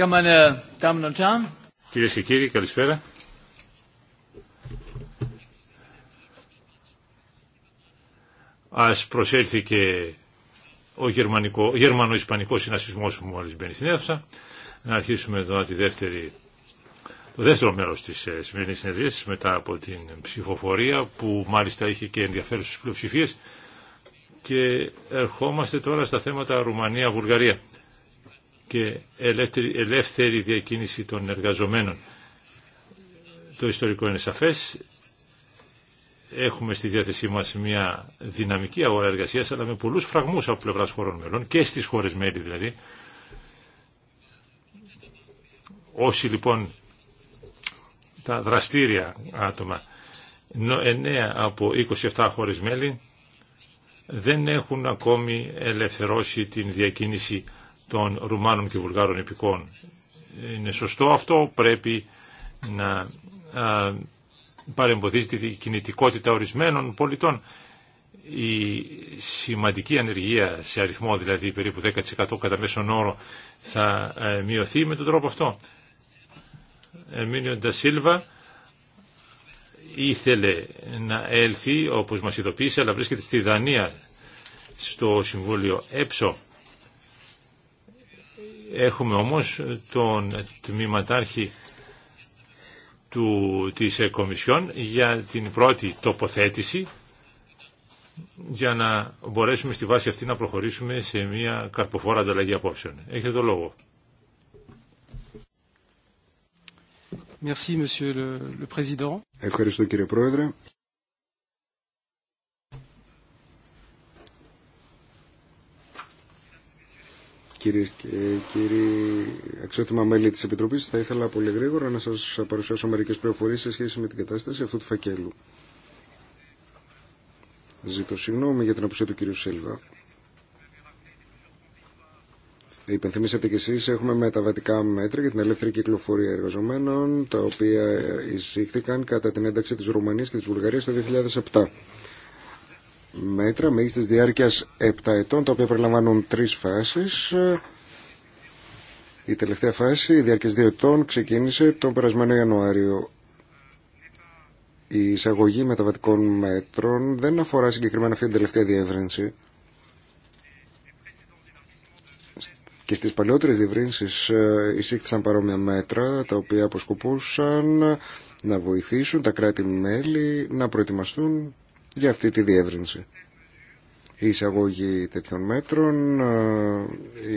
Ja, Κυρίες και κύριοι, καλησπέρα. Ας προσέλθει και ο γερμανο γερμανο-ισπανικός συνασπισμό που μόλις μπαίνει στην αίθουσα. Να αρχίσουμε εδώ τη δεύτερη, το δεύτερο μέρος της ε, σημερινή συνεδρίας μετά από την ψηφοφορία που μάλιστα είχε και ενδιαφέρουσες πλειοψηφίες και ερχόμαστε τώρα στα θέματα Ρουμανία-Βουλγαρία και ελεύθερη, διακίνηση των εργαζομένων. Το ιστορικό είναι σαφές. Έχουμε στη διάθεσή μας μια δυναμική αγορά εργασίας, αλλά με πολλούς φραγμούς από πλευράς χωρών μελών και στις χώρες μέλη δηλαδή. Όσοι λοιπόν τα δραστήρια άτομα, 9 από 27 χώρες μέλη δεν έχουν ακόμη ελευθερώσει την διακίνηση των Ρουμάνων και Βουλγάρων επικών. Είναι σωστό αυτό, πρέπει να παρεμποδίζει τη κινητικότητα ορισμένων πολιτών. Η σημαντική ανεργία σε αριθμό, δηλαδή περίπου 10% κατά μέσον όρο, θα ε, μειωθεί με τον τρόπο αυτό. Εμίνιον Ντασίλβα ήθελε να έλθει, όπως μας ειδοποίησε, αλλά βρίσκεται στη Δανία, στο Συμβούλιο ΕΠΣΟ. Έχουμε όμως τον τμήματάρχη του, της Κομισιόν για την πρώτη τοποθέτηση για να μπορέσουμε στη βάση αυτή να προχωρήσουμε σε μια καρποφόρα ανταλλαγή απόψεων. Έχετε το λόγο. Ευχαριστώ κύριε Πρόεδρε. Κυρίε και κύριοι αξιότιμα μέλη της Επιτροπής, θα ήθελα πολύ γρήγορα να σας παρουσιάσω μερικές πληροφορίες σε σχέση με την κατάσταση αυτού του φακέλου. Ζητώ συγγνώμη για την απουσία του κυρίου Σίλβα. Υπενθυμίσατε κι εσείς, έχουμε μεταβατικά μέτρα για την ελεύθερη κυκλοφορία εργαζομένων, τα οποία εισήχθηκαν κατά την ένταξη της Ρουμανίας και της Βουλγαρίας το 2007 μέτρα μέγιστης διάρκειας 7 ετών, τα οποία περιλαμβάνουν τρεις φάσεις. Η τελευταία φάση, η διάρκεια 2 ετών, ξεκίνησε τον περασμένο Ιανουάριο. Η εισαγωγή μεταβατικών μέτρων δεν αφορά συγκεκριμένα αυτή την τελευταία διεύρυνση. Και στις παλαιότερες διευρύνσεις ε, εισήχθησαν παρόμοια μέτρα, τα οποία αποσκοπούσαν να βοηθήσουν τα κράτη-μέλη να προετοιμαστούν για αυτή τη διεύρυνση. Η εισαγωγή τέτοιων μέτρων ε,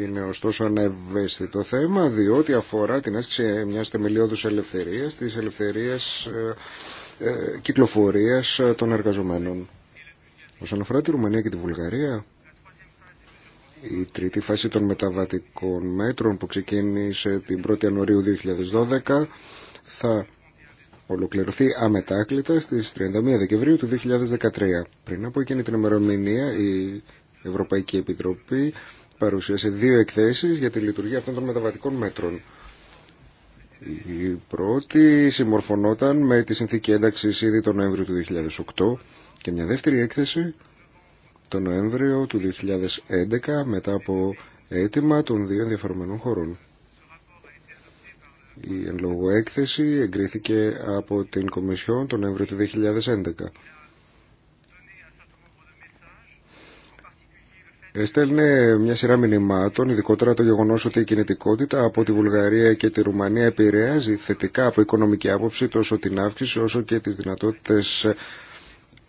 είναι ωστόσο ανευαίσθητο θέμα διότι αφορά την άσκηση μιας θεμελιώδους ελευθερίας, της ελευθερίας ε, ε, κυκλοφορίας των εργαζομένων. Όσον αφορά τη Ρουμανία και τη Βουλγαρία, η τρίτη φάση των μεταβατικών μέτρων που ξεκίνησε την 1η Ιανουαρίου 2012 θα ολοκληρωθεί αμετάκλητα στις 31 Δεκεμβρίου του 2013. Πριν από εκείνη την ημερομηνία η Ευρωπαϊκή Επιτροπή παρουσίασε δύο εκθέσεις για τη λειτουργία αυτών των μεταβατικών μέτρων. Η πρώτη συμμορφωνόταν με τη συνθήκη ένταξης ήδη τον Νοέμβριο του 2008 και μια δεύτερη έκθεση τον Νοέμβριο του 2011 μετά από αίτημα των δύο ενδιαφερομένων χωρών. Η εν λόγω έκθεση εγκρίθηκε από την Κομισιόν τον Νοέμβριο του 2011. Έστελνε μια σειρά μηνυμάτων, ειδικότερα το γεγονός ότι η κινητικότητα από τη Βουλγαρία και τη Ρουμανία επηρεάζει θετικά από οικονομική άποψη τόσο την αύξηση όσο και τις δυνατότητες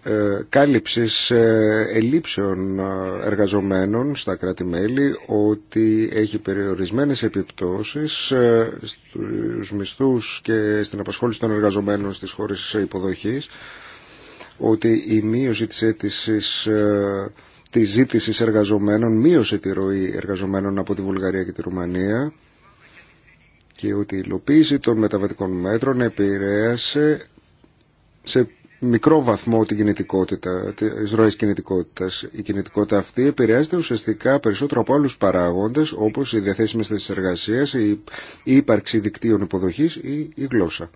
ε, κάλυψης ε, ελλείψεων ε, εργαζομένων στα κράτη-μέλη ότι έχει περιορισμένες επιπτώσεις στους μισθούς και στην απασχόληση των εργαζομένων στις χώρες υποδοχής ότι η μείωση της αίτησης της ζήτησης εργαζομένων μείωσε τη ροή εργαζομένων από τη Βουλγαρία και τη Ρουμανία και ότι η υλοποίηση των μεταβατικών μέτρων επηρέασε σε μικρό βαθμό την κινητικότητα, τις ροές κινητικότητας. Η κινητικότητα αυτή επηρεάζεται ουσιαστικά περισσότερο από άλλους παράγοντες όπως οι διαθέσιμες θέσεις εργασίας, η ύπαρξη δικτύων υποδοχής ή η γλώσσα.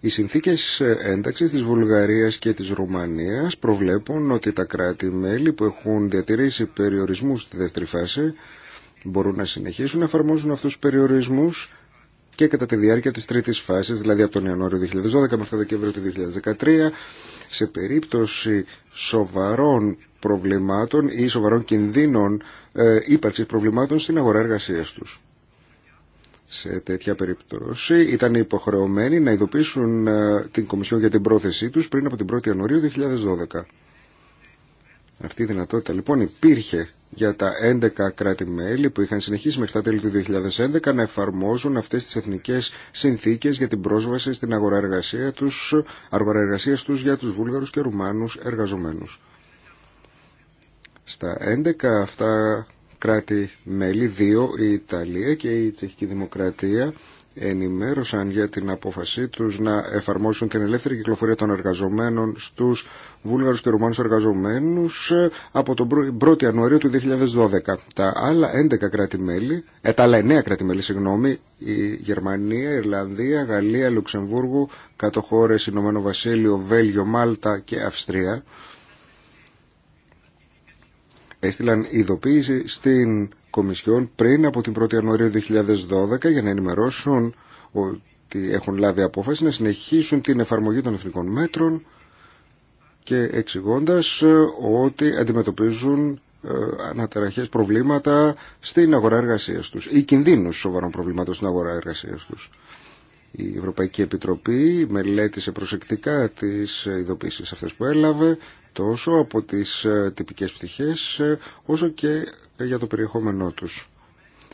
Οι συνθήκε ένταξη τη Βουλγαρία και τη Ρουμανίας προβλέπουν ότι τα κράτη-μέλη που έχουν διατηρήσει περιορισμού στη δεύτερη φάση μπορούν να συνεχίσουν να εφαρμόζουν αυτού του περιορισμού και κατά τη διάρκεια της τρίτης φάσης, δηλαδή από τον Ιανουάριο 2012 μέχρι τον Δεκέμβριο του 2013, σε περίπτωση σοβαρών προβλημάτων ή σοβαρών κινδύνων ε, ύπαρξης προβλημάτων στην αγορά εργασίας τους. Σε τέτοια περίπτωση ήταν υποχρεωμένοι να ειδοποιήσουν ε, την Κομισιόν για την πρόθεσή τους πριν από την 1η Ιανουαρίου 2012. Αυτή η δυνατότητα λοιπόν υπήρχε για τα 11 κράτη-μέλη που είχαν συνεχίσει μέχρι τα τέλη του 2011 να εφαρμόζουν αυτές τις εθνικές συνθήκες για την πρόσβαση στην αγορά εργασία τους, αγορά εργασίας τους για τους Βούλγαρους και Ρουμάνους εργαζομένους. Στα 11 αυτά κράτη-μέλη, δύο η Ιταλία και η Τσεχική Δημοκρατία ενημέρωσαν για την απόφασή τους να εφαρμόσουν την ελεύθερη κυκλοφορία των εργαζομένων στους Βούλγαρους και Ρουμάνους εργαζομένους ε, από τον 1η Ιανουαρίου του 2012. Τα άλλα 11 κράτη-μέλη, ε, τα άλλα 9 κράτη-μέλη, συγγνώμη, η Γερμανία, Η Ιρλανδία, Γαλλία, Λουξεμβούργο, κάτω χώρες, Ηνωμένο Βασίλειο, Βέλγιο, Μάλτα και Αυστρία, έστειλαν ειδοποίηση στην Κομισιόν πριν από την 1η Ιανουαρίου 2012 για να ενημερώσουν ότι έχουν λάβει απόφαση να συνεχίσουν την εφαρμογή των εθνικών μέτρων και εξηγώντα ε, ότι αντιμετωπίζουν ε, αναταραχές προβλήματα στην αγορά εργασίας τους ή κινδύνους σοβαρών προβλήματων στην αγορά εργασίας τους. Η Ευρωπαϊκή Επιτροπή μελέτησε προσεκτικά τις ε, ειδοποίησεις αυτές που έλαβε τόσο από τις τυπικές πτυχές όσο και για το περιεχόμενό τους.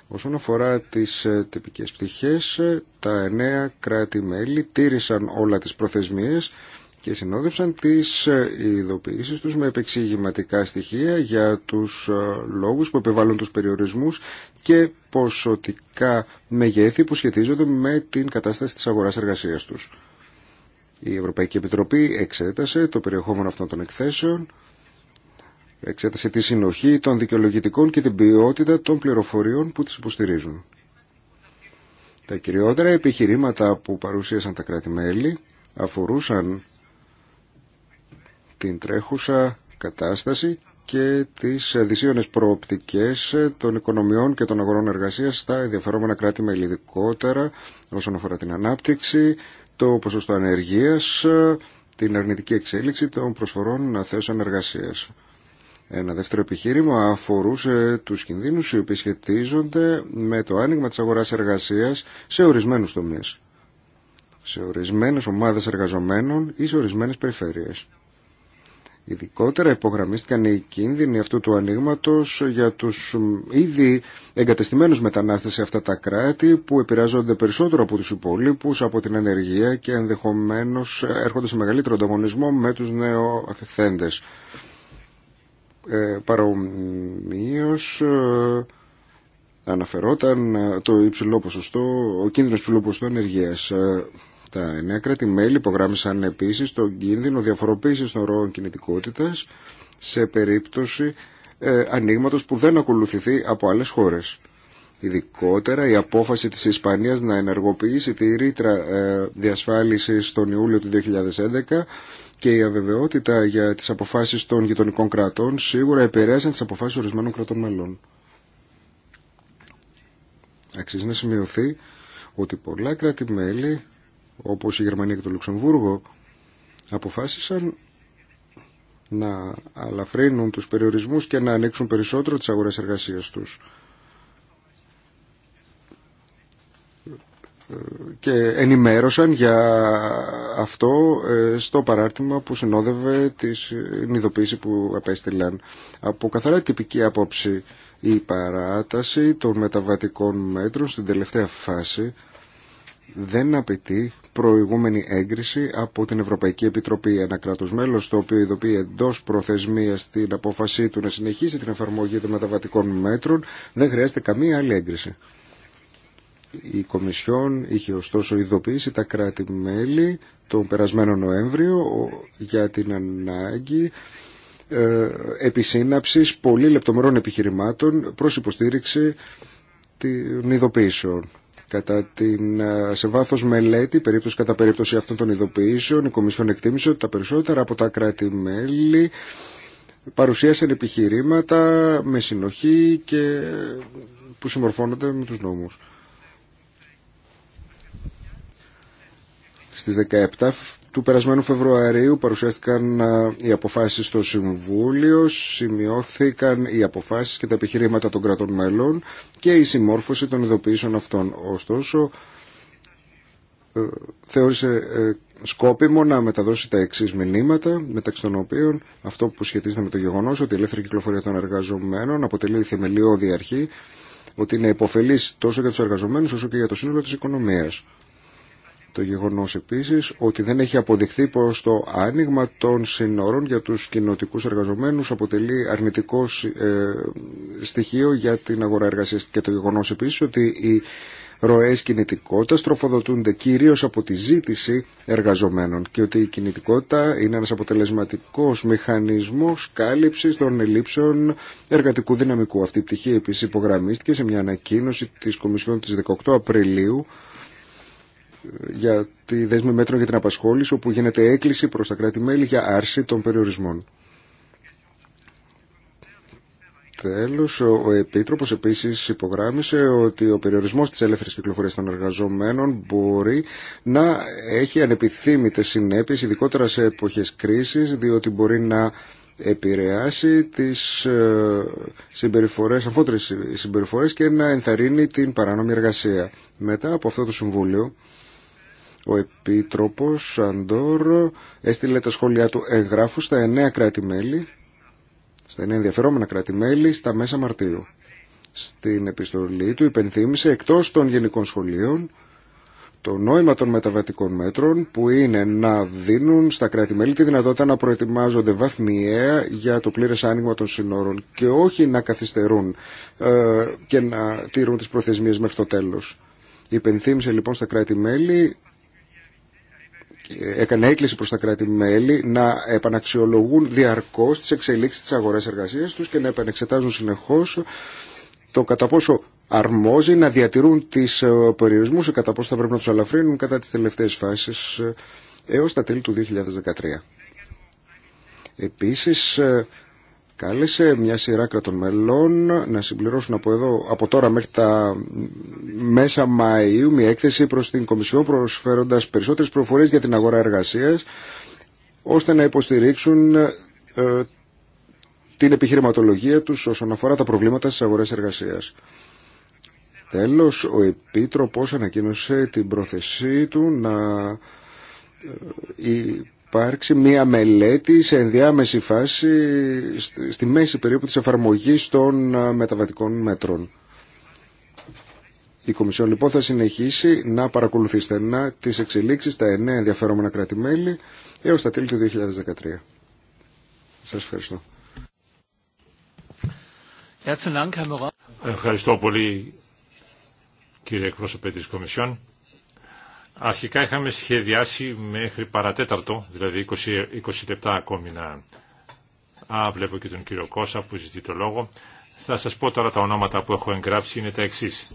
Όσον αφορά τις ε, τυπικές πτυχές, ε, τα εννέα κράτη-μέλη τήρησαν όλα τις προθεσμίες και συνόδευσαν τις ε, ειδοποιήσεις τους με επεξηγηματικά στοιχεία για τους λόγους που επιβάλλουν τους περιορισμούς και ποσοτικά μεγέθη που σχετίζονται με την κατάσταση της αγοράς εργασίας τους. Η Ευρωπαϊκή Επιτροπή εξέτασε το περιεχόμενο αυτών των εκθέσεων εξέτασε τη συνοχή των δικαιολογητικών και την ποιότητα των πληροφοριών που τις υποστηρίζουν. Τα κυριότερα επιχειρήματα που παρουσίασαν τα κράτη-μέλη αφορούσαν την τρέχουσα κατάσταση και τις δυσίωνες προοπτικές των οικονομιών και των αγορών εργασίας στα ενδιαφερόμενα κράτη κράτη-μέλη, ειδικότερα όσον αφορά την ανάπτυξη, το ποσοστό ανεργίας, την αρνητική εξέλιξη των προσφορών θέσεων εργασίας. Ένα δεύτερο επιχείρημα αφορούσε τους κινδύνους οι οποίοι σχετίζονται με το άνοιγμα της αγοράς εργασίας σε ορισμένους τομείς, σε ορισμένες ομάδες εργαζομένων ή σε ορισμένες περιφέρειες. Ειδικότερα υπογραμμίστηκαν οι κίνδυνοι αυτού του ανοίγματο για τους ήδη εγκατεστημένους μετανάστες σε αυτά τα κράτη που επηρεάζονται περισσότερο από τους υπόλοιπους, από την ανεργία και ενδεχομένως έρχονται σε μεγαλύτερο ανταγωνισμό με τους ε, παρομοίως ε, αναφερόταν ε, το υψηλό ποσοστό, ο κίνδυνος υψηλό ποσοστό ενεργείας. Ε, τα εννέα κράτη-μέλη υπογράμμισαν επίσης τον κίνδυνο διαφοροποίησης των ροών κινητικότητας σε περίπτωση ε, ανοίγματο που δεν ακολουθηθεί από άλλες χώρες. Ειδικότερα η απόφαση της Ισπανίας να ενεργοποιήσει τη ρήτρα ε, διασφάλισης τον Ιούλιο του 2011 και η αβεβαιότητα για τι αποφάσει των γειτονικών κρατών σίγουρα επηρέασαν τι αποφάσει ορισμένων κρατών μελών. Αξίζει να σημειωθεί ότι πολλά κράτη-μέλη, όπως η Γερμανία και το Λουξεμβούργο, αποφάσισαν να αλαφρύνουν τους περιορισμούς και να ανοίξουν περισσότερο τις αγορές εργασίας τους. και ενημέρωσαν για αυτό ε, στο παράρτημα που συνόδευε την ειδοποίηση που απέστειλαν. Από καθαρά τυπική άποψη η παράταση των μεταβατικών μέτρων στην τελευταία φάση δεν απαιτεί προηγούμενη έγκριση από την Ευρωπαϊκή Επιτροπή. Ένα κράτο μέλο το οποίο ειδοποιεί εντό προθεσμία την απόφασή του να συνεχίσει την εφαρμογή των μεταβατικών μέτρων δεν χρειάζεται καμία άλλη έγκριση. Η Κομισιόν είχε ωστόσο ειδοποιήσει τα κράτη-μέλη τον περασμένο Νοέμβριο για την ανάγκη ε, επισύναψης πολύ λεπτομερών επιχειρημάτων προς υποστήριξη των ειδοποιήσεων. Κατά την, ε, σε βάθος μελέτη, περίπτωση κατά περίπτωση αυτών των ειδοποιήσεων, η Κομισιόν εκτίμησε ότι τα περισσότερα από τα κράτη-μέλη παρουσίασαν επιχειρήματα με συνοχή και που συμμορφώνονται με τους νόμους. Στις 17 του περασμένου Φεβρουαρίου παρουσιάστηκαν ε, οι αποφάσεις στο Συμβούλιο, σημειώθηκαν οι αποφάσεις και τα επιχειρήματα των κρατών μέλων και η συμμόρφωση των ειδοποιήσεων αυτών. Ωστόσο, ε, θεώρησε ε, σκόπιμο να μεταδώσει τα εξή μηνύματα, μεταξύ των οποίων αυτό που σχετίζεται με το γεγονό ότι η ελεύθερη κυκλοφορία των εργαζομένων αποτελεί θεμελιώδη αρχή, ότι είναι υποφελής τόσο για τους εργαζομένους όσο και για το σύνολο τη οικονομία. Το γεγονός επίσης ότι δεν έχει αποδειχθεί πως το άνοιγμα των συνόρων για τους κοινοτικούς εργαζομένους αποτελεί αρνητικό ε, στοιχείο για την αγορά εργασίας και το γεγονός επίσης ότι οι ροές κινητικότητας τροφοδοτούνται κυρίως από τη ζήτηση εργαζομένων και ότι η κινητικότητα είναι ένας αποτελεσματικός μηχανισμός κάλυψης των ελλείψεων εργατικού δυναμικού. Αυτή η πτυχή επίσης υπογραμμίστηκε σε μια ανακοίνωση της Κομισιόν της 18 Απριλίου για τη δέσμη μέτρων για την απασχόληση, όπου γίνεται έκκληση προς τα κράτη-μέλη για άρση των περιορισμών. Τέλος, ο επίτροπο επίσης υπογράμισε ότι ο περιορισμός τη ελεύθερη κυκλοφορία των εργαζομένων μπορεί να έχει ανεπιθύμητες συνέπειες, ειδικότερα σε εποχέ κρίσης, διότι μπορεί να επηρεάσει τις ε, συμπεριφορές, αμφότερες συμπεριφορές και να ενθαρρύνει την παράνομη εργασία. Μετά από αυτό το Συμβούλιο, ο Επίτροπος Αντόρ έστειλε τα σχόλιά του εγγράφου στα εννέα κράτη-μέλη, στα εννέα ενδιαφερόμενα κράτη-μέλη, στα μέσα Μαρτίου. Στην επιστολή του υπενθύμησε εκτός των γενικών σχολείων το νόημα των μεταβατικών μέτρων που είναι να δίνουν στα κράτη-μέλη τη δυνατότητα να προετοιμάζονται βαθμιαία για το πλήρες άνοιγμα των συνόρων και όχι να καθυστερούν ε, και να τηρούν τις προθεσμίες μέχρι το τέλος. Υπενθύμησε λοιπόν στα κρατη έκανε έκκληση προς τα κράτη-μέλη να επαναξιολογούν διαρκώς τις εξελίξεις της αγοράς εργασίας τους και να επανεξετάζουν συνεχώς το κατά πόσο αρμόζει να διατηρούν τις ε, περιορισμούς και κατά πόσο θα πρέπει να τους αλαφρύνουν κατά τις τελευταίες φάσεις ε, έως τα τέλη του 2013. Επίσης ε, κάλεσε μια σειρά κρατών μελών να συμπληρώσουν από εδώ, από τώρα μέχρι τα μέσα Μαΐου, μια έκθεση προς την Κομισιόν προσφέροντας περισσότερες προφορές για την αγορά εργασίας, ώστε να υποστηρίξουν ε, την επιχειρηματολογία τους όσον αφορά τα προβλήματα στις αγορές εργασίας. Τέλος, ο Επίτροπος ανακοίνωσε την πρόθεσή του να ε, υπάρξει μία μελέτη σε ενδιάμεση φάση, στη μέση περίπου της εφαρμογής των ε, μεταβατικών μέτρων. Η Κομισιόν λοιπόν θα συνεχίσει να παρακολουθεί στενά τις εξελίξεις στα εννέα ενδιαφερόμενα κράτη-μέλη έως τα τέλη του 2013. Σας ευχαριστώ. Ευχαριστώ πολύ κύριε εκπρόσωπε της Κομισιόν. Αρχικά είχαμε σχεδιάσει μέχρι παρατέταρτο, δηλαδή 20, λεπτά ακόμη να... Α, βλέπω και τον κύριο Κώσα που ζητεί το λόγο. Θα σας πω τώρα τα ονόματα που έχω εγγράψει είναι τα εξής.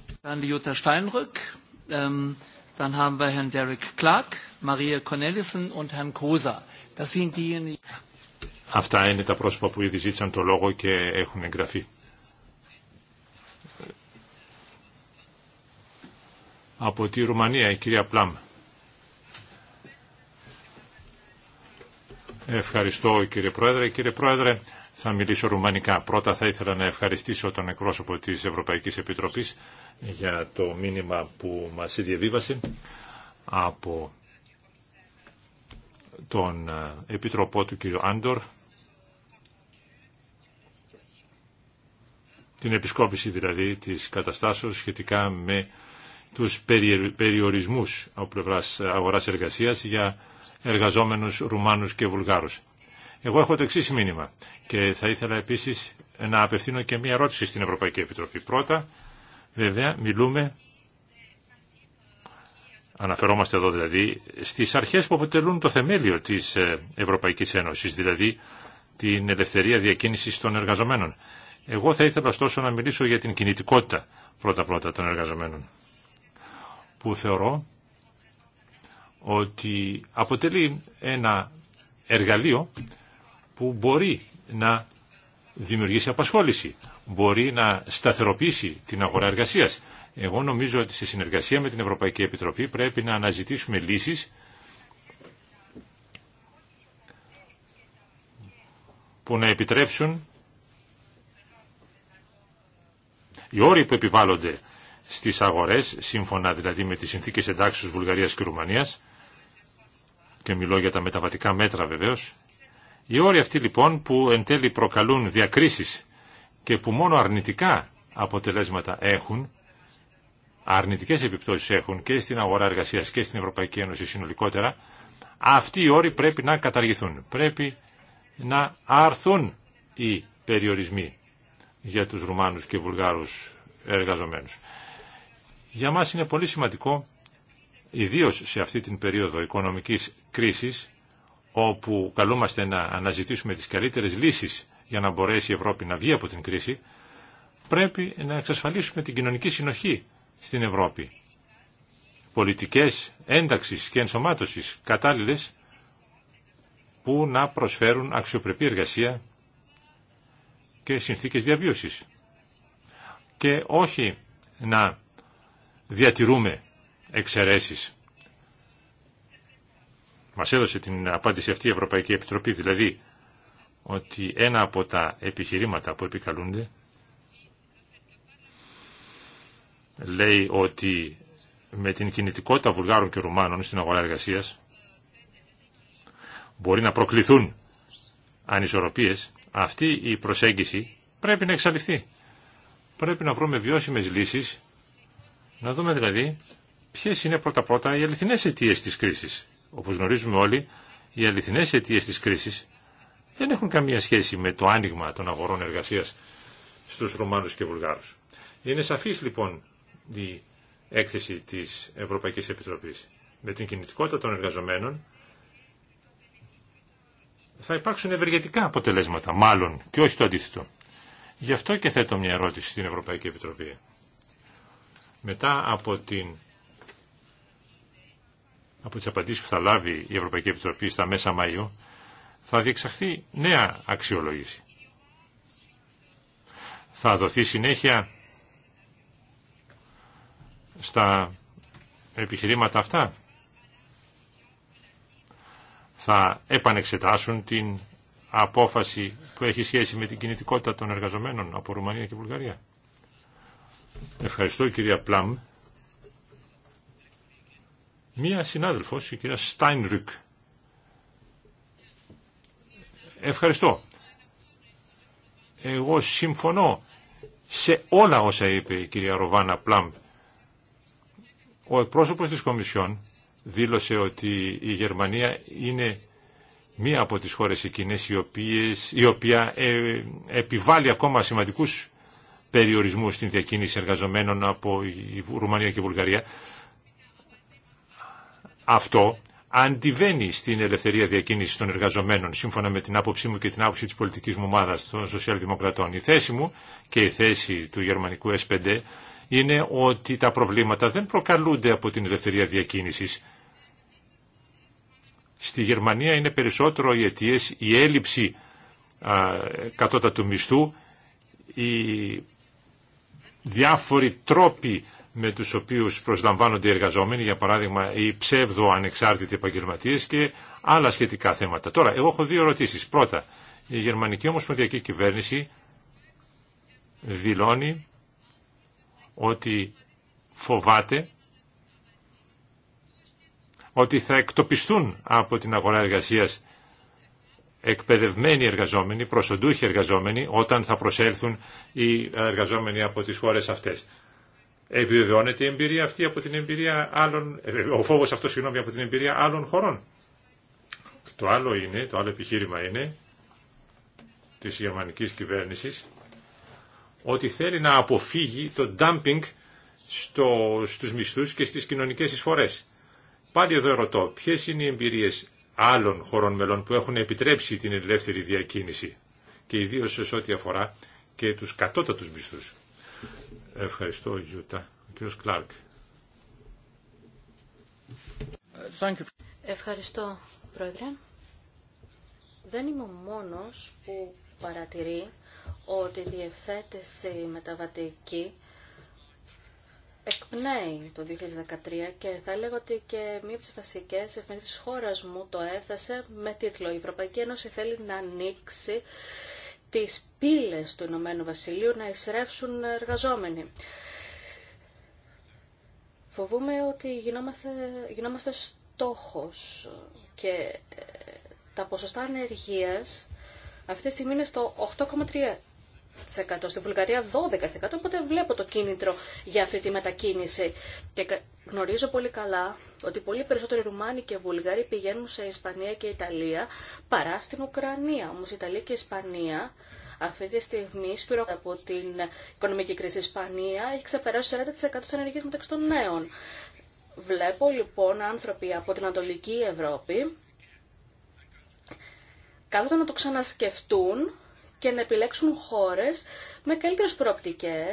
Αυτά είναι τα πρόσωπα που ήδη ζήτησαν το λόγο και έχουν εγγραφεί. από τη Ρουμανία, η κυρία Πλάμ. Ευχαριστώ κύριε Πρόεδρε. Κύριε Πρόεδρε, θα μιλήσω ρουμανικά. Πρώτα θα ήθελα να ευχαριστήσω τον εκπρόσωπο της Ευρωπαϊκής Επιτροπής για το μήνυμα που μας διαβίβασε από τον ε, Επιτροπό του κύριο Άντορ την επισκόπηση δηλαδή της καταστάσεως σχετικά με τους περιορισμούς από πλευράς αγοράς εργασίας για εργαζόμενους Ρουμάνους και Βουλγάρους. Εγώ έχω το εξή μήνυμα και θα ήθελα επίσης να απευθύνω και μία ερώτηση στην Ευρωπαϊκή Επιτροπή. Πρώτα, βέβαια, μιλούμε, αναφερόμαστε εδώ δηλαδή, στις αρχές που αποτελούν το θεμέλιο της ε, Ευρωπαϊκής Ένωσης, δηλαδή την ελευθερία διακίνησης των εργαζομένων. Εγώ θα ήθελα ωστόσο να μιλήσω για την κινητικότητα πρώτα-πρώτα των εργαζομένων που θεωρώ ότι αποτελεί ένα εργαλείο που μπορεί να δημιουργήσει απασχόληση, μπορεί να σταθεροποιήσει την αγορά εργασίας. Εγώ νομίζω ότι σε συνεργασία με την Ευρωπαϊκή Επιτροπή πρέπει να αναζητήσουμε λύσεις που να επιτρέψουν οι όροι που επιβάλλονται στις αγορές, σύμφωνα δηλαδή με τις συνθήκες εντάξεις Βουλγαρίας και Ρουμανίας, και μιλώ για τα μεταβατικά μέτρα βεβαίως, οι όροι αυτοί λοιπόν που εν τέλει προκαλούν διακρίσεις και που μόνο αρνητικά αποτελέσματα έχουν, αρνητικές επιπτώσεις έχουν και στην αγορά εργασίας και στην Ευρωπαϊκή Ένωση συνολικότερα, αυτοί οι όροι πρέπει να καταργηθούν. Πρέπει να αρθούν οι περιορισμοί για τους Ρουμάνους και Βουλγάρους εργαζομένους. Για μας είναι πολύ σημαντικό, ιδίως σε αυτή την περίοδο οικονομικής κρίσης, όπου καλούμαστε να αναζητήσουμε τις καλύτερες λύσεις για να μπορέσει η Ευρώπη να βγει από την κρίση, πρέπει να εξασφαλίσουμε την κοινωνική συνοχή στην Ευρώπη. Πολιτικές ένταξης και ενσωμάτωσης κατάλληλες που να προσφέρουν αξιοπρεπή εργασία και συνθήκες διαβίωσης. Και όχι να διατηρούμε εξαιρέσεις. Μας έδωσε την απάντηση αυτή η Ευρωπαϊκή Επιτροπή, δηλαδή ότι ένα από τα επιχειρήματα που επικαλούνται λέει ότι με την κινητικότητα Βουλγάρων και Ρουμάνων στην αγορά εργασίας μπορεί να προκληθούν ανισορροπίες. Αυτή η προσέγγιση πρέπει να εξαλειφθεί. Πρέπει να βρούμε βιώσιμες λύσεις να δούμε δηλαδή ποιε είναι πρώτα-πρώτα οι αληθινέ αιτίε τη κρίση, όπω γνωρίζουμε όλοι, οι αληθινέ αιτίε τη Κρίση δεν έχουν καμία σχέση με το άνοιγμα των αγορών εργασία στου Ρωμάνου και Βουλγάρους. Είναι σαφή, λοιπόν η έκθεση τη Ευρωπαϊκή Επιτροπής. Με την κινητικότητα των εργαζομένων θα υπάρξουν ευεργετικά αποτελέσματα, μάλλον, και όχι το αντίθετο. Γι' αυτό και θέτω μια ερώτηση στην Ευρωπαϊκή Επιτροπή. Μετά από, την, από τις απαντήσεις που θα λάβει η Ευρωπαϊκή Επιτροπή στα μέσα Μαΐου, θα διεξαχθεί νέα αξιολόγηση. Θα δοθεί συνέχεια στα επιχειρήματα αυτά. Θα επανεξετάσουν την απόφαση που έχει σχέση με την κινητικότητα των εργαζομένων από Ρουμανία και Βουλγαρία. Ευχαριστώ κυρία Πλάμ. Μία συνάδελφος, η κυρία Στάινρουκ. Ευχαριστώ. Εγώ συμφωνώ σε όλα όσα είπε η κυρία Ροβάνα Πλάμ. Ο εκπρόσωπος της Κομισιόν δήλωσε ότι η Γερμανία είναι μία από τις χώρες εκείνες η, οποία ε, επιβάλλει ακόμα σημαντικούς περιορισμού στην διακίνηση εργαζομένων από η Ρουμανία και η Βουλγαρία. Αυτό αντιβαίνει στην ελευθερία διακίνηση των εργαζομένων, σύμφωνα με την άποψή μου και την άποψη της πολιτικής μου ομάδας των σοσιαλδημοκρατών. Η θέση μου και η θέση του γερμανικού S5 είναι ότι τα προβλήματα δεν προκαλούνται από την ελευθερία διακίνησης. Στη Γερμανία είναι περισσότερο οι αιτίες η έλλειψη κατώτατου μισθού, η διάφοροι τρόποι με τους οποίους προσλαμβάνονται οι εργαζόμενοι, για παράδειγμα οι ψεύδο ανεξάρτητοι επαγγελματίε και άλλα σχετικά θέματα. Τώρα, εγώ έχω δύο ερωτήσεις. Πρώτα, η Γερμανική Ομοσπονδιακή Κυβέρνηση δηλώνει ότι φοβάται ότι θα εκτοπιστούν από την αγορά εργασίας εκπαιδευμένοι εργαζόμενοι, προσοντούχοι εργαζόμενοι, όταν θα προσέλθουν οι εργαζόμενοι από τις χώρες αυτές. Επιβεβαιώνεται η εμπειρία αυτή από την εμπειρία άλλων, ο φόβος αυτός, συγγνώμη, από την εμπειρία άλλων χωρών. Το άλλο είναι, το άλλο επιχείρημα είναι, της γερμανικής κυβέρνησης, ότι θέλει να αποφύγει το dumping στο, στους μισθούς και στις κοινωνικές εισφορές. Πάλι εδώ ερωτώ, ποιες είναι οι εμπειρίες άλλων χωρών μελών που έχουν επιτρέψει την ελεύθερη διακίνηση και ιδίως σε ό,τι αφορά και τους κατώτατους μισθούς. Ευχαριστώ, Γιούτα. Ο κύριος Κλάρκ. Ευχαριστώ, Πρόεδρε. Δεν είμαι ο μόνος που παρατηρεί ότι η διευθέτηση μεταβατική εκπνέει το 2013 και θα έλεγα ότι και μία από τις βασικές εφημερίδες της χώρας μου το έθεσε με τίτλο «Η Ευρωπαϊκή Ένωση θέλει να ανοίξει τις πύλες του Ηνωμένου Βασιλείου να εισρεύσουν εργαζόμενοι». Φοβούμαι ότι γινόμαστε, γινόμαστε στόχος και ε, τα ποσοστά ανεργίας αυτή τη στιγμή είναι στο 8,3%. Στη Βουλγαρία 12%. Οπότε βλέπω το κίνητρο για αυτή τη μετακίνηση. Και γνωρίζω πολύ καλά ότι πολύ περισσότεροι Ρουμάνοι και Βουλγαροί πηγαίνουν σε Ισπανία και Ιταλία παρά στην Ουκρανία. Όμω Ιταλία και η Ισπανία αυτή τη στιγμή σφυρο από την οικονομική κρίση. Η Ισπανία έχει ξεπεράσει 40% τη ενεργεία μεταξύ των νέων. Βλέπω λοιπόν άνθρωποι από την Ανατολική Ευρώπη καλό να το ξανασκεφτούν και να επιλέξουν χώρες με καλύτερε προοπτικέ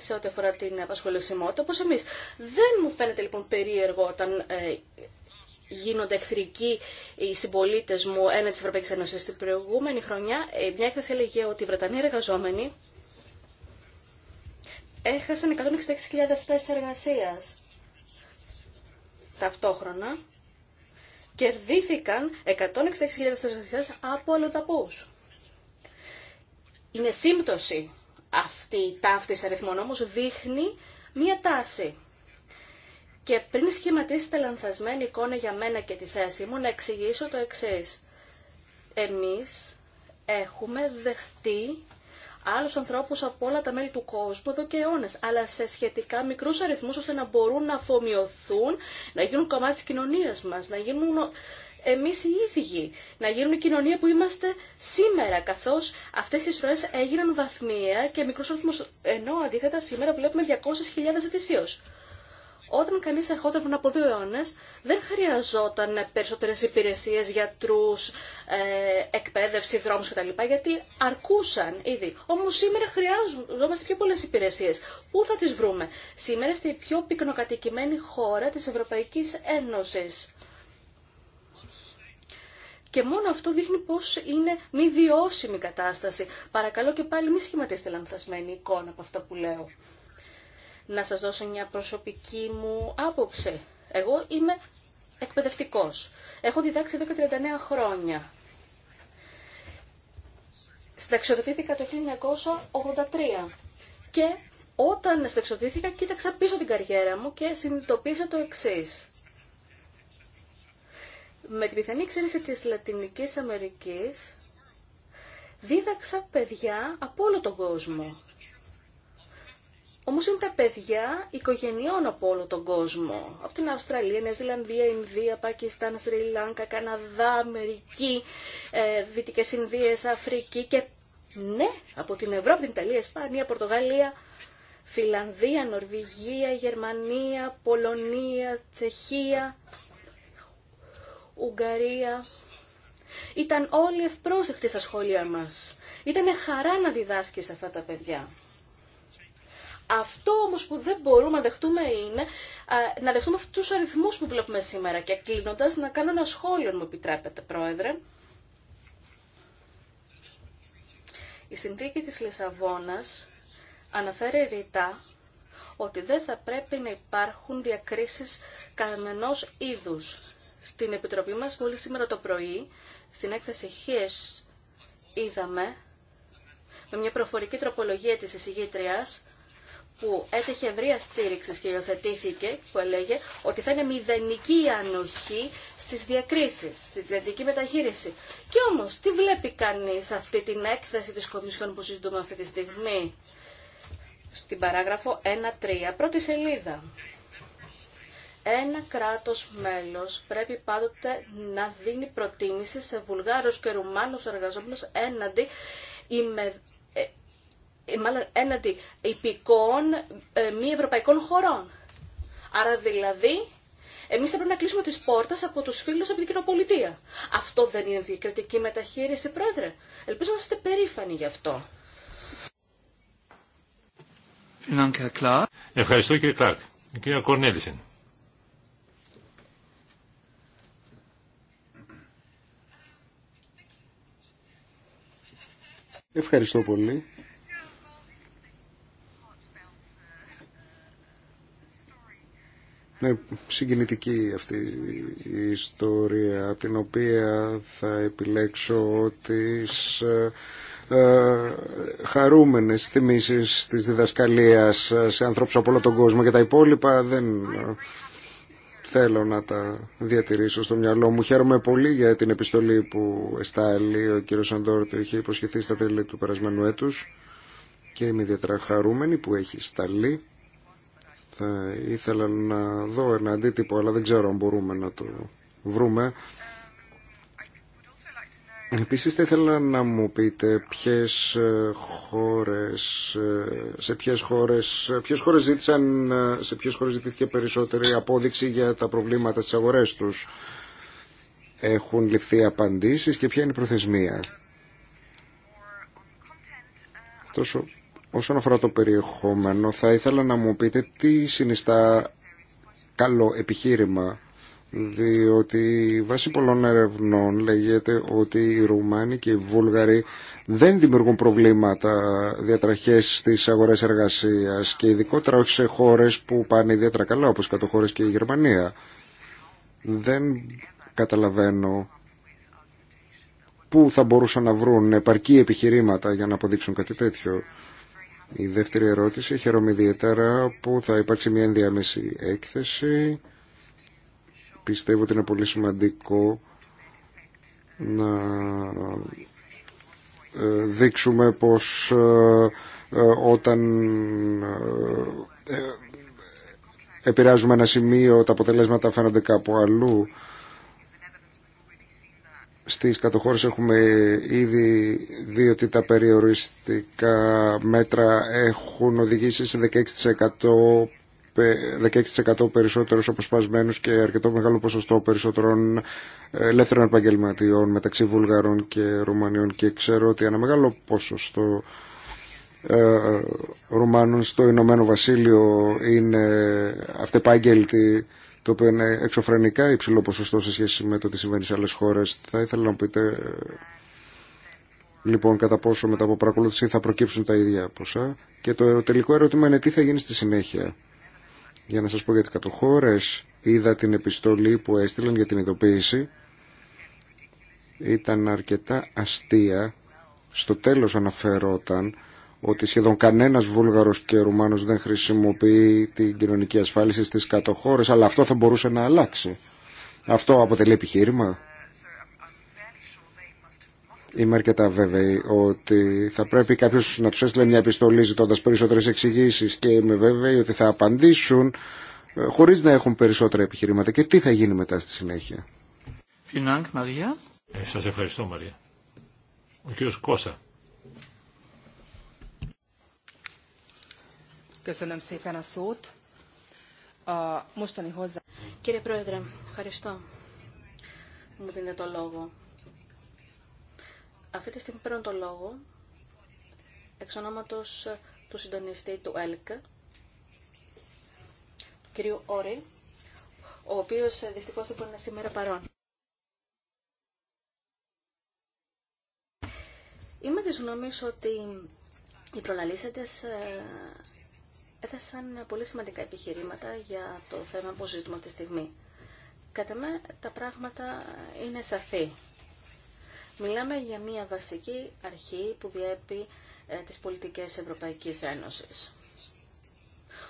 σε ό,τι αφορά την απασχολησιμότητα, όπως εμείς. Δεν μου φαίνεται λοιπόν περίεργο όταν ε, γίνονται εχθρικοί οι συμπολίτε μου ένα τη Ευρωπαϊκή Ένωση. Την προηγούμενη χρονιά, ε, μια έκθεση έλεγε ότι οι Βρετανοί εργαζόμενοι έχασαν 166.000 θέσει εργασία. Ταυτόχρονα κερδίθηκαν 166.000 θέσει εργασία από αλλοδαπού είναι σύμπτωση αυτή η ταύτη αριθμών, όμω δείχνει μία τάση. Και πριν σχηματίσετε λανθασμένη εικόνα για μένα και τη θέση μου, να εξηγήσω το εξή. Εμείς έχουμε δεχτεί άλλους ανθρώπους από όλα τα μέλη του κόσμου εδώ και αιώνες, αλλά σε σχετικά μικρούς αριθμούς ώστε να μπορούν να αφομοιωθούν, να γίνουν κομμάτι της κοινωνίας μας, να γίνουν εμείς οι ίδιοι, να γίνουν η κοινωνία που είμαστε σήμερα, καθώς αυτές οι εισφορέ έγιναν βαθμία και μικρός αριθμό. ενώ αντίθετα σήμερα βλέπουμε 200.000 ετησίω. Όταν κανεί ερχόταν πριν από δύο αιώνε, δεν χρειαζόταν περισσότερε υπηρεσίε, γιατρού, ε, εκπαίδευση, δρόμου κτλ. Γιατί αρκούσαν ήδη. Όμω σήμερα χρειάζομαστε πιο πολλέ υπηρεσίε. Πού θα τι βρούμε, σήμερα στη πιο πυκνοκατοικημένη χώρα τη Ευρωπαϊκή Ένωση. Και μόνο αυτό δείχνει πώς είναι μη βιώσιμη κατάσταση. Παρακαλώ και πάλι μη σχηματίστε λανθασμένη εικόνα από αυτά που λέω. Να σας δώσω μια προσωπική μου άποψη. Εγώ είμαι εκπαιδευτικός. Έχω διδάξει εδώ και 39 χρόνια. Συνταξιοδοτήθηκα το 1983 και όταν συνταξιοδοτήθηκα κοίταξα πίσω την καριέρα μου και συνειδητοποίησα το εξής με την πιθανή εξαίρεση της Λατινικής Αμερικής, δίδαξα παιδιά από όλο τον κόσμο. Όμως είναι τα παιδιά οικογενειών από όλο τον κόσμο. Από την Αυστραλία, Νέα Ζηλανδία, Ινδία, Πακιστάν, Σρι Λάνκα, Καναδά, Αμερική, ε, Δυτικές Ινδίες, Αφρική και ναι, από την Ευρώπη, την Ιταλία, Ισπανία, Πορτογαλία, Φιλανδία, Νορβηγία, Γερμανία, Πολωνία, Τσεχία, Ουγγαρία. Ήταν όλοι ευπρόσεκτοι στα σχόλια μας. Ήταν χαρά να διδάσκει σε αυτά τα παιδιά. Αυτό όμως που δεν μπορούμε να δεχτούμε είναι να δεχτούμε αυτούς τους αριθμούς που βλέπουμε σήμερα. Και κλείνοντα να κάνω ένα σχόλιο, μου επιτρέπετε, Πρόεδρε. Η συνθήκη της Λισαβόνας αναφέρει ρητά ότι δεν θα πρέπει να υπάρχουν διακρίσεις κανενός είδους στην Επιτροπή μας μόλις σήμερα το πρωί, στην έκθεση ΧΙΕΣ, είδαμε με μια προφορική τροπολογία της εισηγήτριας που έτυχε ευρεία στήριξη και υιοθετήθηκε, που έλεγε ότι θα είναι μηδενική η ανοχή στι διακρίσει, στην κρατική μεταχείριση. Και όμω, τι βλέπει κανεί αυτή την έκθεση τη Κομισιόν που συζητούμε αυτή τη στιγμή, στην παράγραφο 1-3, πρώτη σελίδα ένα κράτος μέλος πρέπει πάντοτε να δίνει προτίμηση σε Βουλγάρους και Ρουμάνους εργαζόμενους έναντι, με, ε, ε, μάλλον έναντι υπηκών ε, μη ευρωπαϊκών χωρών. Άρα δηλαδή εμείς θα πρέπει να κλείσουμε τις πόρτες από τους φίλους από την κοινοπολιτεία. Αυτό δεν είναι διακριτική μεταχείριση, πρόεδρε. Ελπίζω να είστε περήφανοι γι' αυτό. Ευχαριστώ κύριε Κλάρκ. Κύριε Κορνέλησεν. Ευχαριστώ πολύ. Ναι, συγκινητική αυτή η ιστορία, από την οποία θα επιλέξω τις ε, ε, χαρούμενες θυμίσεις της διδασκαλίας σε ανθρώπους από όλο τον κόσμο και τα υπόλοιπα δεν ε, θέλω να τα διατηρήσω στο μυαλό μου. Χαίρομαι πολύ για την επιστολή που εστάλει ο κύριο Αντόρ το είχε υποσχεθεί στα τέλη του περασμένου έτους και είμαι ιδιαίτερα χαρούμενη που έχει σταλεί. Θα ήθελα να δω ένα αντίτυπο αλλά δεν ξέρω αν μπορούμε να το βρούμε. Επίσης θα ήθελα να μου πείτε ποιες ε, ε, χώρες, σε ποιες χώρες, ποιες χώρες ζήτησαν, ε, σε ποιες χώρες ζητήθηκε περισσότερη απόδειξη για τα προβλήματα στις αγορές τους. Έχουν ληφθεί απαντήσεις και ποια είναι η προθεσμία. Τόσο, όσον αφορά το περιεχόμενο θα ήθελα να μου πείτε τι συνιστά καλό επιχείρημα διότι βάσει πολλών ερευνών λέγεται ότι οι Ρουμάνοι και οι Βούλγαροι δεν δημιουργούν προβλήματα διατραχές στις αγορές εργασίας και ειδικότερα όχι σε χώρες που πάνε ιδιαίτερα καλά όπως οι χώρες και η Γερμανία. Δεν καταλαβαίνω πού θα μπορούσαν να βρουν επαρκή επιχειρήματα για να αποδείξουν κάτι τέτοιο. Η δεύτερη ερώτηση, χαίρομαι ιδιαίτερα που θα υπάρξει μια ενδιάμεση έκθεση Πιστεύω ότι είναι πολύ σημαντικό να ε, δείξουμε πως ε, ε, όταν επηρεάζουμε ένα σημείο τα αποτελέσματα φαίνονται κάπου αλλού στις κατοχώρες έχουμε ήδη δει ότι τα περιοριστικά μέτρα έχουν οδηγήσει σε 16% 16% περισσότερου αποσπασμένου και αρκετό μεγάλο ποσοστό περισσότερων ε, ελεύθερων επαγγελματιών μεταξύ Βουλγαρών και Ρουμανιών και ξέρω ότι ένα μεγάλο ποσοστό ε, Ρουμάνων στο Ηνωμένο Βασίλειο είναι αυτεπάγγελτοι το οποίο είναι εξωφρενικά υψηλό ποσοστό σε σχέση με το τι συμβαίνει σε άλλε χώρες. Θα ήθελα να πείτε ε, λοιπόν κατά πόσο μετά από παρακολούθηση θα προκύψουν τα ίδια ποσά. Και το τελικό ερώτημα είναι τι θα γίνει στη συνέχεια. Για να σας πω για τις κατοχώρες, είδα την επιστολή που έστειλαν για την ειδοποίηση. Ήταν αρκετά αστεία. Στο τέλος αναφερόταν ότι σχεδόν κανένας Βούλγαρος και Ρουμάνος δεν χρησιμοποιεί την κοινωνική ασφάλιση στις κατοχώρες, αλλά αυτό θα μπορούσε να αλλάξει. Αυτό αποτελεί επιχείρημα. Είμαι αρκετά βέβαιη ότι θα πρέπει κάποιο να του έστειλε μια επιστολή ζητώντα περισσότερε εξηγήσει και είμαι βέβαιη ότι θα απαντήσουν ε, χωρί να έχουν περισσότερα επιχειρήματα. Και τι θα γίνει μετά στη συνέχεια. Ε, Σα ευχαριστώ, Μαρία. Ο κύριο Κώστα. Κύριε Πρόεδρε, ευχαριστώ. Μου δίνετε το λόγο. Αυτή τη στιγμή παίρνω το λόγο εξ ονόματος ε, του συντονιστή του ΕΛΚ, του κυρίου Όρη, ο οποίος ε, δυστυχώς δεν μπορεί να σήμερα παρόν. Είμαι της γνώμης ότι οι προλαλήσαντες ε, έθεσαν πολύ σημαντικά επιχειρήματα για το θέμα που ζητούμε αυτή τη στιγμή. Κατά μένα τα πράγματα είναι σαφή. Μιλάμε για μια βασική αρχή που διέπει ε, τις πολιτικές Ευρωπαϊκής Ένωσης.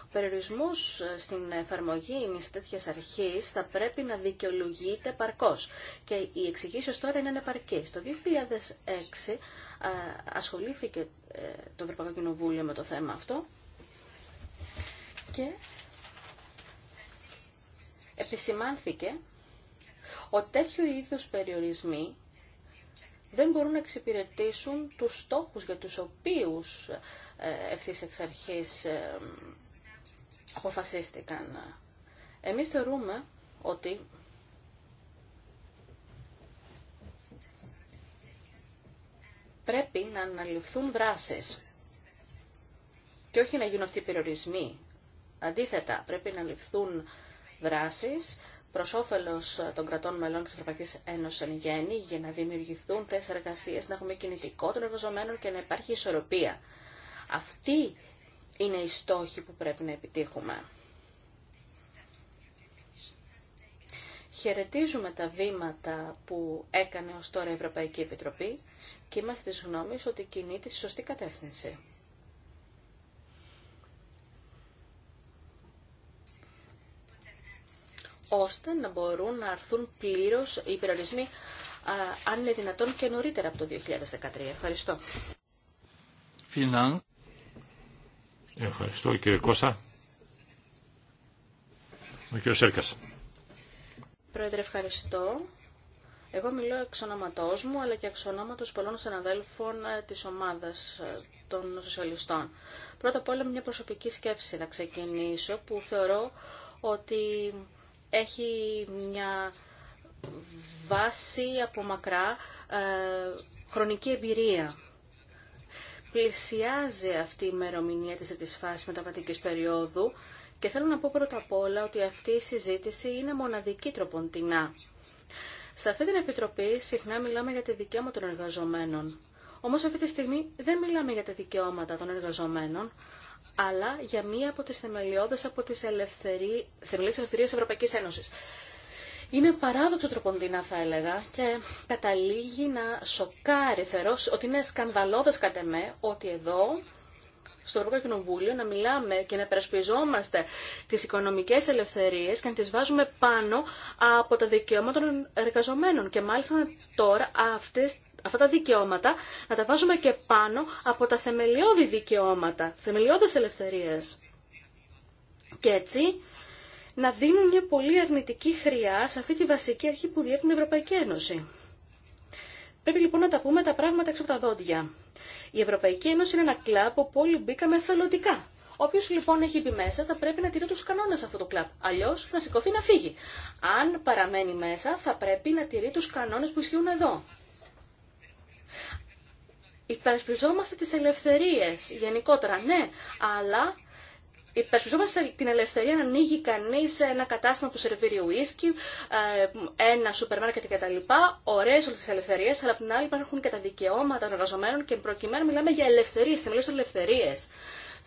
Ο περιορισμός ε, στην εφαρμογή μιας τέτοιας αρχής θα πρέπει να δικαιολογείται παρκώς και οι εξηγήσει τώρα είναι επαρκή. Το 2006 ε, ασχολήθηκε το Ευρωπαϊκό Κοινοβούλιο με το θέμα αυτό και επισημάνθηκε ότι τέτοιου είδους περιορισμοί δεν μπορούν να εξυπηρετήσουν τους στόχους για τους οποίους ε, ευθύς εξ αρχής ε, αποφασίστηκαν. Εμείς θεωρούμε ότι πρέπει να αναλυθούν δράσεις και όχι να γίνουν αυτοί περιορισμοί. Αντίθετα, πρέπει να ληφθούν δράσεις προ όφελο των κρατών μελών τη Ευρωπαϊκή Ένωση εν γέννη, για να δημιουργηθούν θέσει εργασία, να έχουμε κινητικό των εργαζομένων και να υπάρχει ισορροπία. Αυτή είναι η στόχη που πρέπει να επιτύχουμε. Χαιρετίζουμε τα βήματα που έκανε ως τώρα η Ευρωπαϊκή Επιτροπή και είμαστε της γνώμης ότι κινείται στη σωστή κατεύθυνση. ώστε να μπορούν να αρθούν πλήρως οι περιορισμοί αν είναι δυνατόν και νωρίτερα από το 2013. Ευχαριστώ. Ευχαριστώ κύριε Κώστα. Ο κύριο Σέρκας. Πρόεδρε, ευχαριστώ. Εγώ μιλώ εξ ονόματός μου, αλλά και εξ ονόματος πολλών συναδέλφων ε, της ομάδας ε, των σοσιαλιστών. Πρώτα απ' όλα μια προσωπική σκέψη θα ξεκινήσω, που θεωρώ ότι έχει μια βάση από μακρά ε, χρονική εμπειρία. Πλησιάζει αυτή η ημερομηνία της φάσης μεταβατικής περίοδου και θέλω να πω πρώτα απ' όλα ότι αυτή η συζήτηση είναι μοναδική τροποντινά. Σε αυτή την Επιτροπή συχνά μιλάμε για τη δικαιώματα των εργαζομένων. Όμως αυτή τη στιγμή δεν μιλάμε για τα δικαιώματα των εργαζομένων, αλλά για μία από τις θεμελιώδες από τις ελευθερίες ελευθερίες Ευρωπαϊκής Ένωσης. Είναι παράδοξο τροποντινά θα έλεγα και καταλήγει να σοκάρει θερός ότι είναι σκανδαλώδες κατά με ότι εδώ στο Ευρωπαϊκό Κοινοβούλιο να μιλάμε και να περασπιζόμαστε τις οικονομικές ελευθερίες και να τις βάζουμε πάνω από τα δικαιώματα των εργαζομένων. Και μάλιστα τώρα αυτές αυτά τα δικαιώματα να τα βάζουμε και πάνω από τα θεμελιώδη δικαιώματα, θεμελιώδες ελευθερίες. Και έτσι να δίνουν μια πολύ αρνητική χρειά σε αυτή τη βασική αρχή που διέπει την Ευρωπαϊκή Ένωση. Πρέπει λοιπόν να τα πούμε τα πράγματα έξω από τα δόντια. Η Ευρωπαϊκή Ένωση είναι ένα κλαμπ όπου όλοι μπήκαμε θελοντικά. Όποιο λοιπόν έχει μπει μέσα θα πρέπει να τηρεί του κανόνε αυτό το κλαμπ. Αλλιώ να σηκωθεί να φύγει. Αν παραμένει μέσα θα πρέπει να τηρεί του κανόνε που ισχύουν εδώ υπερασπιζόμαστε τις ελευθερίες γενικότερα, ναι, αλλά υπερασπιζόμαστε την ελευθερία να ανοίγει κανείς ένα κατάστημα που σερβίρει ουίσκι, ε, ένα σούπερ μάρκετ κτλ. Ωραίες όλες τις ελευθερίες, αλλά από την άλλη υπάρχουν και τα δικαιώματα των εργαζομένων και προκειμένου μιλάμε για ελευθερίες, μιλήσω ελευθερίες.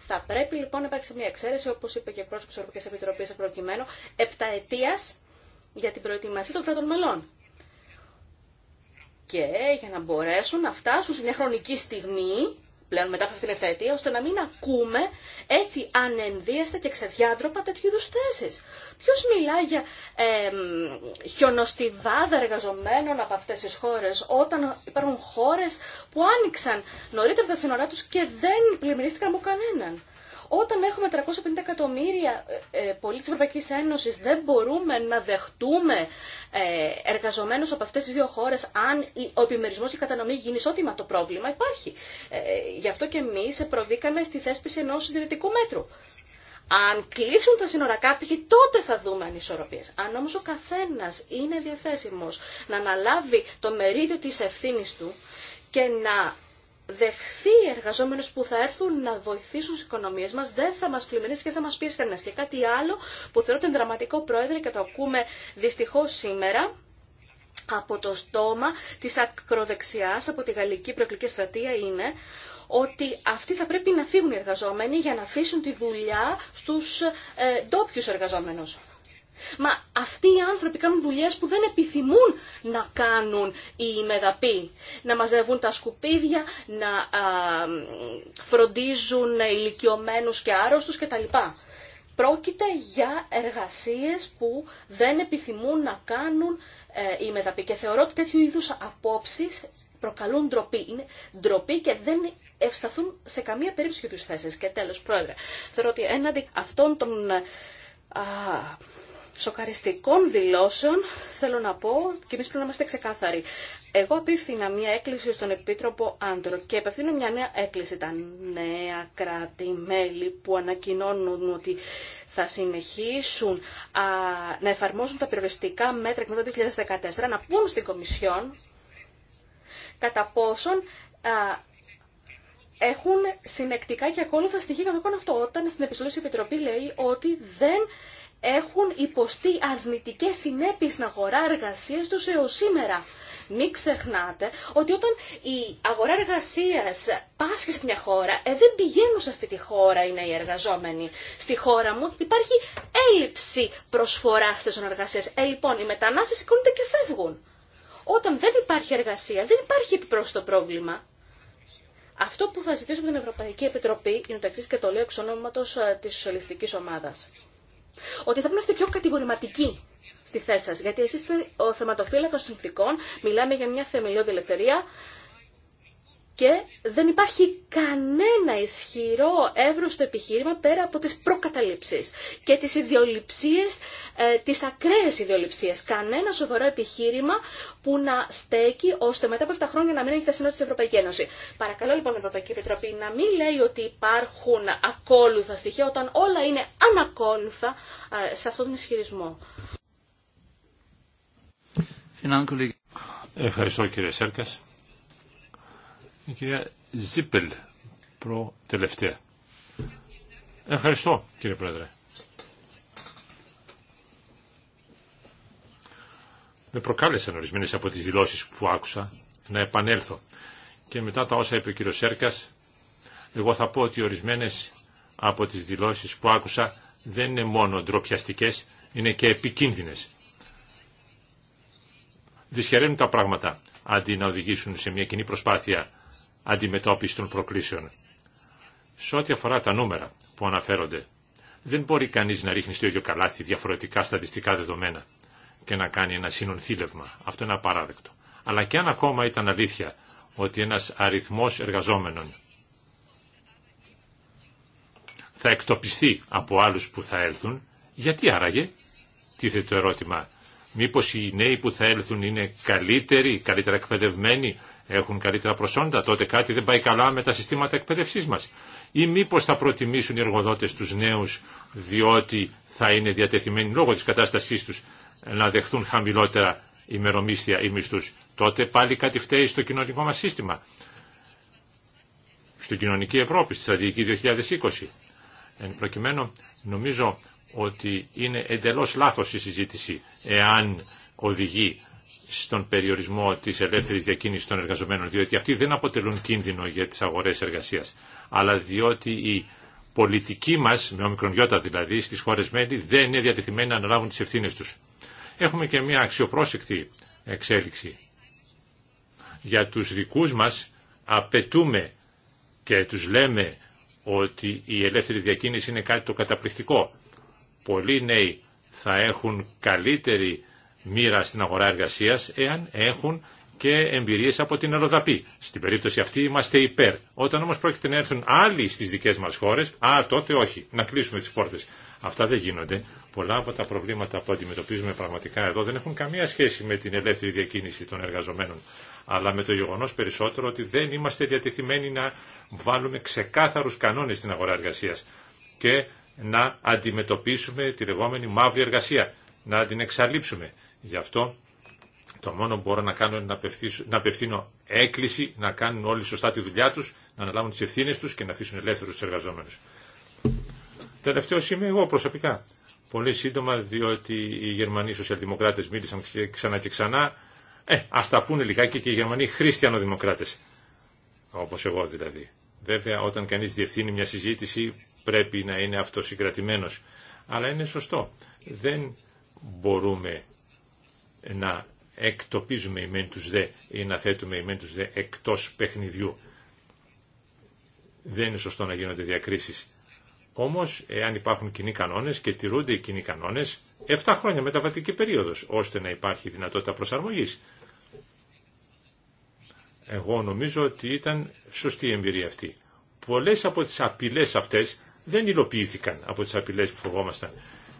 Θα πρέπει λοιπόν να υπάρξει μια εξαίρεση, όπω είπε και πρόσωπο τη Ευρωπαϊκή Επιτροπή προκειμένου, επταετία για την προετοιμασία των κρατών μελών και για να μπορέσουν να φτάσουν σε μια χρονική στιγμή, πλέον μετά από αυτήν την εφταετία, ώστε να μην ακούμε έτσι ανενδίαστα και ξεδιάντροπα τέτοιου είδου θέσει. Ποιο μιλάει για χιονοστιβάδα εργαζομένων από αυτέ τι χώρε, όταν υπάρχουν χώρε που άνοιξαν νωρίτερα τα σύνορά του και δεν πλημμυρίστηκαν από κανέναν. Όταν έχουμε 350 εκατομμύρια ε, ε, πολίτες της Ευρωπαϊκής Ένωσης δεν μπορούμε να δεχτούμε ε, εργαζομένους από αυτές τις δύο χώρες αν ο επιμερισμός και η κατανομή γίνει ισότιμα το πρόβλημα υπάρχει. Γι' αυτό και εμείς προβήκαμε στη θέσπιση ενός συντηρητικού μέτρου. Αν κλείσουν τα σύνορα κάποιοι, τότε θα δούμε ανισορροπίες. Αν όμως ο καθένας είναι διαθέσιμος να αναλάβει το μερίδιο της ευθύνης του και να δεχθεί εργαζόμενους που θα έρθουν να βοηθήσουν στις οικονομίες μας, δεν θα μας πλημμυρίσει και θα μας πείσει κανένας. Και κάτι άλλο που θεωρώ τον δραματικό πρόεδρε και το ακούμε δυστυχώς σήμερα, από το στόμα της ακροδεξιάς, από τη γαλλική προεκλογική στρατεία είναι ότι αυτοί θα πρέπει να φύγουν οι εργαζόμενοι για να αφήσουν τη δουλειά στους ε, ντόπιου εργαζόμενους. Μα αυτοί οι άνθρωποι κάνουν δουλειές που δεν επιθυμούν να κάνουν οι μεδαποί. Να μαζεύουν τα σκουπίδια, να φροντίζουν ηλικιωμένους και άρρωστους κτλ. Πρόκειται για εργασίες που δεν επιθυμούν να κάνουν ε, οι μεδαποί. Και θεωρώ ότι τέτοιου είδους απόψεις προκαλούν ντροπή. Είναι ντροπή και δεν ευσταθούν σε καμία περίπτωση για τους θέσεις. Και τέλος, πρόεδρε, θεωρώ ότι έναντι αυτών των σοκαριστικών δηλώσεων, θέλω να πω, και εμεί πρέπει να είμαστε ξεκάθαροι. Εγώ απίφθηνα μια έκκληση στον Επίτροπο Άντρο και απευθύνω μια νέα έκκληση. Τα νέα κράτη-μέλη που ανακοινώνουν ότι θα συνεχίσουν α, να εφαρμόζουν τα περιοριστικά μέτρα και το 2014, να πούν στην Κομισιόν κατά πόσον έχουν συνεκτικά και ακόλουθα στοιχεία για το αυτό. Όταν στην επιστολή Επιτροπή λέει ότι δεν έχουν υποστεί αρνητικές συνέπειες στην αγορά εργασίας τους έως σήμερα. Μην ξεχνάτε ότι όταν η αγορά εργασία πάσχει σε μια χώρα, ε, δεν πηγαίνουν σε αυτή τη χώρα είναι οι εργαζόμενοι. Στη χώρα μου υπάρχει έλλειψη προσφορά θέσεων εργασία. Ε, λοιπόν, οι μετανάστε σηκώνονται και φεύγουν. Όταν δεν υπάρχει εργασία, δεν υπάρχει επιπρόσθετο πρόβλημα. Αυτό που θα ζητήσω από την Ευρωπαϊκή Επιτροπή είναι το εξή και το λέω εξ ονόματο ε, τη Σοσιαλιστική Ομάδα ότι θα πρέπει να είστε πιο κατηγορηματικοί στη θέση σα. Γιατί εσεί είστε ο θεματοφύλακα των συνθήκων, μιλάμε για μια θεμελιώδη ελευθερία και δεν υπάρχει κανένα ισχυρό στο επιχείρημα πέρα από τις προκαταλήψεις και τις ιδιοληψίες, ε, τις ακραίες ιδιοληψίες. Κανένα σοβαρό επιχείρημα που να στέκει ώστε μετά από 7 χρόνια να μην έχει τα σύνορα της Ευρωπαϊκή Ένωση. Παρακαλώ λοιπόν την Ευρωπαϊκή Επιτροπή να μην λέει ότι υπάρχουν ακόλουθα στοιχεία όταν όλα είναι ανακόλουθα ε, σε αυτόν τον ισχυρισμό. Ευχαριστώ κύριε Σέρκας. Η κυρία Ζίπελ, προτελευταία. Ευχαριστώ κύριε Πρόεδρε. Με προκάλεσαν ορισμένε από τις δηλώσεις που άκουσα να επανέλθω. Και μετά τα όσα είπε ο κύριος Σέρκας, εγώ θα πω ότι ορισμένες από τις δηλώσεις που άκουσα δεν είναι μόνο ντροπιαστικέ, είναι και επικίνδυνες. Δυσχεραίνουν τα πράγματα αντί να οδηγήσουν σε μια κοινή προσπάθεια αντιμετώπιση των προκλήσεων. Σε ό,τι αφορά τα νούμερα που αναφέρονται, δεν μπορεί κανείς να ρίχνει στο ίδιο καλάθι διαφορετικά στατιστικά δεδομένα και να κάνει ένα συνονθήλευμα. Αυτό είναι απαράδεκτο. Αλλά και αν ακόμα ήταν αλήθεια ότι ένας αριθμός εργαζόμενων θα εκτοπιστεί από άλλους που θα έλθουν, γιατί άραγε, τίθεται το ερώτημα, μήπως οι νέοι που θα έλθουν είναι καλύτεροι, καλύτερα εκπαιδευμένοι, έχουν καλύτερα προσόντα, τότε κάτι δεν πάει καλά με τα συστήματα εκπαίδευσή μας. Ή μήπω θα προτιμήσουν οι εργοδότες τους νέους διότι θα είναι διατεθειμένοι λόγω της κατάστασής τους να δεχθούν χαμηλότερα ημερομίσθια ή μισθου Τότε πάλι κάτι φταίει στο κοινωνικό μας σύστημα. Στην κοινωνική Ευρώπη, στη στρατηγική 2020. Εν προκειμένου, νομίζω ότι είναι εντελώς λάθος η συζήτηση εάν οδηγεί στον περιορισμό της ελεύθερης διακίνησης των εργαζομένων, διότι αυτοί δεν αποτελούν κίνδυνο για τις αγορές εργασίας, αλλά διότι η πολιτική μας, με ομικρονιώτα δηλαδή, στις χώρες μέλη, δεν είναι διατεθειμένοι να αναλάβουν τις ευθύνες τους. Έχουμε και μια αξιοπρόσεκτη εξέλιξη. Για τους δικούς μας απαιτούμε και τους λέμε ότι η ελεύθερη διακίνηση είναι κάτι το καταπληκτικό. Πολλοί νέοι θα έχουν καλύτερη μοίρα στην αγορά εργασία, εάν έχουν και εμπειρίε από την Ελλοδαπή. Στην περίπτωση αυτή είμαστε υπέρ. Όταν όμω πρόκειται να έρθουν άλλοι στι δικέ μα χώρε. α, τότε όχι, να κλείσουμε τι πόρτε. Αυτά δεν γίνονται. Πολλά από τα προβλήματα που αντιμετωπίζουμε πραγματικά εδώ δεν έχουν καμία σχέση με την ελεύθερη διακίνηση των εργαζομένων, αλλά με το γεγονό περισσότερο ότι δεν είμαστε διατεθειμένοι να βάλουμε ξεκάθαρου κανόνε στην αγορά εργασία και να αντιμετωπίσουμε τη λεγόμενη μαύρη εργασία, να την εξαλείψουμε. Γι' αυτό το μόνο που μπορώ να κάνω είναι να, να απευθύνω έκκληση να κάνουν όλοι σωστά τη δουλειά τους, να αναλάβουν τις ευθύνες τους και να αφήσουν ελεύθερους τους εργαζόμενους. Τελευταίος είμαι εγώ προσωπικά. Πολύ σύντομα διότι οι Γερμανοί σοσιαλδημοκράτες μίλησαν ξανά και ξανά. Ε, ας τα πούνε λιγάκι και οι Γερμανοί χριστιανοδημοκράτες. Όπως εγώ δηλαδή. Βέβαια όταν κανείς διευθύνει μια συζήτηση πρέπει να είναι αυτοσυγκρατημένος. Αλλά είναι σωστό. Δεν μπορούμε να εκτοπίζουμε μεν τους δε ή να θέτουμε μεν τους δε εκτός παιχνιδιού. Δεν είναι σωστό να γίνονται διακρίσεις. Όμως, εάν υπάρχουν κοινοί κανόνες και τηρούνται οι κοινοί κανόνες, 7 χρόνια μεταβατική περίοδος, ώστε να υπάρχει δυνατότητα προσαρμογής. Εγώ νομίζω ότι ήταν σωστή η εμπειρία αυτή. Πολλές από τις απειλές αυτές δεν υλοποιήθηκαν από τις απειλές που φοβόμασταν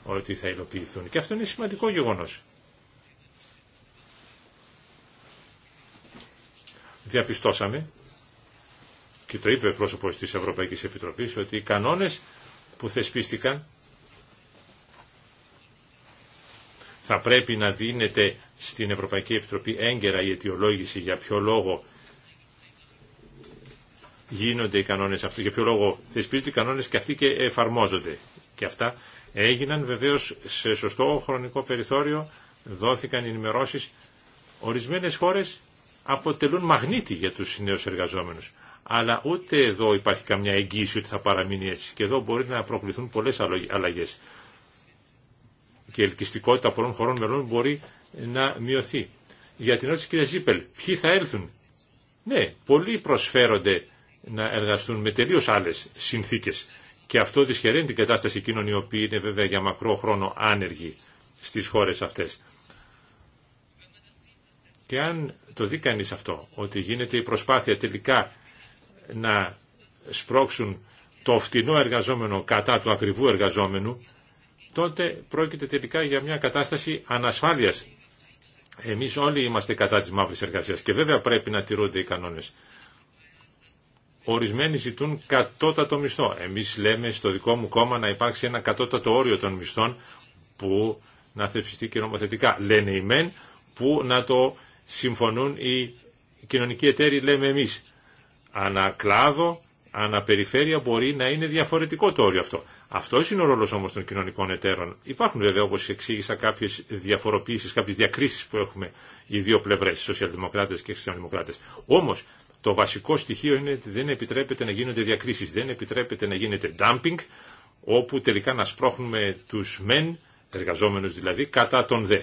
ότι θα υλοποιηθούν. Και αυτό είναι σημαντικό γεγονός. διαπιστώσαμε και το είπε ο πρόσωπος της Ευρωπαϊκής Επιτροπής ότι οι κανόνες που θεσπίστηκαν θα πρέπει να δίνεται στην Ευρωπαϊκή Επιτροπή έγκαιρα η αιτιολόγηση για ποιο λόγο γίνονται οι κανόνες αυτοί, για ποιο λόγο θεσπίζονται οι κανόνες και αυτοί και εφαρμόζονται. Και αυτά έγιναν βεβαίως σε σωστό χρονικό περιθώριο, δόθηκαν ενημερώσεις. Ορισμένες χώρες αποτελούν μαγνήτη για τους νέους εργαζόμενους. Αλλά ούτε εδώ υπάρχει καμιά εγγύηση ότι θα παραμείνει έτσι. Και εδώ μπορεί να προκληθούν πολλές αλλαγές. Και η ελκυστικότητα πολλών χωρών μελών μπορεί να μειωθεί. Για την ερώτηση κυρία Ζίπελ, ποιοι θα έλθουν. Ναι, πολλοί προσφέρονται να εργαστούν με τελείως άλλες συνθήκες. Και αυτό δυσχεραίνει την κατάσταση εκείνων οι οποίοι είναι βέβαια για μακρό χρόνο άνεργοι στις χώρες αυτές. Και αν το δει κανεί αυτό, ότι γίνεται η προσπάθεια τελικά να σπρώξουν το φτηνό εργαζόμενο κατά του ακριβού εργαζόμενου, τότε πρόκειται τελικά για μια κατάσταση ανασφάλειας. Εμείς όλοι είμαστε κατά της μαύρης εργασίας και βέβαια πρέπει να τηρούνται οι κανόνες. Ορισμένοι ζητούν κατώτατο μισθό. Εμείς λέμε στο δικό μου κόμμα να υπάρξει ένα κατώτατο όριο των μισθών που να θεσπιστεί και νομοθετικά. Λένε οι μεν που να το συμφωνούν οι κοινωνικοί εταίροι, λέμε εμείς. Ανακλάδο, αναπεριφέρεια μπορεί να είναι διαφορετικό το όριο αυτό. Αυτό είναι ο ρόλο όμω των κοινωνικών εταίρων. Υπάρχουν βέβαια, όπω εξήγησα, κάποιε διαφοροποιήσει, κάποιε διακρίσει που έχουμε οι δύο πλευρέ, σοσιαλδημοκράτε και οι χριστιανοδημοκράτε. Όμω το βασικό στοιχείο είναι ότι δεν επιτρέπεται να γίνονται διακρίσει, δεν επιτρέπεται να γίνεται dumping, όπου τελικά να σπρώχνουμε του μεν, εργαζόμενου δηλαδή, κατά τον δε.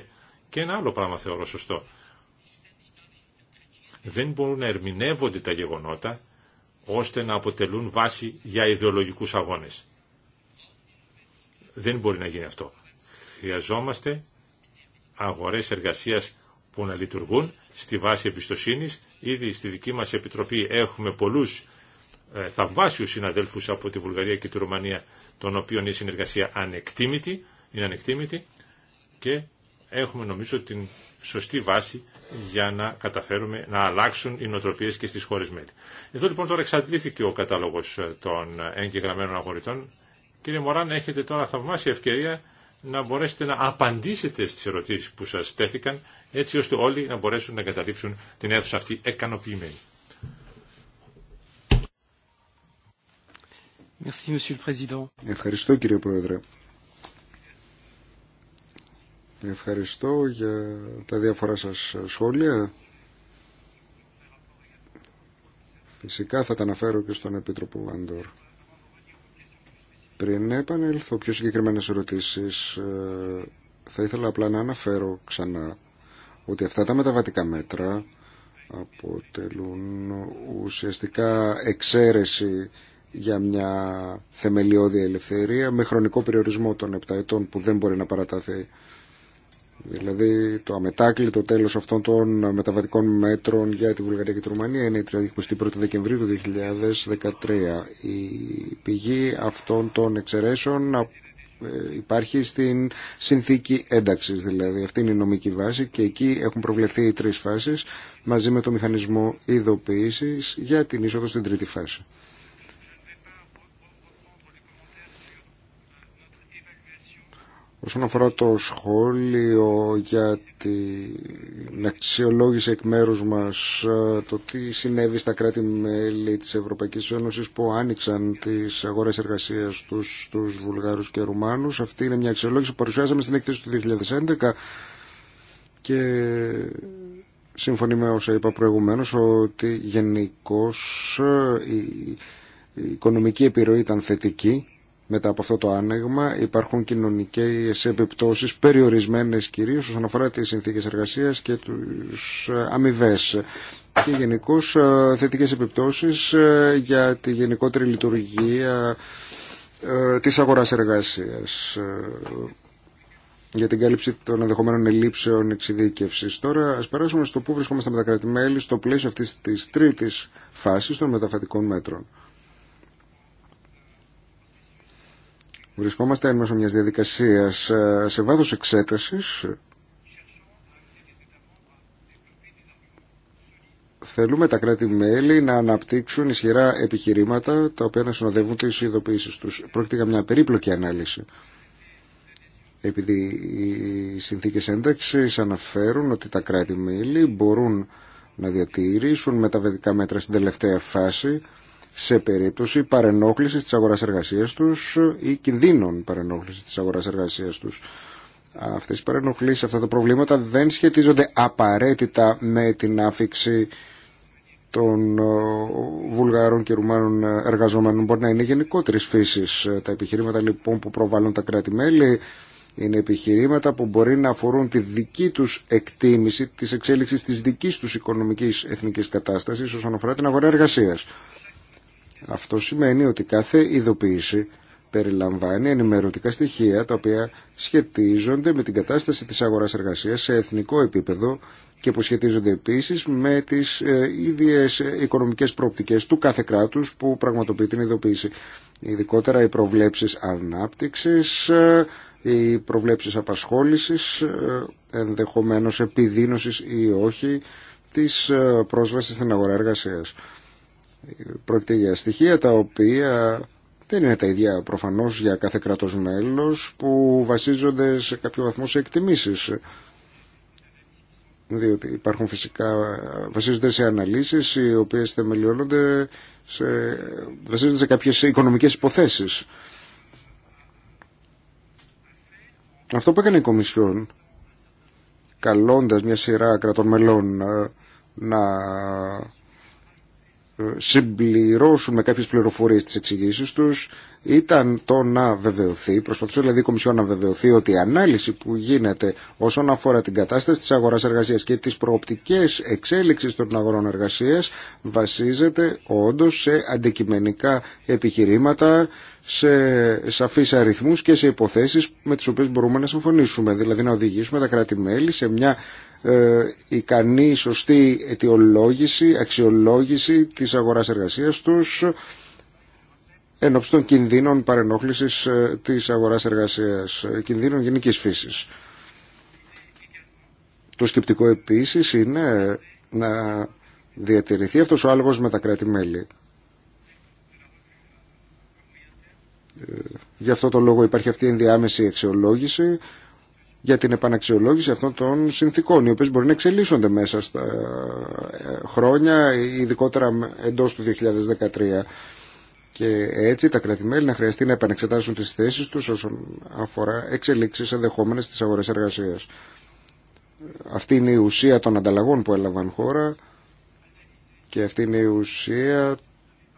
Και ένα άλλο πράγμα θεωρώ σωστό δεν μπορούν να ερμηνεύονται τα γεγονότα ώστε να αποτελούν βάση για ιδεολογικούς αγώνες. Δεν μπορεί να γίνει αυτό. Χρειαζόμαστε αγορές εργασίας που να λειτουργούν στη βάση εμπιστοσύνης. Ήδη στη δική μας Επιτροπή έχουμε πολλούς ε, θαυμάσιους συναδέλφους από τη Βουλγαρία και τη Ρουμανία, των οποίων η συνεργασία είναι ανεκτήμητη και έχουμε νομίζω την σωστή βάση για να καταφέρουμε να αλλάξουν οι νοοτροπίες και στις χώρες μέλη. Εδώ λοιπόν τώρα εξαντλήθηκε ο κατάλογος ε, των εγγεγραμμένων αγορητών. Κύριε Μωράν, έχετε τώρα θαυμάσια ευκαιρία να μπορέσετε να απαντήσετε στις ερωτήσεις που σας τέθηκαν, έτσι ώστε όλοι να μπορέσουν να καταλήψουν την αίθουσα αυτή εκανοποιημένη. Ευχαριστώ κύριε Πρόεδρε. Ευχαριστώ για τα διάφορα σας σχόλια. Φυσικά θα τα αναφέρω και στον Επίτροπο Βάντορ. Πριν επανέλθω πιο συγκεκριμένες ερωτήσεις, ε, θα ήθελα απλά να αναφέρω ξανά ότι αυτά τα μεταβατικά μέτρα αποτελούν ουσιαστικά εξαίρεση για μια θεμελιώδη ελευθερία με χρονικό περιορισμό των 7 ετών που δεν μπορεί να παραταθεί Δηλαδή το αμετάκλητο τέλος αυτών των μεταβατικών μέτρων για τη Βουλγαρία και τη Ρουμανία είναι η 31η Δεκεμβρίου του 2013. Η πηγή αυτών των εξαιρέσεων ε, υπάρχει στην συνθήκη ένταξης, δηλαδή αυτή είναι η νομική βάση και εκεί έχουν προβλεφθεί οι τρεις φάσεις μαζί με το μηχανισμό ειδοποίησης για την είσοδο στην τρίτη φάση. Όσον αφορά το σχόλιο για την αξιολόγηση εκ μέρους μας ε, το τι συνέβη στα κράτη-μέλη της Ευρωπαϊκής Ένωσης που άνοιξαν τις αγορές εργασίας τους στους Βουλγάρους και Ρουμάνους αυτή είναι μια αξιολόγηση που παρουσιάσαμε στην εκθέση του 2011 και σύμφωνοι με όσα είπα προηγουμένως ότι γενικώ ε, η οικονομική επιρροή ήταν θετική μετά από αυτό το άνοιγμα. Υπάρχουν κοινωνικές επιπτώσεις περιορισμένες κυρίως όσον αφορά τις συνθήκες εργασίας και τους ε, αμοιβέ και γενικώ ε, θετικές επιπτώσεις ε, για τη γενικότερη λειτουργία της αγοράς εργασίας για την κάλυψη των ενδεχομένων ελλείψεων εξειδίκευση. Τώρα, α περάσουμε στο πού βρισκόμαστε με τα κράτη-μέλη στο πλαίσιο αυτή τη τρίτη φάση των μεταφατικών μέτρων. Βρισκόμαστε εν μέσω μιας διαδικασίας ε, σε βάθος εξέτασης. Θέλουμε τα κράτη-μέλη να αναπτύξουν ισχυρά επιχειρήματα τα οποία να συνοδεύουν τις ειδοποίησεις τους. Πρόκειται για μια περίπλοκη ανάλυση. Επειδή οι συνθήκες ένταξης αναφέρουν ότι τα κράτη-μέλη μπορούν να διατηρήσουν μεταβεδικά μέτρα στην τελευταία φάση σε περίπτωση παρενόχλησης της αγοράς εργασίας τους ή κινδύνων παρενόχλησης της αγοράς εργασίας τους. Αυτές οι παρενοχλήσεις, αυτά τα προβλήματα δεν σχετίζονται απαραίτητα με την άφηξη των ε, Βουλγαρών και Ρουμάνων εργαζόμενων. Μπορεί να είναι γενικότερης φύσης ε, τα επιχειρήματα λοιπόν που προβάλλουν τα κράτη-μέλη. Είναι επιχειρήματα που μπορεί να αφορούν τη δική τους εκτίμηση της εξέλιξης της δικής τους οικονομικής εθνικής κατάστασης όσον αφορά την αγορά εργασίας. Αυτό σημαίνει ότι κάθε ειδοποίηση περιλαμβάνει ενημερωτικά στοιχεία τα οποία σχετίζονται με την κατάσταση της αγοράς εργασίας σε εθνικό επίπεδο και που σχετίζονται επίσης με τις ε, ίδιες οικονομικές προοπτικές του κάθε κράτους που πραγματοποιεί την ειδοποίηση. Ειδικότερα οι προβλέψεις ανάπτυξης, ε, οι προβλέψεις απασχόλησης, ε, ενδεχομένως επιδίνωσης ή όχι της πρόσβασης στην αγορά εργασίας. Πρόκειται για στοιχεία τα οποία δεν είναι τα ίδια προφανώς για κάθε κρατός που βασίζονται σε κάποιο βαθμό σε εκτιμήσεις διότι υπάρχουν φυσικά βασίζονται σε αναλύσεις οι οποίες θεμελιώνονται σε, βασίζονται σε κάποιες οικονομικές υποθέσεις αυτό που έκανε η Κομισιόν καλώντας μια σειρά κρατών μελών ε, να ε, συμπληρώσουν με κάποιες πληροφορίες τις εξηγήσει τους ήταν το να βεβαιωθεί, προσπαθούσε δηλαδή η Κομισιόν να βεβαιωθεί ότι η ανάλυση που γίνεται όσον αφορά την κατάσταση της αγοράς εργασίας και τις προοπτικές εξέλιξεις των αγορών εργασίας βασίζεται όντως σε αντικειμενικά επιχειρήματα, σε σαφείς αριθμούς και σε υποθέσεις με τις οποίες μπορούμε να συμφωνήσουμε, δηλαδή να οδηγήσουμε τα κράτη-μέλη σε μια ε, ικανή, σωστή αιτιολόγηση, αξιολόγηση της αγοράς εργασίας τους εν των κινδύνων παρενόχλησης ε, της αγοράς εργασίας, ε, κινδύνων γενικής φύσης. Το σκεπτικό επίσης είναι να διατηρηθεί αυτός ο άλγος με τα κράτη-μέλη. Γι' αυτό το λόγο υπάρχει αυτή η ενδιάμεση αξιολόγηση για την επαναξιολόγηση αυτών των συνθήκων, οι οποίες μπορεί να εξελίσσονται μέσα στα ε, χρόνια, ειδικότερα εντός του 2013. Και έτσι τα κρατημέλη να χρειαστεί να επανεξετάσουν τις θέσεις τους όσον αφορά εξελίξεις ενδεχόμενες στις αγορές εργασίας. Αυτή είναι η ουσία των ανταλλαγών που έλαβαν χώρα και αυτή είναι η ουσία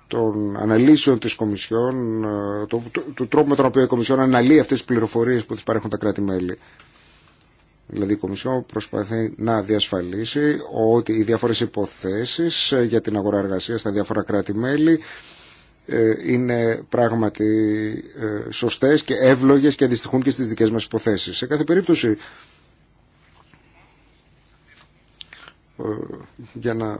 των αναλύσεων της Κομισιόν, του, ε, του, του τρόπου με τον οποίο η Κομισιόν αναλύει αυτές τις πληροφορίες που τις παρέχουν τα κρατη Δηλαδή η Κομισιόν προσπαθεί να διασφαλίσει ότι οι διάφορες υποθέσεις ε, για την αγορά εργασία στα διάφορα κράτη-μέλη ε, είναι πράγματι ε, σωστές και εύλογες και αντιστοιχούν και στις δικές μας υποθέσεις. Σε κάθε περίπτωση, για να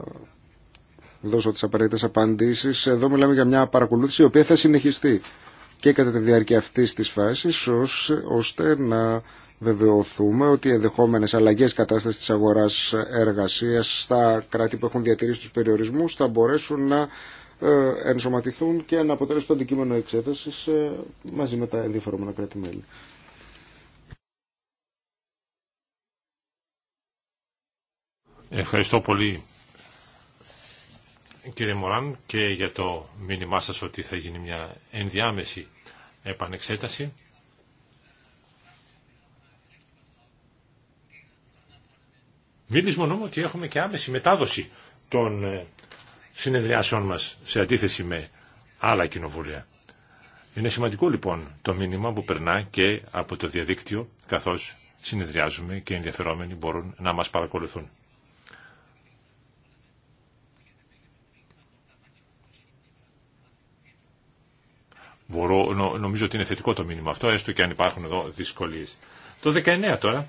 δώσω τις απαραίτητες απαντήσεις, εδώ μιλάμε για μια παρακολούθηση η οποία θα συνεχιστεί και κατά τη διάρκεια αυτής της φάσης ώστε να βεβαιωθούμε ότι οι ενδεχόμενε αλλαγέ κατάσταση τη αγορά εργασία στα κράτη που έχουν διατηρήσει του περιορισμού θα μπορέσουν να ε, ενσωματηθούν και να αποτελέσουν το αντικείμενο εξέταση ε, μαζί με τα ενδιαφερόμενα κράτη-μέλη. Ευχαριστώ πολύ κύριε Μωράν και για το μήνυμά σας ότι θα γίνει μια ενδιάμεση επανεξέταση. Μίλης μόνο ότι έχουμε και άμεση μετάδοση των ε, συνεδριάσεων μας σε αντίθεση με άλλα κοινοβούλια. Είναι σημαντικό λοιπόν το μήνυμα που περνά και από το διαδίκτυο καθώς συνεδριάζουμε και ενδιαφερόμενοι μπορούν να μας παρακολουθούν. Μπορώ, νομίζω ότι είναι θετικό το μήνυμα αυτό, έστω και αν υπάρχουν εδώ δυσκολίες. Το 19 τώρα,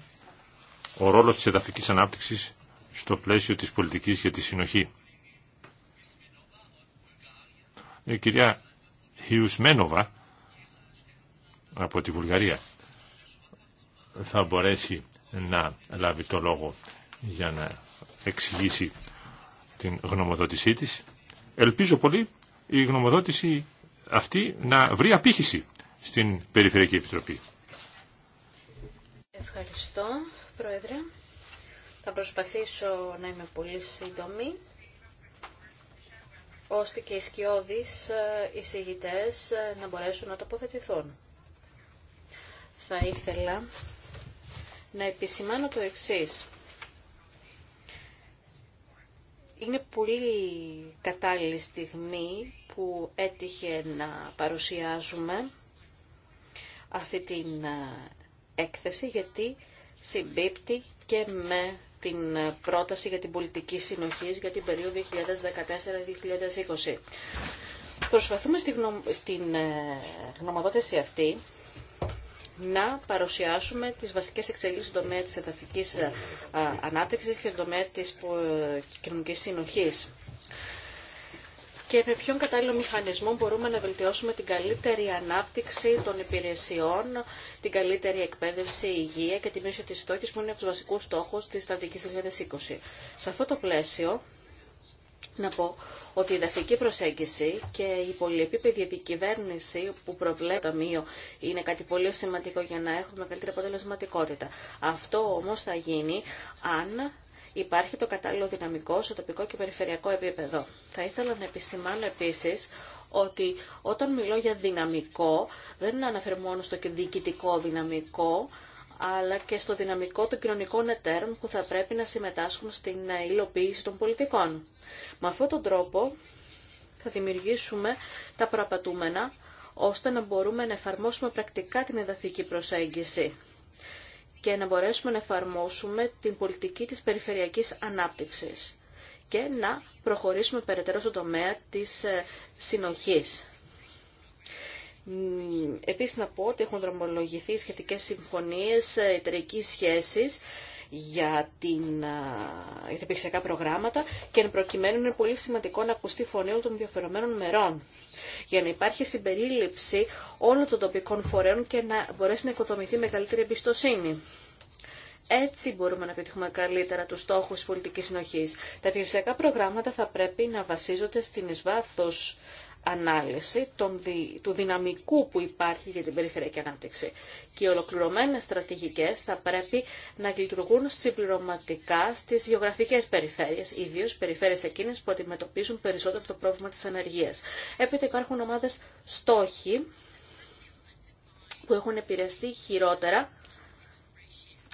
ο ρόλος της εδαφικής ανάπτυξης στο πλαίσιο της πολιτικής για τη συνοχή. Η ε, κυρία Χιουσμένοβα από τη Βουλγαρία θα μπορέσει να λάβει το λόγο για να εξηγήσει την γνωμοδότησή της. Ελπίζω πολύ η γνωμοδότηση αυτή να βρει απήχηση στην Περιφερειακή Επιτροπή. Ευχαριστώ, Πρόεδρε. Θα προσπαθήσω να είμαι πολύ σύντομη, ώστε και οι σκιώδεις ε, εισηγητές ε, να μπορέσουν να τοποθετηθούν. Θα ήθελα να επισημάνω το εξής. Είναι πολύ κατάλληλη στιγμή που έτυχε να παρουσιάζουμε αυτή την ε, έκθεση γιατί συμπίπτει και με την πρόταση για την πολιτική συνοχή για την περίοδο 2014-2020. Προσπαθούμε στην ε, γνωμοδότηση αυτή να παρουσιάσουμε τις βασικές εξελίξεις στον τομέα τη εδαφική ε, ανάπτυξη και στον τομέα τη ε, κοινωνική συνοχή. και με ποιον κατάλληλο μηχανισμό μπορούμε να βελτιώσουμε την καλύτερη ανάπτυξη των υπηρεσιών, την καλύτερη εκπαίδευση, υγεία και τη μείωση τη φτώχεια που είναι από του βασικού στόχου της στρατηγικής 2020. Σε αυτό το πλαίσιο, να πω ότι η δαφική προσέγγιση και η πολυεπίπεδη διακυβέρνηση που προβλέπει το Ταμείο είναι κάτι πολύ σημαντικό για να έχουμε καλύτερη αποτελεσματικότητα. Αυτό όμως θα γίνει αν υπάρχει το κατάλληλο δυναμικό στο τοπικό και περιφερειακό επίπεδο. Θα ήθελα να επισημάνω επίσης ότι όταν μιλώ για δυναμικό δεν αναφέρω μόνο στο διοικητικό δυναμικό, αλλά και στο δυναμικό των κοινωνικών εταίρων που θα πρέπει να συμμετάσχουν στην υλοποίηση των πολιτικών. Με αυτόν τον τρόπο θα δημιουργήσουμε τα προαπαιτούμενα, ώστε να μπορούμε να εφαρμόσουμε πρακτικά την εδαφική προσέγγιση και να μπορέσουμε να εφαρμόσουμε την πολιτική της περιφερειακής ανάπτυξης και να προχωρήσουμε περαιτέρω στον τομέα της ε, συνοχής επίσης να πω ότι έχουν δρομολογηθεί σχετικές συμφωνίες ε, εταιρικής σχέσης για, την, ε, τα υπηρεσιακά προγράμματα και εν προκειμένου είναι πολύ σημαντικό να ακουστεί φωνή όλων των ενδιαφερομένων μερών για να υπάρχει συμπερίληψη όλων των τοπικών φορέων και να μπορέσει να οικοδομηθεί μεγαλύτερη εμπιστοσύνη. Έτσι μπορούμε να πετύχουμε καλύτερα τους στόχους της πολιτικής συνοχής. Τα υπηρεσιακά προγράμματα θα πρέπει να βασίζονται στην εις ανάλυση του δυναμικού που υπάρχει για την περιφερειακή ανάπτυξη. Και οι ολοκληρωμένες στρατηγικές θα πρέπει να λειτουργούν συμπληρωματικά στις γεωγραφικές περιφέρειες, ιδίω περιφέρειες εκείνες που αντιμετωπίζουν περισσότερο το πρόβλημα της ανεργίας. Έπειτα υπάρχουν ομάδες στόχοι που έχουν επηρεαστεί χειρότερα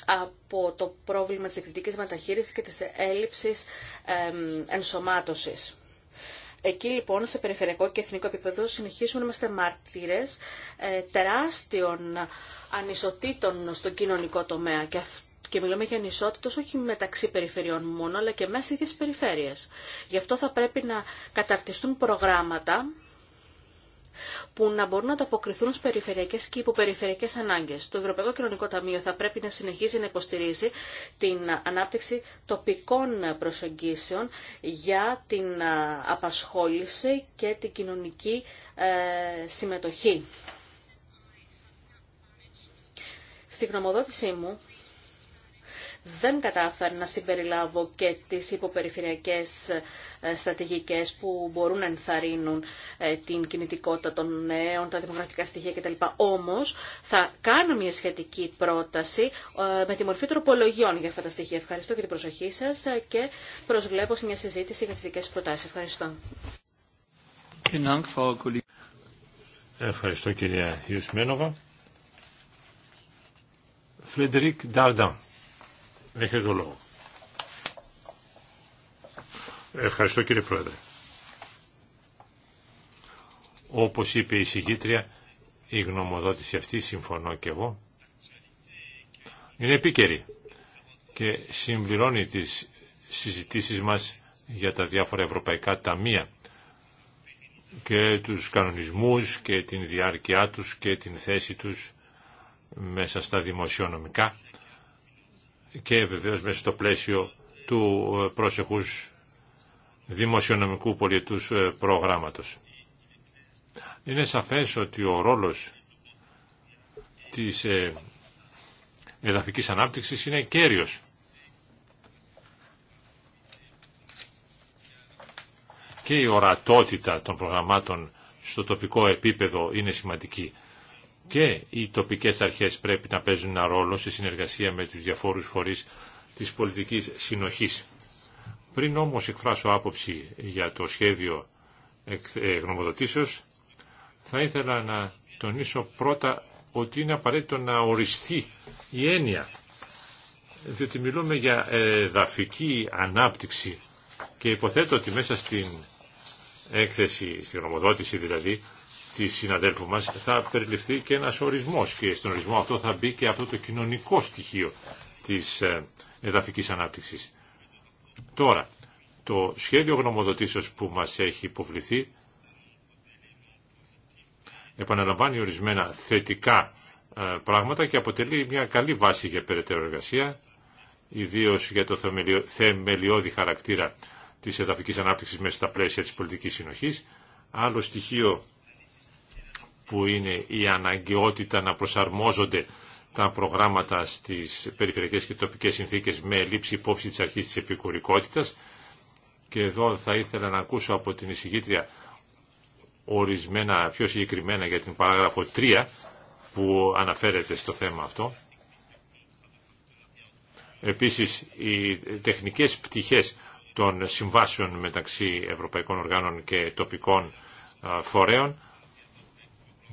από το πρόβλημα της εκδικής μεταχείρισης και της έλλειψης ενσωμάτωσης. Εκεί λοιπόν σε περιφερειακό και εθνικό επίπεδο συνεχίζουμε να είμαστε μάρτυρες ε, τεράστιων ανισοτήτων στον κοινωνικό τομέα και και μιλάμε για ανισότητε, όχι μεταξύ περιφερειών μόνο, αλλά και μέσα στις ίδιες περιφέρειες. Γι' αυτό θα πρέπει να καταρτιστούν προγράμματα που να μπορούν να ανταποκριθούν στι περιφερειακέ και υποπεριφερειακέ ανάγκε. Το Ευρωπαϊκό Κοινωνικό Ταμείο θα πρέπει να συνεχίζει να υποστηρίζει την ανάπτυξη τοπικών προσεγγίσεων για την απασχόληση και την κοινωνική ε, συμμετοχή. Στην γνωμοδότησή μου δεν κατάφερα να συμπεριλάβω και τις υποπεριφερειακές ε, στρατηγικές που μπορούν να ενθαρρύνουν ε, την κινητικότητα των νέων, τα δημοκρατικά στοιχεία κτλ. Όμως θα κάνω μια σχετική πρόταση ε, με τη μορφή τροπολογιών για αυτά τα στοιχεία. Ευχαριστώ για την προσοχή σας και προσβλέπω σε μια συζήτηση για τις δικές σας προτάσεις. Ευχαριστώ. Ευχαριστώ κυρία Ιουσμένοβα. Φρεντερίκ Ντάρνταν. Έχετε το λόγο. Ευχαριστώ κύριε Πρόεδρε. Όπως είπε η συγκήτρια, η γνωμοδότηση αυτή, συμφωνώ και εγώ, είναι επίκαιρη και συμπληρώνει τις συζητήσεις μας για τα διάφορα ευρωπαϊκά ταμεία και τους κανονισμούς και την διάρκειά τους και την θέση τους μέσα στα δημοσιονομικά και βεβαίως μέσα στο πλαίσιο του ε, πρόσεχους δημοσιονομικού πολιτούς ε, προγράμματος. Είναι σαφές ότι ο ρόλος της ε, εδαφικής ανάπτυξης είναι κέριος. Και η ορατότητα των προγραμμάτων στο τοπικό επίπεδο είναι σημαντική και οι τοπικές αρχές πρέπει να παίζουν ένα ρόλο σε συνεργασία με τους διαφόρους φορείς της πολιτικής συνοχής. Πριν όμως εκφράσω άποψη για το σχέδιο ε, γνωμοδοτήσεως, θα ήθελα να τονίσω πρώτα ότι είναι απαραίτητο να οριστεί η έννοια, διότι μιλούμε για δαφική ανάπτυξη και υποθέτω ότι μέσα στην έκθεση, στην γνωμοδότηση δηλαδή, τη συναδέλφου μας θα περιληφθεί και ένας ορισμός και στον ορισμό αυτό θα μπει και αυτό το κοινωνικό στοιχείο της ε, εδαφικής ανάπτυξης. Τώρα, το σχέδιο γνωμοδοτήσεως που μας έχει υποβληθεί επαναλαμβάνει ορισμένα θετικά ε, πράγματα και αποτελεί μια καλή βάση για περαιτέρω εργασία, ιδίως για το θεμελιώδη χαρακτήρα της εδαφικής ανάπτυξης μέσα στα πλαίσια της πολιτικής συνοχής. Άλλο στοιχείο που είναι η αναγκαιότητα να προσαρμόζονται τα προγράμματα στις περιφερειακές και τοπικές συνθήκες με λήψη υπόψη της αρχής της επικουρικότητας. Και εδώ θα ήθελα να ακούσω από την εισηγήτρια ορισμένα πιο συγκεκριμένα για την παράγραφο 3 που αναφέρεται στο θέμα αυτό. Επίσης, οι τεχνικές πτυχές των συμβάσεων μεταξύ ευρωπαϊκών οργάνων και τοπικών φορέων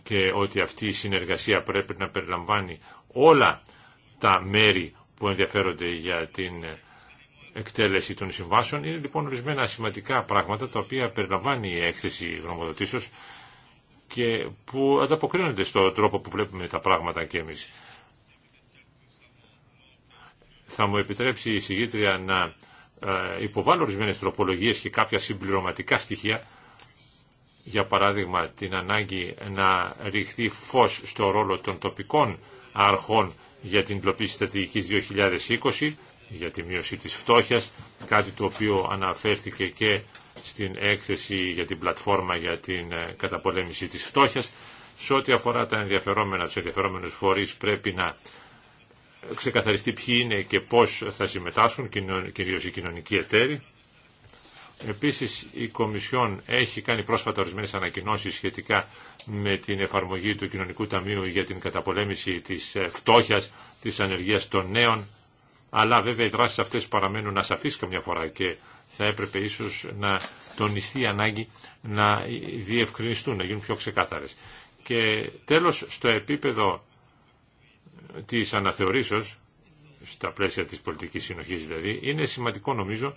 και ότι αυτή η συνεργασία πρέπει να περιλαμβάνει όλα τα μέρη που ενδιαφέρονται για την εκτέλεση των συμβάσεων. Είναι λοιπόν ορισμένα σημαντικά πράγματα τα οποία περιλαμβάνει η έκθεση γνωμοδοτήσεως και που ανταποκρίνονται στον τρόπο που βλέπουμε τα πράγματα και εμείς. Θα μου επιτρέψει η συγγήτρια να ε, υποβάλω ορισμένε τροπολογίες και κάποια συμπληρωματικά στοιχεία για παράδειγμα την ανάγκη να ρηχθεί φως στο ρόλο των τοπικών αρχών για την πλοπή στρατηγικής 2020, για τη μείωση της φτώχειας, κάτι το οποίο αναφέρθηκε και στην έκθεση για την πλατφόρμα για την ε, καταπολέμηση της φτώχειας. Σε ό,τι αφορά τα ενδιαφερόμενα, τους ενδιαφερόμενους φορείς πρέπει να ξεκαθαριστεί ποιοι είναι και πώς θα συμμετάσχουν, κυρίως οι κοινωνικοί εταίροι. Επίσης η Κομισιόν έχει κάνει πρόσφατα ορισμένες ανακοινώσεις σχετικά με την εφαρμογή του Κοινωνικού Ταμείου για την καταπολέμηση της ε, φτώχειας, της ανεργίας των νέων, αλλά βέβαια οι δράσεις αυτές παραμένουν ασαφείς καμιά φορά και θα έπρεπε ίσως να τονιστεί η ανάγκη να διευκρινιστούν, να γίνουν πιο ξεκάθαρες. Και τέλος στο επίπεδο της αναθεωρήσεως, στα πλαίσια της πολιτικής συνοχής δηλαδή, είναι σημαντικό νομίζω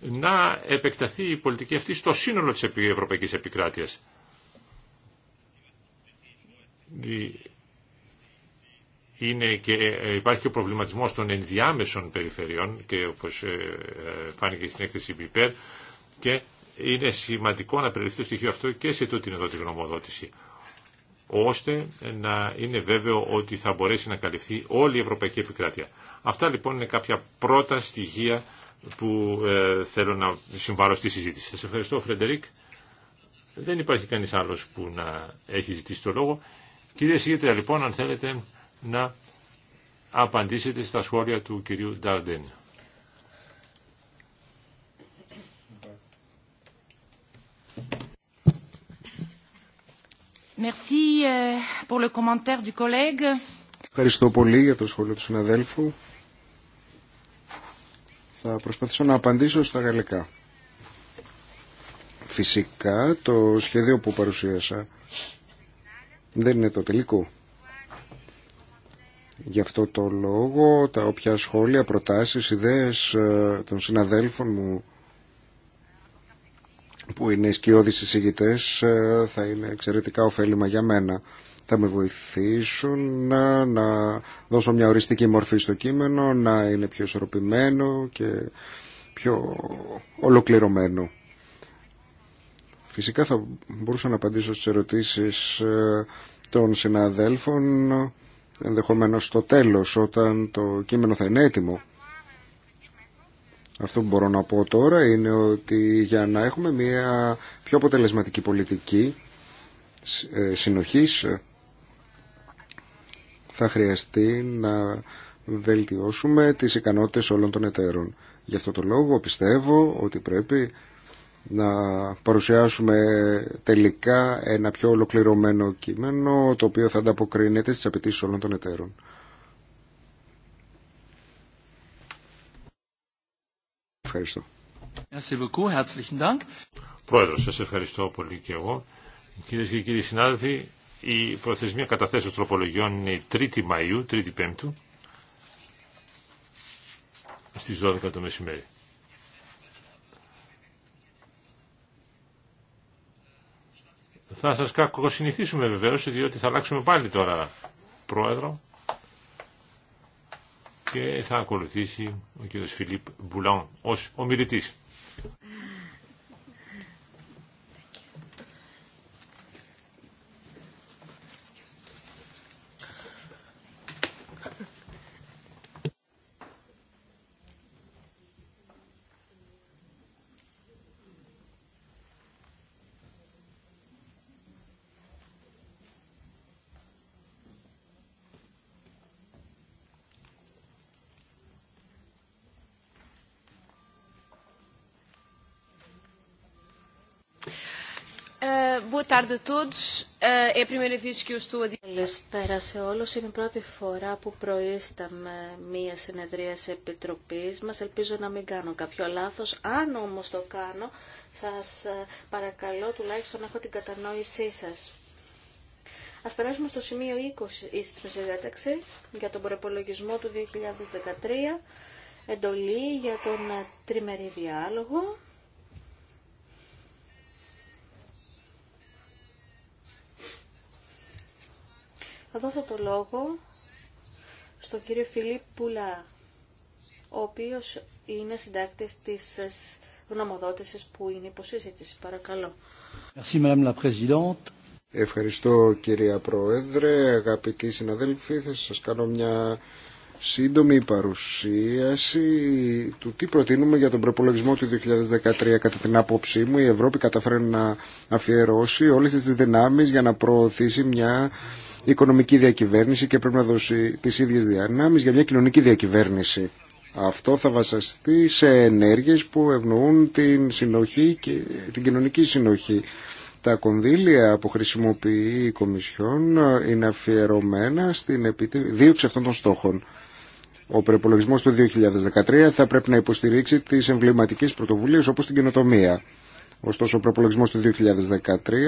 να επεκταθεί η πολιτική αυτή στο σύνολο της ευρωπαϊκής επικράτειας. Είναι και, ε, ε, υπάρχει και ο προβληματισμός των ενδιάμεσων περιφερειών και όπως ε, φάνηκε στην έκθεση ΠΠΕΡ και είναι σημαντικό να περιληφθεί το στοιχείο αυτό και σε τούτην εδώ τη γνωμοδότηση ώστε να είναι βέβαιο ότι θα μπορέσει να καλυφθεί όλη η Ευρωπαϊκή Επικράτεια. Αυτά λοιπόν είναι κάποια πρώτα στοιχεία που ε, θέλω να συμβάλλω στη συζήτηση. Σας ευχαριστώ Φρεντερίκ. Δεν υπάρχει κανείς άλλος που να έχει ζητήσει το λόγο. Κύριε Συγήτρια, λοιπόν, αν θέλετε να απαντήσετε στα σχόλια του κυρίου Ντάρντεν. Merci euh, pour le commentaire du collègue. Ευχαριστώ πολύ για το σχόλιο του συναδέλφου. Θα προσπαθήσω να απαντήσω στα γαλλικά. Φυσικά το σχέδιο που παρουσίασα δεν είναι το τελικό. Γι' αυτό το λόγο τα όποια σχόλια, προτάσεις, ιδέες ε, των συναδέλφων μου που είναι σκιώδεις εισηγητές ε, θα είναι εξαιρετικά ωφέλιμα για μένα θα με βοηθήσουν να, να δώσω μια οριστική μορφή στο κείμενο, να είναι πιο ισορροπημένο και πιο ολοκληρωμένο. Φυσικά θα μπορούσα να απαντήσω στις ερωτήσεις ε, των συναδέλφων ενδεχομένως στο τέλος όταν το κείμενο θα είναι έτοιμο. Αυτό που μπορώ να πω τώρα είναι ότι για να έχουμε μια πιο αποτελεσματική πολιτική ε, συνοχής θα χρειαστεί να βελτιώσουμε τις ικανότητες όλων των εταίρων. Γι' αυτό το λόγο πιστεύω ότι πρέπει να παρουσιάσουμε τελικά ένα πιο ολοκληρωμένο κείμενο το οποίο θα ανταποκρίνεται στις απαιτήσει όλων των εταίρων. Ευχαριστώ. Πρόεδρος, σας ευχαριστώ πολύ και εγώ. Κυρίε και κύριοι συνάδελφοι, η προθεσμία καταθέσεως τροπολογιών είναι 3η Μαΐου, 3η Πέμπτου, στις 12 το μεσημέρι. Θα σας κακοσυνηθήσουμε βεβαίως, διότι θα αλλάξουμε πάλι τώρα πρόεδρο και θα ακολουθήσει ο κ. Φιλίπ Μπουλάν ως ομιλητής. Καλησπέρα σε όλου. Είναι η πρώτη φορά που προείσταμε μία συνεδρία σε επιτροπής μας. Ελπίζω να μην κάνω κάποιο λάθος. Αν όμω το κάνω, σας ε, παρακαλώ τουλάχιστον να έχω την κατανόησή σας. Ας περάσουμε στο σημείο 20 τη διάταξης για τον προπολογισμό του 2013, εντολή για τον ε, τριμερή διάλογο. Θα δώσω το λόγο στον κύριο Φιλίπ Πουλά, ο οποίος είναι συντάκτης της γνωμοδότησης που είναι υποσύζητηση. Παρακαλώ. Ευχαριστώ κυρία Πρόεδρε, αγαπητοί συναδέλφοι, θα σας κάνω μια σύντομη παρουσίαση του τι προτείνουμε για τον προπολογισμό του 2013. Κατά την άποψή μου η Ευρώπη καταφέρει να αφιερώσει όλες τις δυνάμεις για να προωθήσει μια οικονομική διακυβέρνηση και πρέπει να δώσει τις ίδιες διανάμεις για μια κοινωνική διακυβέρνηση. Αυτό θα βασιστεί σε ενέργειες που ευνοούν την, συνοχή και την κοινωνική συνοχή. Τα κονδύλια που χρησιμοποιεί η Κομισιόν είναι αφιερωμένα στην δίωξη αυτών των στόχων. Ο προπολογισμό του 2013 θα πρέπει να υποστηρίξει τι εμβληματικέ πρωτοβουλίε όπω την κοινοτομία. Ωστόσο, ο προπολογισμό του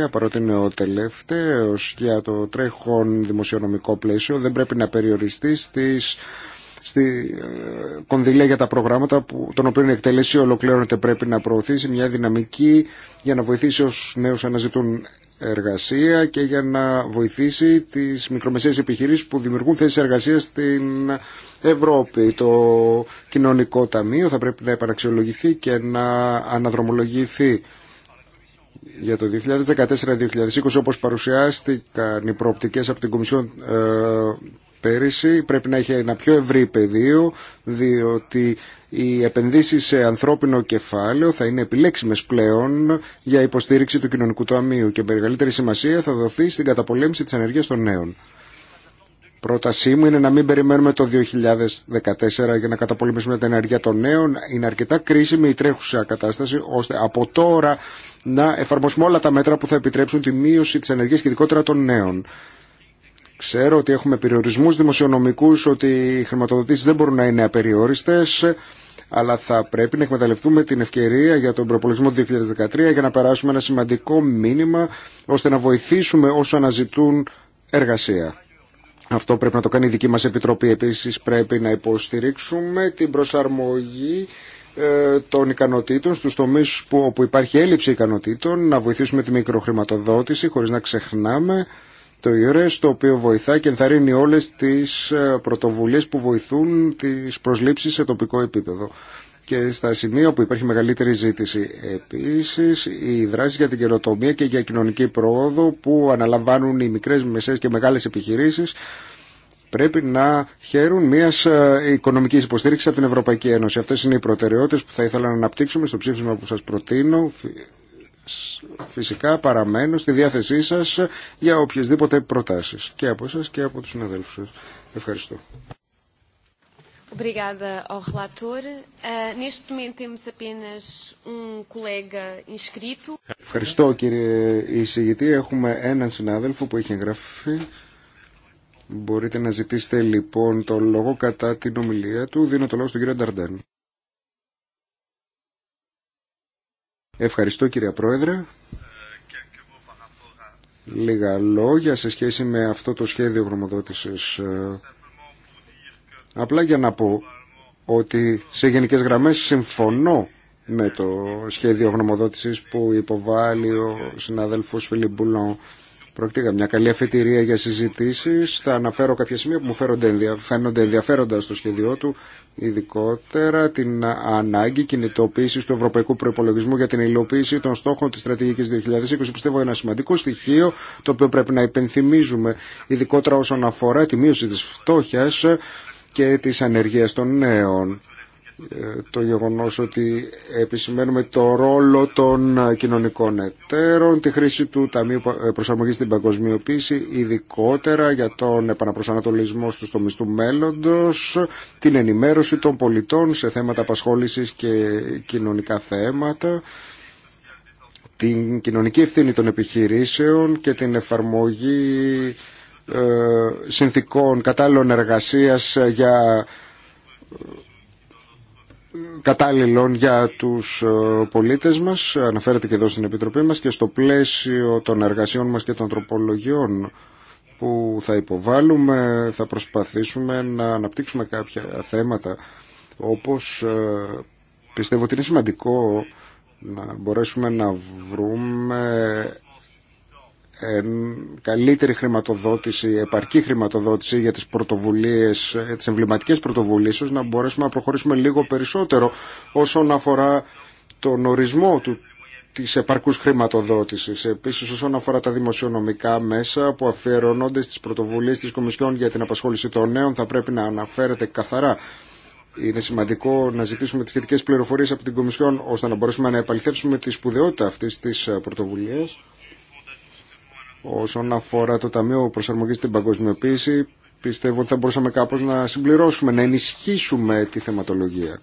2013, παρότι είναι ο τελευταίο για το τρέχον δημοσιονομικό πλαίσιο, δεν πρέπει να περιοριστεί στη ε, κονδυλία για τα προγράμματα που, των οποίων η εκτέλεση ολοκληρώνεται πρέπει να προωθήσει μια δυναμική για να βοηθήσει όσου νέους αναζητούν εργασία και για να βοηθήσει τις μικρομεσαίες επιχειρήσεις που δημιουργούν θέσεις εργασίας στην Ευρώπη. Το κοινωνικό ταμείο θα πρέπει να επαναξιολογηθεί και να αναδρομολογηθεί για το 2014-2020 όπως παρουσιάστηκαν οι προοπτικές από την Κομισιόν ε, πέρυσι πρέπει να έχει ένα πιο ευρύ πεδίο διότι οι επενδύσεις σε ανθρώπινο κεφάλαιο θα είναι επιλέξιμες πλέον για υποστήριξη του κοινωνικού ταμείου και μεγαλύτερη σημασία θα δοθεί στην καταπολέμηση της ανεργίας των νέων πρότασή μου είναι να μην περιμένουμε το 2014 για να καταπολεμήσουμε την ενέργεια των νέων. Είναι αρκετά κρίσιμη η τρέχουσα κατάσταση ώστε από τώρα να εφαρμοσουμε όλα τα μέτρα που θα επιτρέψουν τη μείωση της ενεργείας και ειδικότερα των νέων. Ξέρω ότι έχουμε περιορισμούς δημοσιονομικούς, ότι οι χρηματοδοτήσεις δεν μπορούν να είναι απεριόριστες, αλλά θα πρέπει να εκμεταλλευτούμε την ευκαιρία για τον προπολογισμό του 2013 για να περάσουμε ένα σημαντικό μήνυμα ώστε να βοηθήσουμε όσο αναζητούν εργασία. Αυτό πρέπει να το κάνει η δική μας Επιτροπή. Επίσης πρέπει να υποστηρίξουμε την προσαρμογή ε, των ικανοτήτων στους τομείς που, όπου υπάρχει έλλειψη ικανοτήτων, να βοηθήσουμε τη μικροχρηματοδότηση χωρίς να ξεχνάμε το ΙΡΕΣ, το οποίο βοηθά και ενθαρρύνει όλες τις ε, πρωτοβουλίες που βοηθούν τις προσλήψεις σε τοπικό επίπεδο και στα σημεία που υπάρχει μεγαλύτερη ζήτηση. Επίσης, οι δράσεις για την καινοτομία και για κοινωνική πρόοδο που αναλαμβάνουν οι μικρές, μεσαίες και μεγάλες επιχειρήσεις πρέπει να χαίρουν μια ε, οικονομική υποστήριξη από την Ευρωπαϊκή Ένωση. Αυτέ είναι οι προτεραιότητε που θα ήθελα να αναπτύξουμε στο ψήφισμα που σα προτείνω. Φυσικά παραμένω στη διάθεσή σας για οποιασδήποτε προτάσεις και από εσάς και από τους συναδέλφου σα. Ευχαριστώ. Ευχαριστώ κύριε εισηγητή. Έχουμε έναν συνάδελφο που έχει εγγραφεί. Μπορείτε να ζητήσετε λοιπόν το λόγο κατά την ομιλία του. Δίνω το λόγο στον κύριο Νταρντέν. Ευχαριστώ κύριε Πρόεδρε. Λίγα λόγια σε σχέση με αυτό το σχέδιο γνωμοδότησης Απλά για να πω ότι σε γενικές γραμμές συμφωνώ με το σχέδιο γνωμοδότησης που υποβάλλει ο συναδελφός Φιλιμπουλό. μια καλή αφετηρία για συζητήσεις. Θα αναφέρω κάποια σημεία που μου φαίνονται ενδιαφέροντα στο σχέδιό του, ειδικότερα την ανάγκη κινητοποίηση του Ευρωπαϊκού Προπολογισμού για την υλοποίηση των στόχων της στρατηγικής 2020. Πιστεύω ένα σημαντικό στοιχείο το οποίο πρέπει να υπενθυμίζουμε, ειδικότερα όσον αφορά τη μείωση της φτώχειας και της ανεργίας των νέων ε, το γεγονός ότι επισημαίνουμε το ρόλο των ε, κοινωνικών εταίρων, τη χρήση του Ταμείου ε, Προσαρμογής στην Παγκοσμιοποίηση, ειδικότερα για τον επαναπροσανατολισμό στους τομείς του μέλλοντος, την ενημέρωση των πολιτών σε θέματα απασχόλησης και κοινωνικά θέματα, την κοινωνική ευθύνη των επιχειρήσεων και την εφαρμογή ε, συνθήκων κατάλληλων εργασίας ε, για ε, κατάλληλων για τους πολίτες μας αναφέρεται και εδώ στην Επιτροπή μας και στο πλαίσιο των εργασιών μας και των τροπολογιών που θα υποβάλουμε θα προσπαθήσουμε να αναπτύξουμε κάποια θέματα όπως πιστεύω ότι είναι σημαντικό να μπορέσουμε να βρούμε καλύτερη χρηματοδότηση, επαρκή χρηματοδότηση για τις πρωτοβουλίες, ε, τις εμβληματικές πρωτοβουλίες, ώστε να μπορέσουμε να προχωρήσουμε λίγο περισσότερο όσον αφορά τον ορισμό του της επαρκούς χρηματοδότησης. Επίσης όσον αφορά τα δημοσιονομικά μέσα που αφιερώνονται στις πρωτοβουλίε τη Κομισιόν για την απασχόληση των νέων θα πρέπει να αναφέρεται καθαρά είναι σημαντικό να ζητήσουμε τι σχετικέ πληροφορίε από την Κομισιόν ώστε να μπορέσουμε να επαληθεύσουμε τη σπουδαιότητα αυτή τη ε, πρωτοβουλία. Όσον αφορά το Ταμείο Προσαρμογής στην Παγκοσμιοποίηση, πιστεύω ότι θα μπορούσαμε κάπως να συμπληρώσουμε, να ενισχύσουμε τη θεματολογία,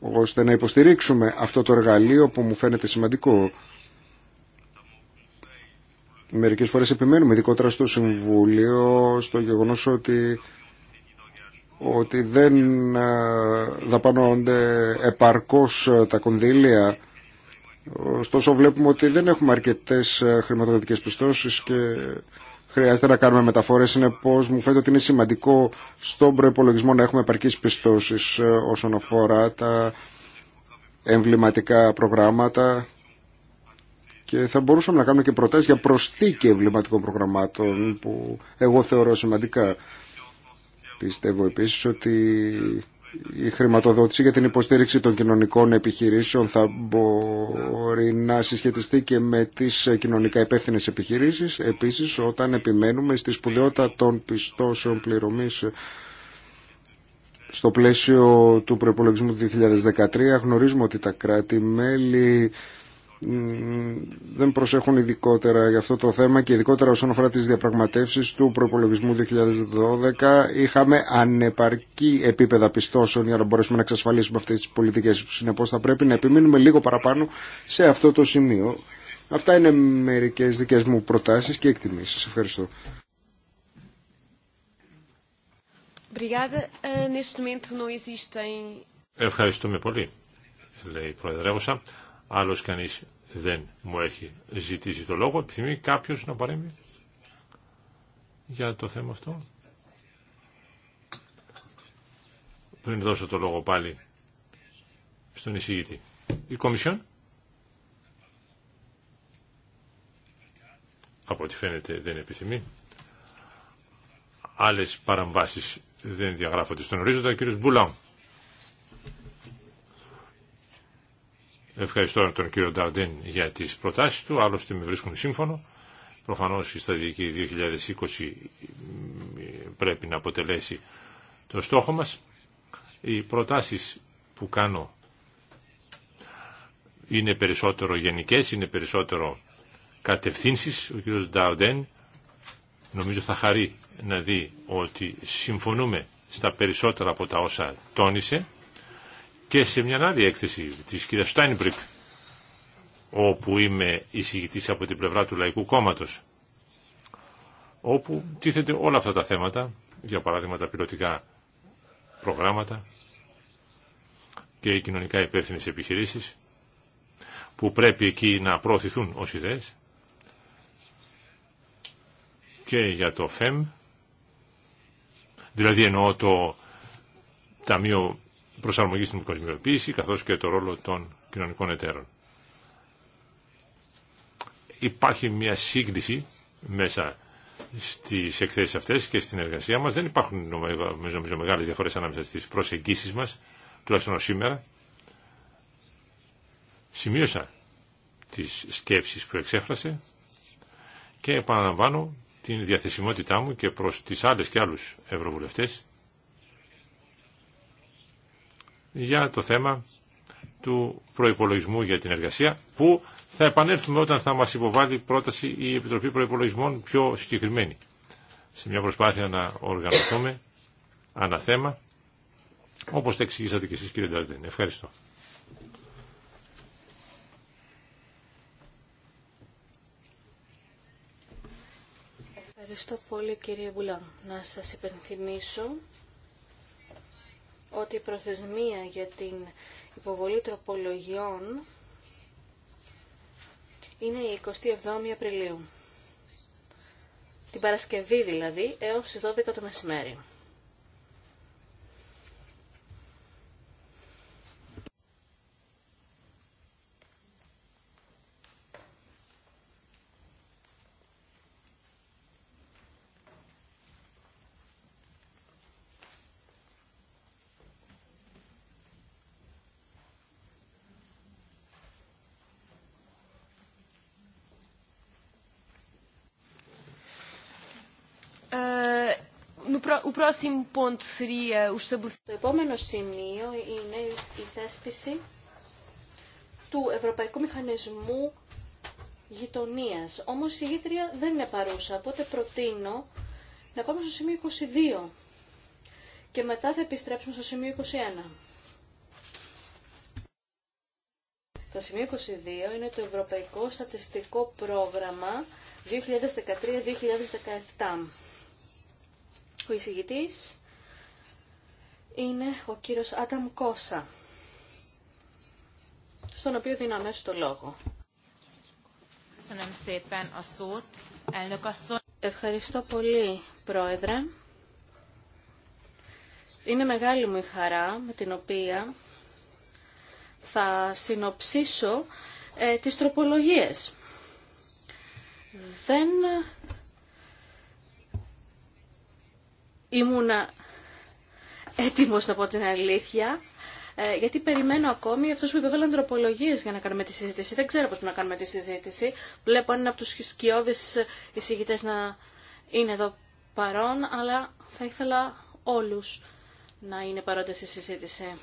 ώστε να υποστηρίξουμε αυτό το εργαλείο που μου φαίνεται σημαντικό. Μερικές φορές επιμένουμε, ειδικότερα στο Συμβούλιο, στο γεγονός ότι ότι δεν ε, δαπανώνται επαρκώς ε, τα κονδύλια Ωστόσο βλέπουμε ότι δεν έχουμε αρκετές ε, χρηματοδοτικές πιστώσεις και χρειάζεται να κάνουμε μεταφορές. Είναι πως μου φαίνεται ότι είναι σημαντικό στον προπολογισμό να έχουμε επαρκείς πιστώσεις ε, όσον αφορά τα εμβληματικά προγράμματα και θα μπορούσαμε να κάνουμε και προτάσεις για προσθήκη εμβληματικών προγραμμάτων που εγώ θεωρώ σημαντικά. Πιστεύω επίσης ότι η χρηματοδότηση για την υποστήριξη των κοινωνικών επιχειρήσεων θα μπορεί να συσχετιστεί και με τις κοινωνικά υπεύθυνες επιχειρήσεις. Επίσης, όταν επιμένουμε στη σπουδαιότητα των πιστώσεων πληρωμής στο πλαίσιο του προπολογισμού του 2013, γνωρίζουμε ότι τα κράτη-μέλη δεν προσέχουν ειδικότερα για αυτό το θέμα και ειδικότερα όσον αφορά τις διαπραγματεύσεις του προπολογισμού 2012 είχαμε ανεπαρκή επίπεδα πιστώσεων για να μπορέσουμε να εξασφαλίσουμε αυτές τις πολιτικές συνεπώς θα πρέπει να επιμείνουμε λίγο παραπάνω σε αυτό το σημείο αυτά είναι μερικές δικές μου προτάσεις και εκτιμήσεις ευχαριστώ ε, Ευχαριστούμε πολύ λέει η Προεδρεύουσα Άλλος κανείς δεν μου έχει ζητήσει το λόγο. Επιθυμεί κάποιος να παρέμβει για το θέμα αυτό. Πριν δώσω το λόγο πάλι στον εισηγητή. Η Κομισιόν. Από ό,τι φαίνεται δεν επιθυμεί. Άλλες παραμβάσεις δεν διαγράφονται στον ορίζοντα. Ο κύριος Μπουλάου. Ευχαριστώ τον κύριο Νταρντέν για τις προτάσεις του, άλλωστε με βρίσκουν σύμφωνο. Προφανώς η σταδιακή 2020 πρέπει να αποτελέσει το στόχο μας. Οι προτάσει που κάνω είναι περισσότερο γενικέ, είναι περισσότερο κατευθύνσεις. Ο κύριος Νταρντέν νομίζω θα χαρεί να δει ότι συμφωνούμε στα περισσότερα από τα όσα τόνισε και σε μια άλλη έκθεση της κυρία Στάινμπρικ όπου είμαι εισηγητής από την πλευρά του Λαϊκού Κόμματος όπου τίθεται όλα αυτά τα θέματα για παράδειγμα τα πιλωτικά προγράμματα και οι κοινωνικά υπεύθυνες επιχειρήσεις που πρέπει εκεί να προωθηθούν ως ιδέες και για το ΦΕΜ δηλαδή εννοώ το Ταμείο προσαρμογή στην κοσμιοποίηση καθώς και το ρόλο των κοινωνικών εταίρων. Υπάρχει μια σύγκληση μέσα στις εκθέσεις αυτές και στην εργασία μας. Δεν υπάρχουν νομίζω μεγάλες διαφορές ανάμεσα στις προσεγγίσεις μας, τουλάχιστον σήμερα. Σημείωσα τις σκέψεις που εξέφρασε και επαναλαμβάνω την διαθεσιμότητά μου και προς τις άλλες και άλλους ευρωβουλευτές για το θέμα του προϋπολογισμού για την εργασία που θα επανέλθουμε όταν θα μας υποβάλει πρόταση η Επιτροπή Προϋπολογισμών πιο συγκεκριμένη. Σε μια προσπάθεια να οργανωθούμε θέμα όπως τα εξηγήσατε και εσείς κύριε Νταρδέν. Ευχαριστώ. Ευχαριστώ πολύ κύριε Μπουλάν. Να σας υπενθυμίσω ότι η προθεσμία για την υποβολή τροπολογιών είναι η 27η Απριλίου. Την Παρασκευή δηλαδή έως τις 12 το μεσημέρι. Το επόμενο σημείο είναι η θέσπιση του Ευρωπαϊκού Μηχανισμού Γειτονίας. Όμως η γήτρια δεν είναι παρούσα, οπότε προτείνω να πάμε στο σημείο 22 και μετά θα επιστρέψουμε στο σημείο 21. Το σημείο 22 είναι το Ευρωπαϊκό Στατιστικό Πρόγραμμα 2013-2017 που εισηγητής είναι ο κύριος Άνταμ Κόσα, στον οποίο δίνω αμέσως το λόγο. Ευχαριστώ πολύ, Πρόεδρε. Είναι μεγάλη μου η χαρά με την οποία θα συνοψίσω ε, τις τροπολογίες. Δεν ήμουνα έτοιμος να πω την αλήθεια, ε, γιατί περιμένω ακόμη αυτό που υπέβαλαν τροπολογίε για να κάνουμε τη συζήτηση. Δεν ξέρω πώ να κάνουμε τη συζήτηση. Βλέπω έναν από του σκιώδει εισηγητέ να είναι εδώ παρόν, αλλά θα ήθελα όλου να είναι παρόντε στη συζήτηση.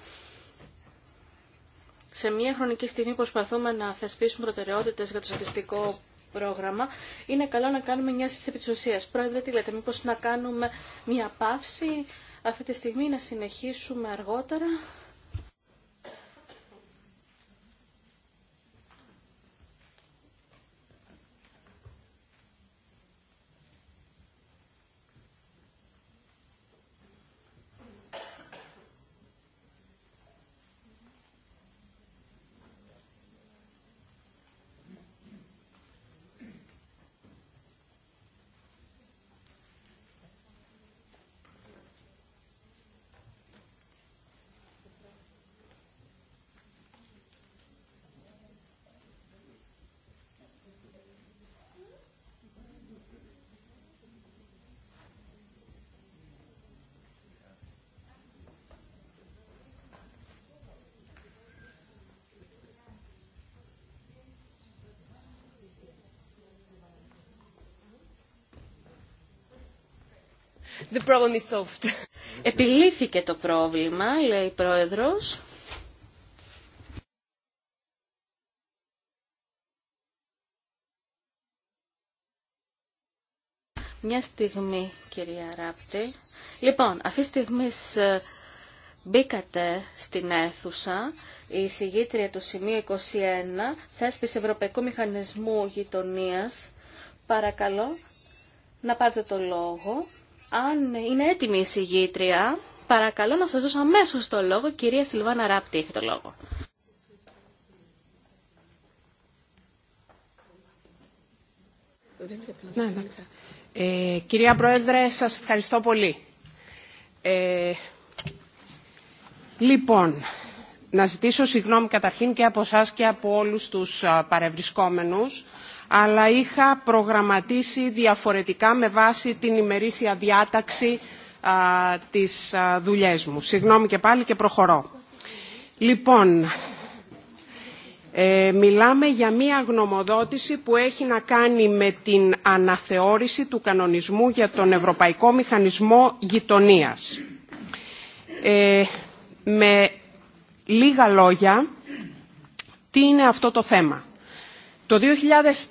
Σε μια χρονική στιγμή προσπαθούμε να θεσπίσουμε προτεραιότητε για το στατιστικό πρόγραμμα, είναι καλό να κάνουμε μια στις επί της ουσίας. Πρόεδρε, τι λέτε, μήπως να κάνουμε μια παύση αυτή τη στιγμή, να συνεχίσουμε αργότερα. The problem is Επιλύθηκε το πρόβλημα, λέει η Πρόεδρος. Μια στιγμή, κυρία Ράπτη. Λοιπόν, αυτή τη στιγμή ε, μπήκατε στην αίθουσα. Η συγγήτρια του σημείου 21, θέσπιση Ευρωπαϊκού Μηχανισμού Γειτονίας. Παρακαλώ να πάρετε το λόγο. Αν είναι έτοιμη η συγγήτρια, παρακαλώ να σας δώσω αμέσως το λόγο. Κυρία Σιλβάνα Ράπτη έχει το λόγο. Ε, κυρία Πρόεδρε, σας ευχαριστώ πολύ. Ε, λοιπόν, να ζητήσω συγγνώμη καταρχήν και από εσά και από όλους τους παρευρισκόμενους αλλά είχα προγραμματίσει διαφορετικά με βάση την ημερήσια διάταξη α, της α, δουλειές μου. Συγγνώμη και πάλι και προχωρώ. Λοιπόν, ε, μιλάμε για μία γνωμοδότηση που έχει να κάνει με την αναθεώρηση του κανονισμού για τον Ευρωπαϊκό Μηχανισμό Γειτονίας. Ε, με λίγα λόγια, τι είναι αυτό το θέμα. Το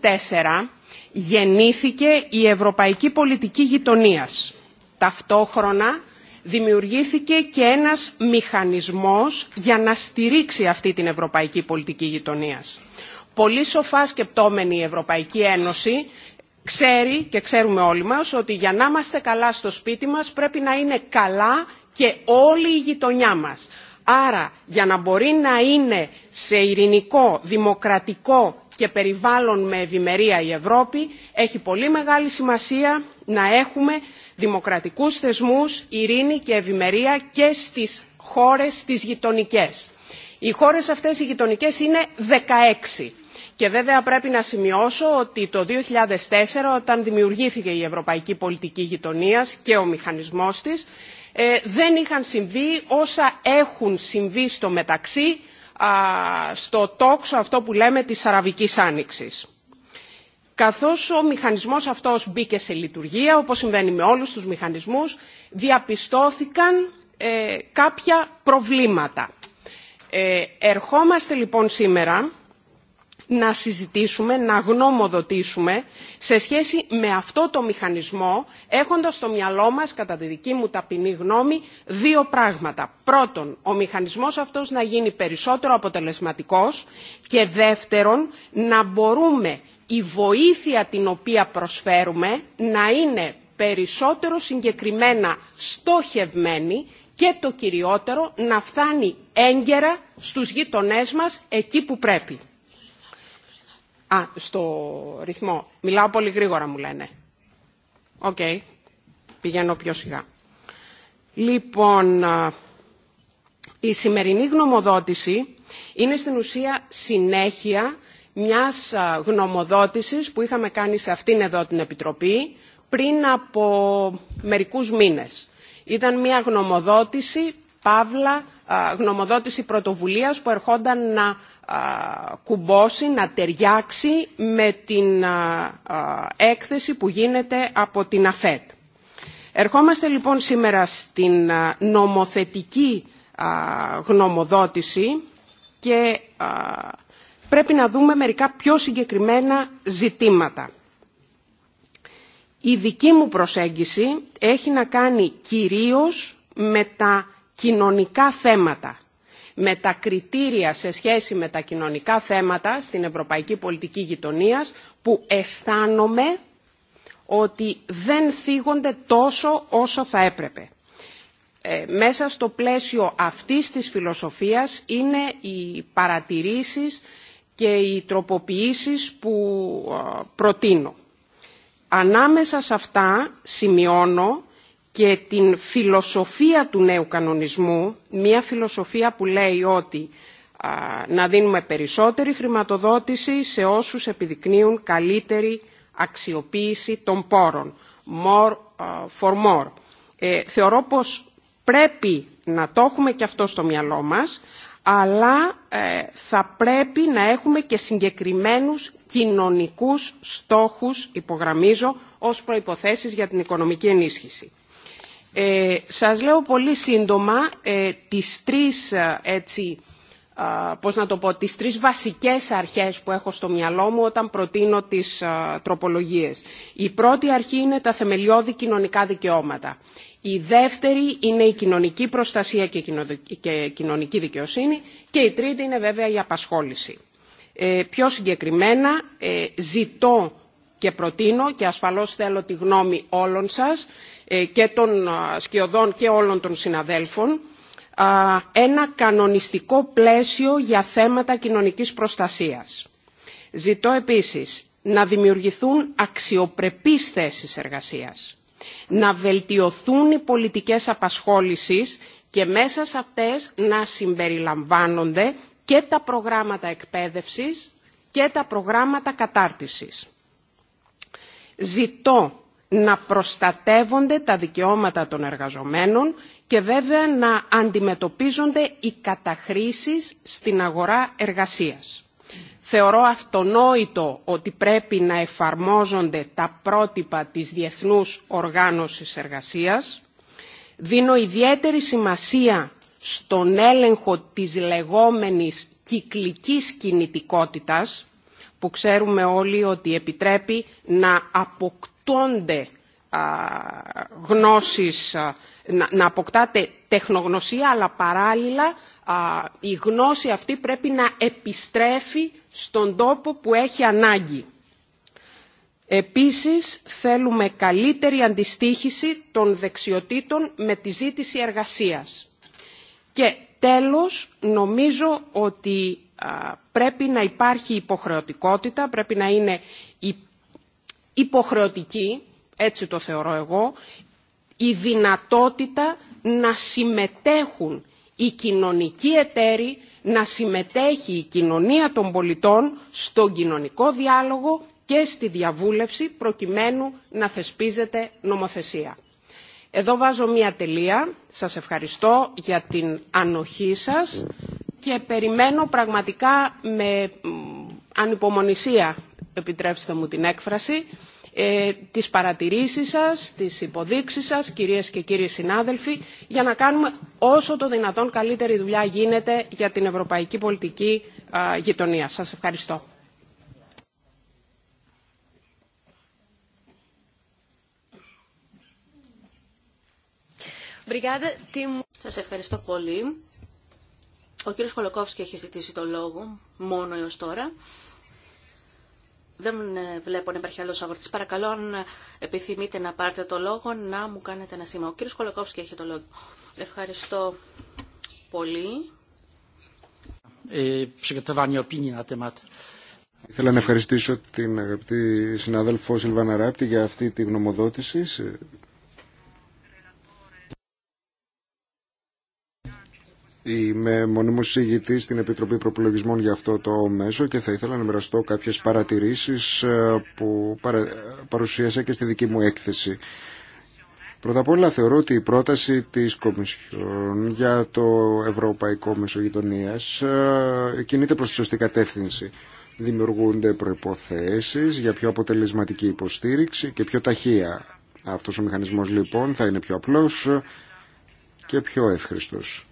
2004 γεννήθηκε η Ευρωπαϊκή Πολιτική Γειτονίας. Ταυτόχρονα δημιουργήθηκε και ένας μηχανισμός για να στηρίξει αυτή την Ευρωπαϊκή Πολιτική Γειτονίας. Πολύ σοφά σκεπτόμενη η Ευρωπαϊκή Ένωση ξέρει και ξέρουμε όλοι μας ότι για να είμαστε καλά στο σπίτι μας πρέπει να είναι καλά και όλη η γειτονιά μας. Άρα για να μπορεί να είναι σε ειρηνικό, δημοκρατικό και περιβάλλον με ευημερία η Ευρώπη, έχει πολύ μεγάλη σημασία να έχουμε δημοκρατικούς θεσμούς, ειρήνη και ευημερία και στις χώρες τις γειτονικές. Οι χώρες αυτές οι γειτονικές είναι 16. Και βέβαια πρέπει να σημειώσω ότι το 2004 όταν δημιουργήθηκε η Ευρωπαϊκή Πολιτική Γειτονίας και ο μηχανισμός της ε, δεν είχαν συμβεί όσα έχουν συμβεί στο μεταξύ στο τόξο αυτό που λέμε της Αραβικής Άνοιξης. Καθώς ο μηχανισμός αυτός μπήκε σε λειτουργία, όπως συμβαίνει με όλους τους μηχανισμούς, διαπιστώθηκαν ε, κάποια προβλήματα. Ε, ερχόμαστε λοιπόν σήμερα να συζητήσουμε, να γνωμοδοτήσουμε σε σχέση με αυτό το μηχανισμό έχοντας στο μυαλό μας, κατά τη δική μου ταπεινή γνώμη, δύο πράγματα. Πρώτον, ο μηχανισμός αυτός να γίνει περισσότερο αποτελεσματικός και δεύτερον, να μπορούμε η βοήθεια την οποία προσφέρουμε να είναι περισσότερο συγκεκριμένα στόχευμένη και το κυριότερο να φτάνει έγκαιρα στους γειτονές μας εκεί που πρέπει. Α, στο ρυθμό. Μιλάω πολύ γρήγορα μου λένε. Οκ. Πηγαίνω πιο σιγά. Λοιπόν, η σημερινή γνωμοδότηση είναι στην ουσία συνέχεια μιας γνωμοδότησης που είχαμε κάνει σε αυτήν εδώ την Επιτροπή πριν από μερικούς μήνες. Ήταν μια γνωμοδότηση, παύλα, γνωμοδότηση πρωτοβουλίας που ερχόταν να κουμπώσει, να ταιριάξει με την έκθεση που γίνεται από την ΑΦΕΤ. Ερχόμαστε λοιπόν σήμερα στην νομοθετική γνωμοδότηση και πρέπει να δούμε μερικά πιο συγκεκριμένα ζητήματα. Η δική μου προσέγγιση έχει να κάνει κυρίως με τα κοινωνικά θέματα με τα κριτήρια σε σχέση με τα κοινωνικά θέματα στην ευρωπαϊκή πολιτική γειτονίας που αισθάνομαι ότι δεν θίγονται τόσο όσο θα έπρεπε. Ε, μέσα στο πλαίσιο αυτής της φιλοσοφίας είναι οι παρατηρήσεις και οι τροποποιήσεις που προτείνω. Ανάμεσα σε αυτά σημειώνω και την φιλοσοφία του νέου κανονισμού, μια φιλοσοφία που λέει ότι να δίνουμε περισσότερη χρηματοδότηση σε όσους επιδεικνύουν καλύτερη αξιοποίηση των πόρων. More for more. Ε, θεωρώ πως πρέπει να το έχουμε και αυτό στο μυαλό μας, αλλά ε, θα πρέπει να έχουμε και συγκεκριμένους κοινωνικούς στόχους, υπογραμμίζω, ως προϋποθέσεις για την οικονομική ενίσχυση. Ε, σας λέω πολύ σύντομα ε, τις τρεις ε, έτσι, ε, πώς να το πω, τις τρεις βασικές αρχές που έχω στο μυαλό μου όταν προτείνω τις τροπολογίες. Η πρώτη αρχή είναι τα θεμελιώδη κοινωνικά δικαιώματα. Η δεύτερη είναι η κοινωνική προστασία και κοινωνική δικαιοσύνη και η τρίτη είναι βέβαια η απασχόληση. Ε, πιο συγκεκριμένα ζητώ και προτείνω και ασφαλώς θέλω τη γνώμη όλων σας ε, και των ε, σκιωδών και όλων των συναδέλφων ένα κανονιστικό πλαίσιο για θέματα κοινωνικής προστασίας. Ζητώ επίσης να δημιουργηθούν αξιοπρεπείς θέσεις εργασίας, να βελτιωθούν οι πολιτικές απασχόλησης και μέσα σε αυτές να συμπεριλαμβάνονται και τα προγράμματα εκπαίδευσης και τα προγράμματα κατάρτισης Ζητώ να προστατεύονται τα δικαιώματα των εργαζομένων και βέβαια να αντιμετωπίζονται οι καταχρήσεις στην αγορά εργασίας. Θεωρώ αυτονόητο ότι πρέπει να εφαρμόζονται τα πρότυπα της Διεθνούς Οργάνωσης Εργασίας. Δίνω ιδιαίτερη σημασία στον έλεγχο της λεγόμενης κυκλικής κινητικότητας που ξέρουμε όλοι ότι επιτρέπει να αποκτώνται γνώσεις, να αποκτάτε τεχνογνωσία, αλλά παράλληλα η γνώση αυτή πρέπει να επιστρέφει στον τόπο που έχει ανάγκη. Επίσης, θέλουμε καλύτερη αντιστήχηση των δεξιοτήτων με τη ζήτηση εργασίας. Και τέλος, νομίζω ότι πρέπει να υπάρχει υποχρεωτικότητα, πρέπει να είναι υποχρεωτική, έτσι το θεωρώ εγώ, η δυνατότητα να συμμετέχουν οι κοινωνικοί εταίροι, να συμμετέχει η κοινωνία των πολιτών στον κοινωνικό διάλογο και στη διαβούλευση προκειμένου να θεσπίζεται νομοθεσία. Εδώ βάζω μία τελεία. Σας ευχαριστώ για την ανοχή σας και περιμένω πραγματικά με ανυπομονησία, επιτρέψτε μου την έκφραση, ε, τις παρατηρήσεις σας, τις υποδείξεις σας, κυρίες και κύριοι συνάδελφοι, για να κάνουμε όσο το δυνατόν καλύτερη δουλειά γίνεται για την ευρωπαϊκή πολιτική γειτονία. Σας ευχαριστώ. Σας ευχαριστώ πολύ. Ο κύριος Χολοκόφσκι έχει ζητήσει το λόγο μόνο έως τώρα. Δεν βλέπω να υπάρχει άλλος αγορτής. Παρακαλώ, αν επιθυμείτε να πάρετε το λόγο, να μου κάνετε ένα σήμα. Ο κύριος Χολοκόφσκι έχει το λόγο. Ευχαριστώ πολύ. Ε, Θέλω να ευχαριστήσω την αγαπητή συνάδελφο Σιλβάνα Ράπτη για αυτή τη γνωμοδότηση Είμαι μονίμος συγητή στην Επιτροπή Προπολογισμών για αυτό το μέσο και θα ήθελα να μοιραστώ κάποιε παρατηρήσει ε, που παρουσίασα και στη δική μου έκθεση. Πρώτα απ' όλα θεωρώ ότι η πρόταση της Κομισιόν για το Ευρωπαϊκό Μεσογειτονίας ε, κινείται προς τη σωστή κατεύθυνση. Δημιουργούνται προϋποθέσεις για πιο αποτελεσματική υποστήριξη και πιο ταχεία. Αυτός ο μηχανισμός λοιπόν θα είναι πιο απλός και πιο εύχριστος.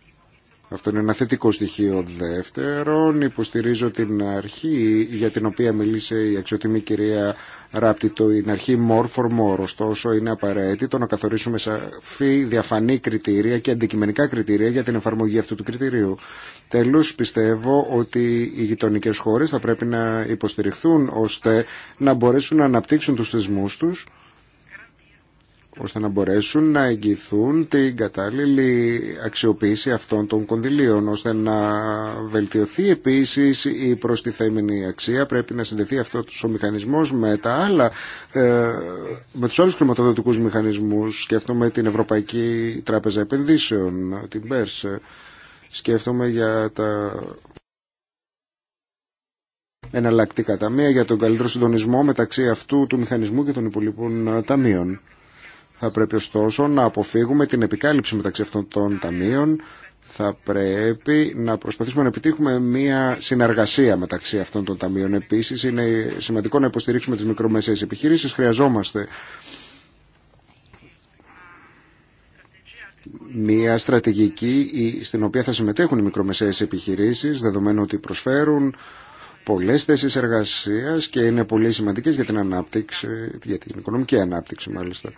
Αυτό είναι ένα θετικό στοιχείο. Δεύτερον, υποστηρίζω την αρχή για την οποία μιλήσε η αξιότιμη κυρία Ράπτη, το είναι αρχή more for more. Ωστόσο, είναι απαραίτητο να καθορίσουμε σαφή διαφανή κριτήρια και αντικειμενικά κριτήρια για την εφαρμογή αυτού του κριτηρίου. Τέλο, πιστεύω ότι οι γειτονικέ χώρε θα πρέπει να υποστηριχθούν ώστε να μπορέσουν να αναπτύξουν του θεσμού του ώστε να μπορέσουν να εγγυηθούν την κατάλληλη αξιοποίηση αυτών των κονδυλίων, ώστε να βελτιωθεί επίσης η προστιθέμενη αξία. Πρέπει να συνδεθεί αυτό ο μηχανισμός με τα άλλα, ε, με τους άλλους χρηματοδοτικούς μηχανισμούς. Σκέφτομαι την Ευρωπαϊκή Τράπεζα Επενδύσεων, την ΠΕΡΣ. Σκέφτομαι για τα εναλλακτικά ταμεία για τον καλύτερο συντονισμό μεταξύ αυτού του μηχανισμού και των υπολείπων ταμείων. Θα πρέπει ωστόσο να αποφύγουμε την επικάλυψη μεταξύ αυτών των ταμείων. Θα πρέπει να προσπαθήσουμε να επιτύχουμε μια συνεργασία μεταξύ αυτών των ταμείων. Επίσης είναι σημαντικό να υποστηρίξουμε τις μικρομεσαίες επιχειρήσεις. Χρειαζόμαστε μια στρατηγική στην οποία θα συμμετέχουν οι μικρομεσαίες επιχειρήσεις δεδομένου ότι προσφέρουν πολλές θέσεις εργασίας και είναι πολύ σημαντικές για την ανάπτυξη, για την οικονομική ανάπτυξη μάλιστα.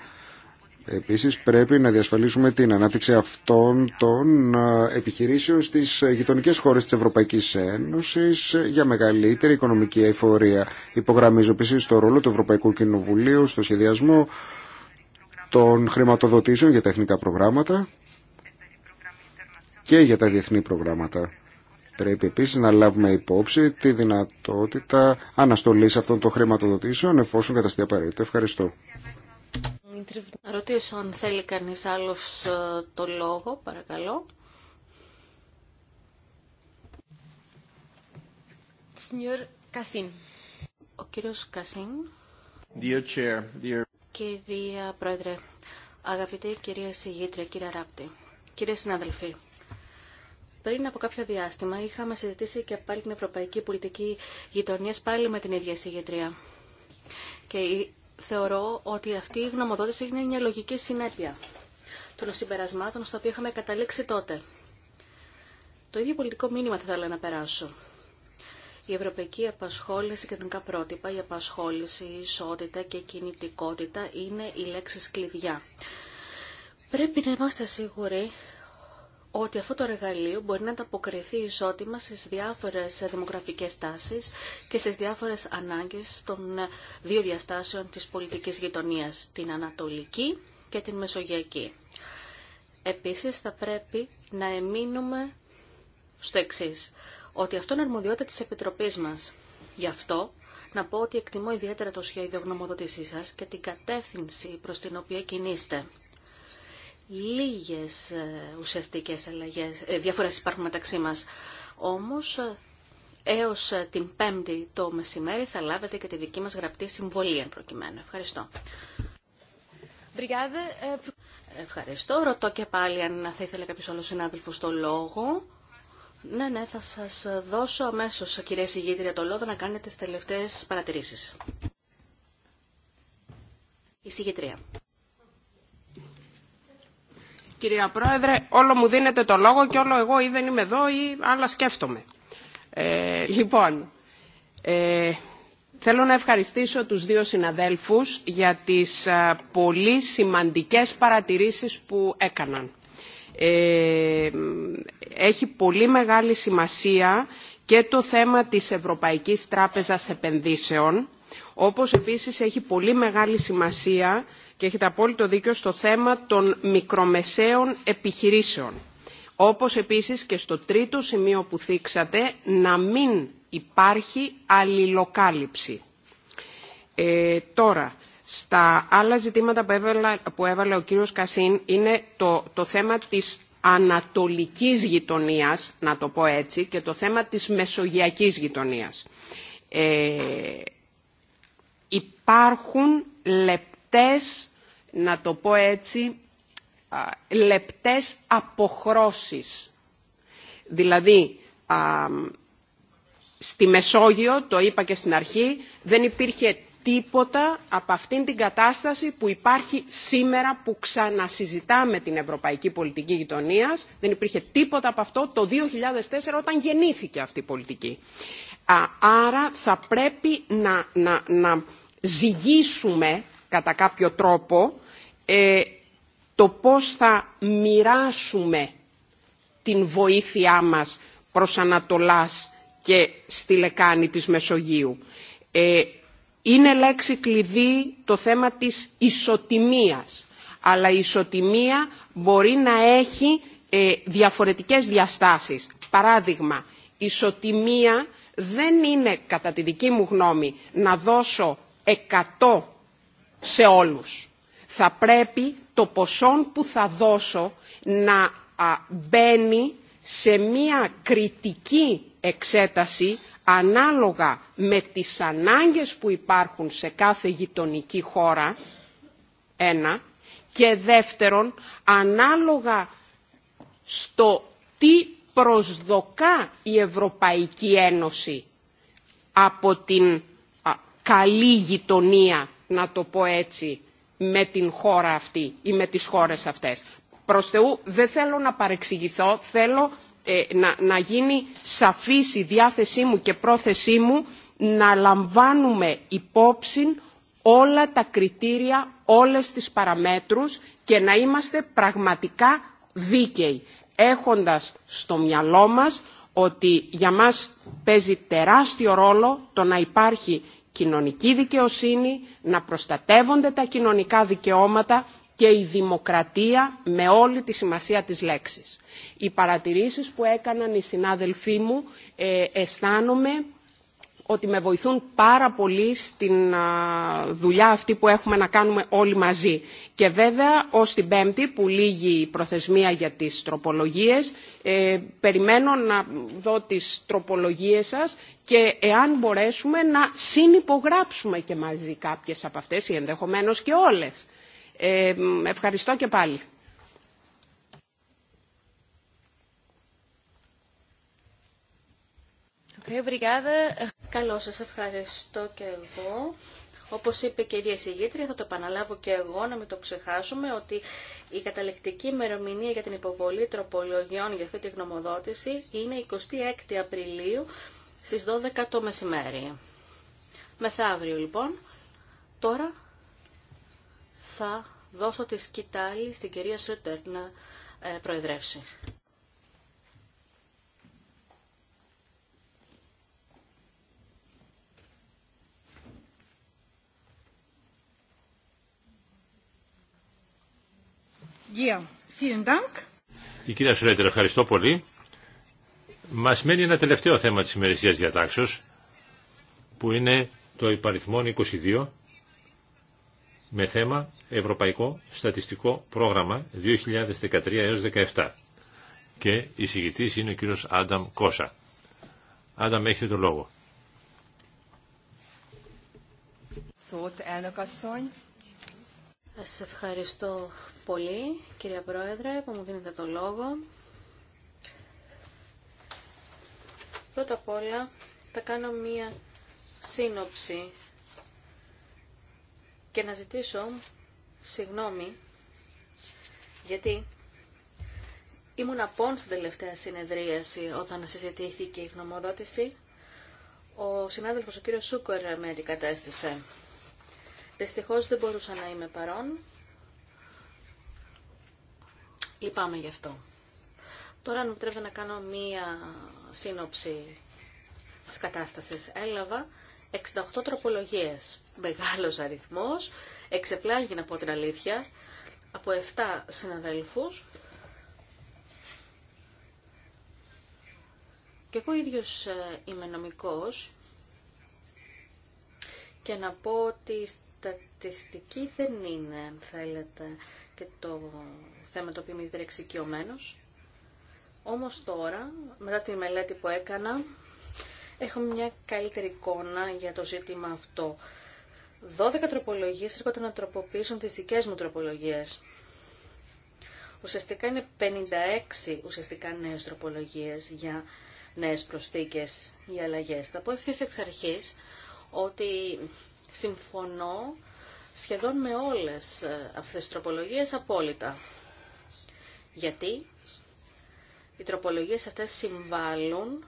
Επίσης πρέπει να διασφαλίσουμε την ανάπτυξη αυτών των ε, επιχειρήσεων στις ε, γειτονικές χώρες της Ευρωπαϊκής Ένωσης ε, για μεγαλύτερη οικονομική εφορία. Υπογραμμίζω επίσης το ρόλο του Ευρωπαϊκού Κοινοβουλίου στο σχεδιασμό των χρηματοδοτήσεων για τα εθνικά προγράμματα και για τα διεθνή προγράμματα. Πρέπει επίσης να λάβουμε υπόψη τη δυνατότητα αναστολής αυτών των χρηματοδοτήσεων εφόσον καταστεί απαραίτητο. Ευχαριστώ. Να ρωτήσω αν θέλει κανείς άλλος ε, το λόγο, παρακαλώ. Κασίν. Ο κύριος Κασίν. Dear Chair, dear... Κυρία Πρόεδρε, αγαπητή κυρία Συγήτρια, κύριε Ράπτη, κύριε συνάδελφοι, πριν από κάποιο διάστημα είχαμε συζητήσει και πάλι την Ευρωπαϊκή Πολιτική Γειτονία πάλι με την ίδια συγγετρία. Και θεωρώ ότι αυτή η γνωμοδότηση είναι μια λογική συνέπεια των συμπερασμάτων στα οποία είχαμε καταλήξει τότε. Το ίδιο πολιτικό μήνυμα θα ήθελα να περάσω. Η ευρωπαϊκή απασχόληση, και κοινωνικά πρότυπα, η απασχόληση, η ισότητα και η κινητικότητα είναι οι λέξεις κλειδιά. Πρέπει να είμαστε σίγουροι ότι αυτό το εργαλείο μπορεί να ανταποκριθεί ισότιμα στις διάφορες δημογραφικές τάσεις και στις διάφορες ανάγκες των δύο διαστάσεων της πολιτικής γειτονίας, την Ανατολική και την Μεσογειακή. Επίσης θα πρέπει να εμείνουμε στο εξή ότι αυτό είναι αρμοδιότητα της Επιτροπής μας. Γι' αυτό να πω ότι εκτιμώ ιδιαίτερα το σχέδιο γνωμοδότησή σας και την κατεύθυνση προς την οποία κινείστε λίγες ε, ουσιαστικές αλλαγές, ε, διαφορές υπάρχουν μεταξύ μας. Όμως ε, έως την Πέμπτη το μεσημέρι θα λάβετε και τη δική μας γραπτή συμβολή εν προκειμένου. Ευχαριστώ. Ευχαριστώ. Ρωτώ και πάλι αν θα ήθελε κάποιος άλλος συνάδελφος το λόγο. Ναι, ναι, θα σας δώσω αμέσως, κυρία Συγγήτρια, το λόγο να κάνετε τις τελευταίες παρατηρήσεις. Η Συγγήτρια. Κυρία Πρόεδρε, όλο μου δίνετε το λόγο και όλο εγώ ή δεν είμαι εδώ ή άλλα σκέφτομαι. Ε, λοιπόν, ε, θέλω να ευχαριστήσω τους δύο συναδέλφους για τις πολύ σημαντικές παρατηρήσεις που έκαναν. Ε, έχει πολύ μεγάλη σημασία και το θέμα της Ευρωπαϊκής Τράπεζας Επενδύσεων, όπως επίσης έχει πολύ μεγάλη σημασία και έχετε απόλυτο δίκιο στο θέμα των μικρομεσαίων επιχειρήσεων. Όπως επίσης και στο τρίτο σημείο που θίξατε, να μην υπάρχει αλληλοκάλυψη. Ε, τώρα, στα άλλα ζητήματα που έβαλε, ο κύριος Κασίν είναι το, το θέμα της ανατολικής γειτονίας, να το πω έτσι, και το θέμα της μεσογειακής γειτονίας. Ε, υπάρχουν λεπτά λεπτές, να το πω έτσι, λεπτές αποχρώσεις. Δηλαδή, στη Μεσόγειο, το είπα και στην αρχή, δεν υπήρχε τίποτα από αυτήν την κατάσταση που υπάρχει σήμερα που ξανασυζητάμε την ευρωπαϊκή πολιτική γειτονία. Δεν υπήρχε τίποτα από αυτό το 2004 όταν γεννήθηκε αυτή η πολιτική. Άρα θα πρέπει να, να, να ζυγίσουμε κατά κάποιο τρόπο ε, το πώς θα μοιράσουμε την βοήθειά μας προς Ανατολάς και στη λεκάνη της Μεσογείου. Ε, είναι λέξη κλειδί το θέμα της ισοτιμίας. Αλλά η ισοτιμία μπορεί να έχει ε, διαφορετικές διαστάσεις. Παράδειγμα, ισοτιμία δεν είναι κατά τη δική μου γνώμη να δώσω 100 σε όλους. Θα πρέπει το ποσό που θα δώσω να μπαίνει σε μία κριτική εξέταση ανάλογα με τις ανάγκες που υπάρχουν σε κάθε γειτονική χώρα, ένα, και δεύτερον, ανάλογα στο τι προσδοκά η Ευρωπαϊκή Ένωση από την καλή γειτονία να το πω έτσι, με την χώρα αυτή ή με τις χώρες αυτές. Προς Θεού δεν θέλω να παρεξηγηθώ, θέλω ε, να, να γίνει σαφής η διάθεσή μου και πρόθεσή μου να λαμβάνουμε υπόψη όλα τα κριτήρια, όλες τις παραμέτρους και να είμαστε πραγματικά δίκαιοι, έχοντας στο μυαλό μας ότι για μας παίζει τεράστιο ρόλο το να υπάρχει κοινωνική δικαιοσύνη, να προστατεύονται τα κοινωνικά δικαιώματα και η δημοκρατία με όλη τη σημασία της λέξης. Οι παρατηρήσεις που έκαναν οι συνάδελφοί μου ε, αισθάνομαι ότι με βοηθούν πάρα πολύ στην δουλειά αυτή που έχουμε να κάνουμε όλοι μαζί. Και βέβαια, ως την Πέμπτη που λύγει η προθεσμία για τις τροπολογίες, ε, περιμένω να δω τις τροπολογίες σας και εάν μπορέσουμε να συνυπογράψουμε και μαζί κάποιες από αυτές ή ενδεχομένως και όλες. Ε, ευχαριστώ και πάλι. Καλώς σας ευχαριστώ και εγώ. Όπως είπε και η διασηγήτρια, θα το επαναλάβω και εγώ, να μην το ξεχάσουμε, ότι η καταληκτική ημερομηνία για την υποβολή τροπολογιών για αυτή τη γνωμοδότηση είναι 26 Απριλίου στις 12 το μεσημέρι. Μεθαύριο λοιπόν, τώρα θα δώσω τη σκητάλη στην κυρία Σρότερ να ε, προεδρεύσει. Η κυρία Σουρέτερ, ευχαριστώ πολύ. Μα μένει ένα τελευταίο θέμα τη ημερησία διατάξεω, που είναι το υπαριθμόν 22, με θέμα Ευρωπαϊκό Στατιστικό Πρόγραμμα 2013 έως 2017. Και η συγητής είναι ο κύριο Άνταμ Κόσα. Άνταμ, έχετε το λόγο. Σας ευχαριστώ πολύ, κυρία Πρόεδρε, που μου δίνετε το λόγο. Πρώτα απ' όλα θα κάνω μία σύνοψη και να ζητήσω συγγνώμη γιατί ήμουν απόν στην τελευταία συνεδρίαση όταν συζητήθηκε η γνωμοδότηση. Ο συνάδελφος ο κύριος Σούκορ με αντικατέστησε. Δυστυχώς δεν μπορούσα να είμαι παρόν. Λυπάμαι γι' αυτό. Τώρα αν μου να κάνω μία σύνοψη της κατάστασης. Έλαβα 68 τροπολογίες. Μεγάλος αριθμός. Εξεπλάγει να πω την αλήθεια. Από 7 συναδέλφους. Και εγώ ίδιος ε, είμαι νομικός. Και να πω ότι στατιστική δεν είναι, αν θέλετε, και το θέμα το οποίο είμαι Όμως τώρα, μετά τη μελέτη που έκανα, έχω μια καλύτερη εικόνα για το ζήτημα αυτό. 12 τροπολογίες έρχονται να τροποποιήσουν τις δικές μου τροπολογίες. Ουσιαστικά είναι 56 ουσιαστικά νέες τροπολογίες για νέες προσθήκες ή αλλαγές. Θα πω ευθύς εξ αρχής ότι συμφωνώ σχεδόν με όλες ε, αυτές τις τροπολογίες απόλυτα. Γιατί οι τροπολογίες αυτές συμβάλλουν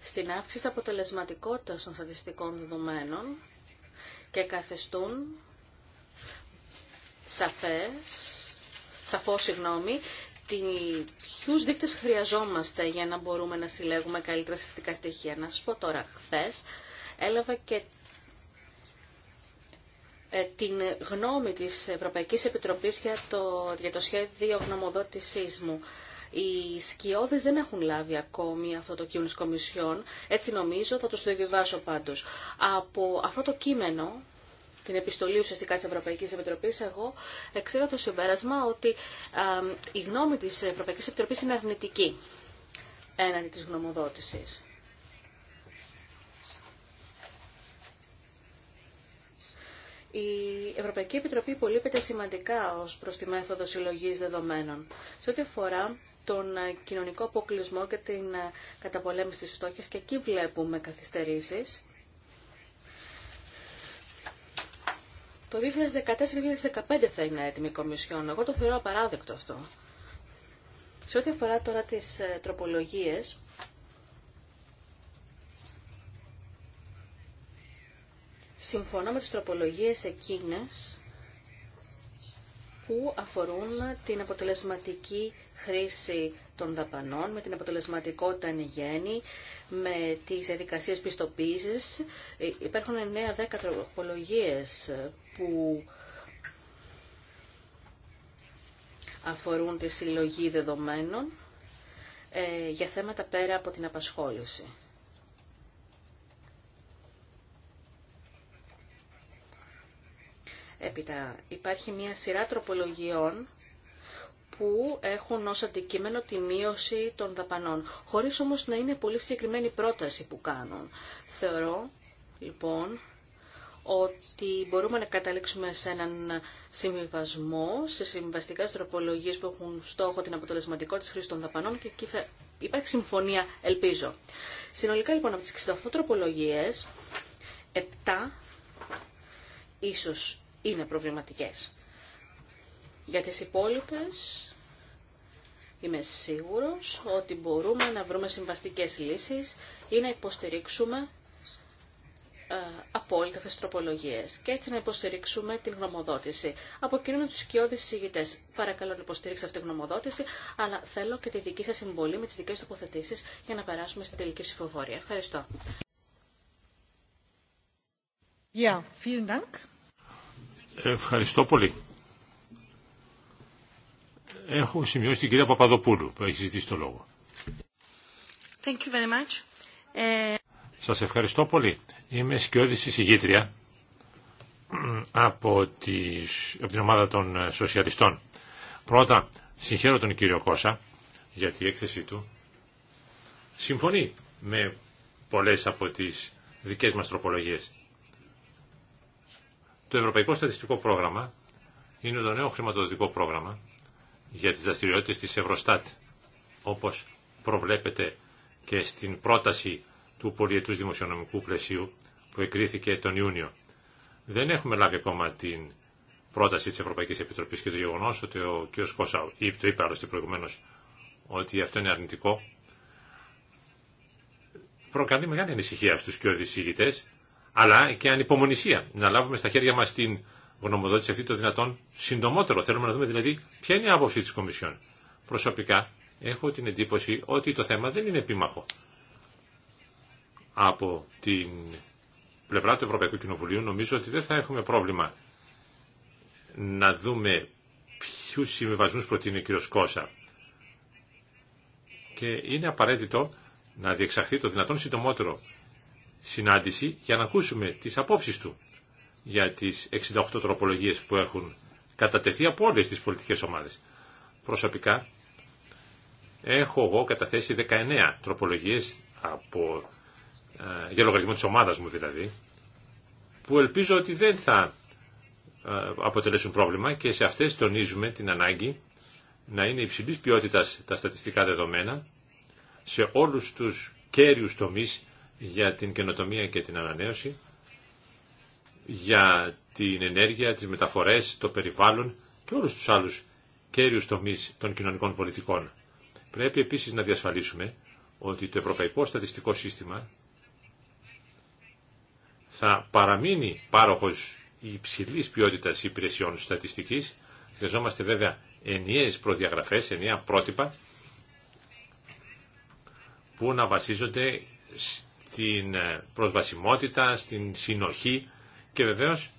στην αύξηση αποτελεσματικότητας των στατιστικών δεδομένων και καθεστούν σαφές, σαφώς συγγνώμη, τι, ποιους δείκτες χρειαζόμαστε για να μπορούμε να συλλέγουμε καλύτερα συστικά στοιχεία. Να σας πω τώρα, χθες έλαβα και ε, την γνώμη της Ευρωπαϊκής Επιτροπής για το, για το σχέδιο γνωμοδότησής μου. Οι σκιώδες δεν έχουν λάβει ακόμη αυτό το κείμενο της Κομισιόν, έτσι νομίζω θα τους το διαβάσω πάντως. Από αυτό το κείμενο, την επιστολή ουσιαστικά της Ευρωπαϊκής Επιτροπής, εγώ εξήγα το συμπέρασμα ότι ε, η γνώμη της Ευρωπαϊκής Επιτροπής είναι αρνητική έναντι της γνωμοδότησης. Η Ευρωπαϊκή Επιτροπή υπολείπεται σημαντικά ως προς τη μέθοδο συλλογής δεδομένων. Σε ό,τι αφορά τον κοινωνικό αποκλεισμό και την καταπολέμηση της φτώχειας και εκεί βλέπουμε καθυστερήσεις. Το 2014-2015 θα είναι έτοιμη η Κομισιόν. Εγώ το θεωρώ απαράδεκτο αυτό. Σε ό,τι αφορά τώρα τις ε, τροπολογίες, συμφωνώ με τις τροπολογίες εκείνες που αφορούν την αποτελεσματική χρήση των δαπανών, με την αποτελεσματικότητα εν γέννη, με τις διαδικασίε πιστοποίησης. Ε, υπάρχουν 9-10 τροπολογίες που αφορούν τη συλλογή δεδομένων ε, για θέματα πέρα από την απασχόληση. Έπειτα υπάρχει μια σειρά τροπολογιών που έχουν ως αντικείμενο τη μείωση των δαπανών, χωρίς όμως να είναι πολύ συγκεκριμένη πρόταση που κάνουν. Θεωρώ, λοιπόν, ότι μπορούμε να καταλήξουμε σε έναν συμβιβασμό, σε συμβιβαστικά τροπολογίε που έχουν στόχο την αποτελεσματικότητα τη χρήση των δαπανών και εκεί θα υπάρχει συμφωνία, ελπίζω. Συνολικά λοιπόν από τις 68 τροπολογίε, 7 ίσως είναι προβληματικές. Για τις υπόλοιπες είμαι σίγουρος ότι μπορούμε να βρούμε συμβαστικές λύσεις ή να υποστηρίξουμε ε, απόλυτα αυτές τις τροπολογίες και έτσι να υποστηρίξουμε την γνωμοδότηση. Από κοινού τους οικειώδεις συζητητές παρακαλώ να υποστηρίξετε αυτή τη γνωμοδότηση αλλά θέλω και τη δική σας συμβολή με τις δικές τοποθετήσεις για να περάσουμε στην τελική ψηφοφορία. Ευχαριστώ. Ευχαριστώ πολύ. Έχω σημειώσει την κυρία Παπαδοπούλου που έχει ζητήσει το λόγο. Thank you very much. Ε, Σας ευχαριστώ πολύ. Είμαι σκιώδης εισηγήτρια από, τις, από την ομάδα των σοσιαλιστών. Πρώτα, συγχαίρω τον κύριο Κώσα για τη έκθεση του. Συμφωνεί με πολλές από τις δικές μας τροπολογίες. Το Ευρωπαϊκό Στατιστικό Πρόγραμμα είναι το νέο χρηματοδοτικό πρόγραμμα για τις δραστηριότητες της Ευρωστάτ, όπως προβλέπεται και στην πρόταση του πολιετούς δημοσιονομικού πλαισίου που εκρήθηκε τον Ιούνιο. Δεν έχουμε λάβει ακόμα την πρόταση της Ευρωπαϊκής Επιτροπής και το γεγονό ότι ο κ. Κώσα, το είπε άλλωστε προηγουμένως, ότι αυτό είναι αρνητικό, προκαλεί μεγάλη ανησυχία στους και οδησίγητες αλλά και ανυπομονησία να λάβουμε στα χέρια μας την γνωμοδότηση αυτή το δυνατόν συντομότερο. Θέλουμε να δούμε δηλαδή ποια είναι η άποψη τη Κομισιόν. Προσωπικά έχω την εντύπωση ότι το θέμα δεν είναι επίμαχο. Από την πλευρά του Ευρωπαϊκού Κοινοβουλίου νομίζω ότι δεν θα έχουμε πρόβλημα να δούμε ποιου συμβιβασμού προτείνει ο κ. Κώσα. Και είναι απαραίτητο να διεξαχθεί το δυνατόν συντομότερο συνάντηση για να ακούσουμε τις απόψεις του για τις 68 τροπολογίες που έχουν κατατεθεί από όλες τις πολιτικές ομάδες. Προσωπικά έχω εγώ καταθέσει 19 τροπολογίες από, ε, για λογαριασμό της ομάδας μου δηλαδή που ελπίζω ότι δεν θα ε, αποτελέσουν πρόβλημα και σε αυτές τονίζουμε την ανάγκη να είναι υψηλής ποιότητας τα στατιστικά δεδομένα σε όλους τους κέριους τομείς για την καινοτομία και την ανανέωση, για την ενέργεια, τις μεταφορές, το περιβάλλον και όλους τους άλλους κέριους τομείς των κοινωνικών πολιτικών. Πρέπει επίσης να διασφαλίσουμε ότι το Ευρωπαϊκό Στατιστικό Σύστημα θα παραμείνει πάροχος υψηλής ποιότητας υπηρεσιών στατιστικής. Χρειαζόμαστε βέβαια ενιαίες προδιαγραφές, ενιαία πρότυπα που να βασίζονται στην ε, προσβασιμότητα, στην συνοχή και βεβαίως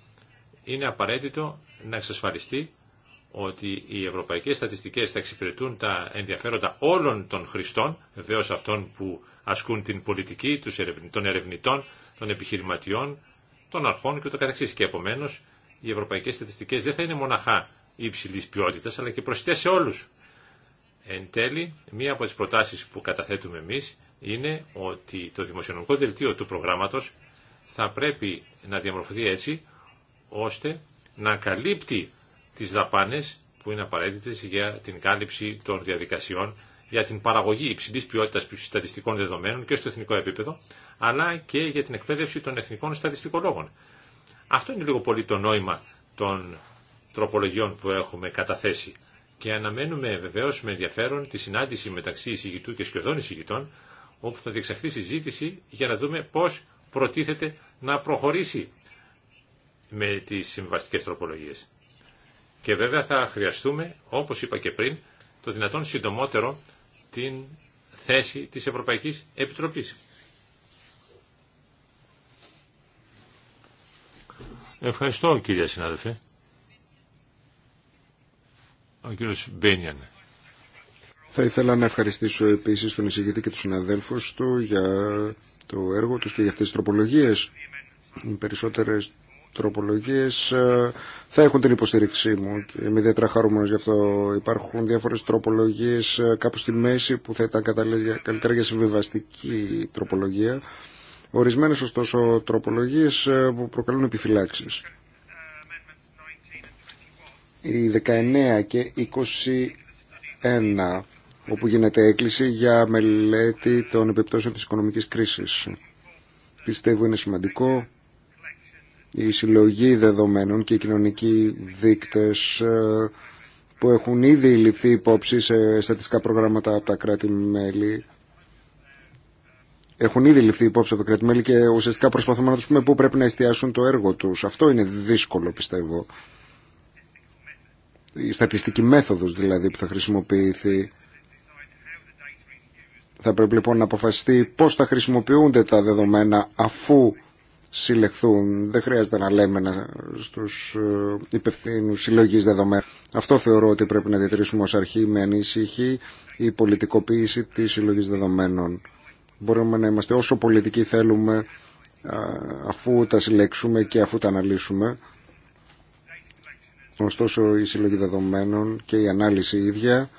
είναι απαραίτητο να εξασφαλιστεί ότι οι ευρωπαϊκές στατιστικές θα εξυπηρετούν τα ενδιαφέροντα όλων των χρηστών, βεβαίως αυτών που ασκούν την πολιτική, των ερευνητών, των επιχειρηματιών, των αρχών και ούτω καθεξής. Και επομένως οι ευρωπαϊκές στατιστικές δεν θα είναι μοναχά υψηλής ποιότητας, αλλά και προσιτές σε όλους. Εν τέλει, μία από τις προτάσεις που καταθέτουμε εμείς είναι ότι το δημοσιονομικό δελτίο του προγράμματος θα πρέπει να διαμορφωθεί έτσι ώστε να καλύπτει τις δαπάνες που είναι απαραίτητες για την κάλυψη των διαδικασιών, για την παραγωγή υψηλής ποιότητας στατιστικών δεδομένων και στο εθνικό επίπεδο, αλλά και για την εκπαίδευση των εθνικών στατιστικολόγων. Αυτό είναι λίγο πολύ το νόημα των τροπολογιών που έχουμε καταθέσει και αναμένουμε βεβαίως με ενδιαφέρον τη συνάντηση μεταξύ εισηγητού και σχεδόν εισηγητών όπου θα διεξαχθεί συζήτηση για να δούμε πώς προτίθεται να προχωρήσει με τις συμβαστικές τροπολογίες. Και βέβαια θα χρειαστούμε, όπως είπα και πριν, το δυνατόν συντομότερο την θέση της Ευρωπαϊκής Επιτροπής. Ευχαριστώ κύριε συνάδελφε. Ο κύριος Μπένιανε. Θα ήθελα να ευχαριστήσω επίσης τον εισηγητή και τους συναδέλφους του για το έργο τους και για αυτές τις τροπολογίες. Οι περισσότερες τροπολογίες ε, θα έχουν την υποστήριξή μου και είμαι ιδιαίτερα χαρούμενος γι' αυτό. Υπάρχουν διάφορες τροπολογίες ε, κάπου στη μέση που θα ήταν καλύτερα για συμβιβαστική τροπολογία. Ορισμένες ωστόσο τροπολογίες ε, που προκαλούν επιφυλάξεις. Οι 19 και 21 όπου γίνεται έκκληση για μελέτη των επιπτώσεων της οικονομικής κρίσης. Πιστεύω είναι σημαντικό η συλλογή δεδομένων και οι κοινωνικοί δείκτες ε, που έχουν ήδη ληφθεί υπόψη σε στατιστικά προγράμματα από τα κράτη-μέλη έχουν ήδη ληφθεί υπόψη από τα κράτη-μέλη και ουσιαστικά προσπαθούμε να τους πούμε πού πρέπει να εστιάσουν το έργο τους. Αυτό είναι δύσκολο πιστεύω. Η στατιστική μέθοδος δηλαδή που θα χρησιμοποιηθεί θα πρέπει λοιπόν να αποφασιστεί πώς θα χρησιμοποιούνται τα δεδομένα αφού συλλεχθούν. Δεν χρειάζεται να λέμε να, στους ε, υπευθύνου συλλογή δεδομένων. Αυτό θεωρώ ότι πρέπει να διατηρήσουμε ως αρχή με ανήσυχη η πολιτικοποίηση της συλλογή δεδομένων. Μπορούμε να είμαστε όσο πολιτικοί θέλουμε αφού τα συλλέξουμε και αφού τα αναλύσουμε. Ωστόσο η συλλογή δεδομένων και η ανάλυση ίδια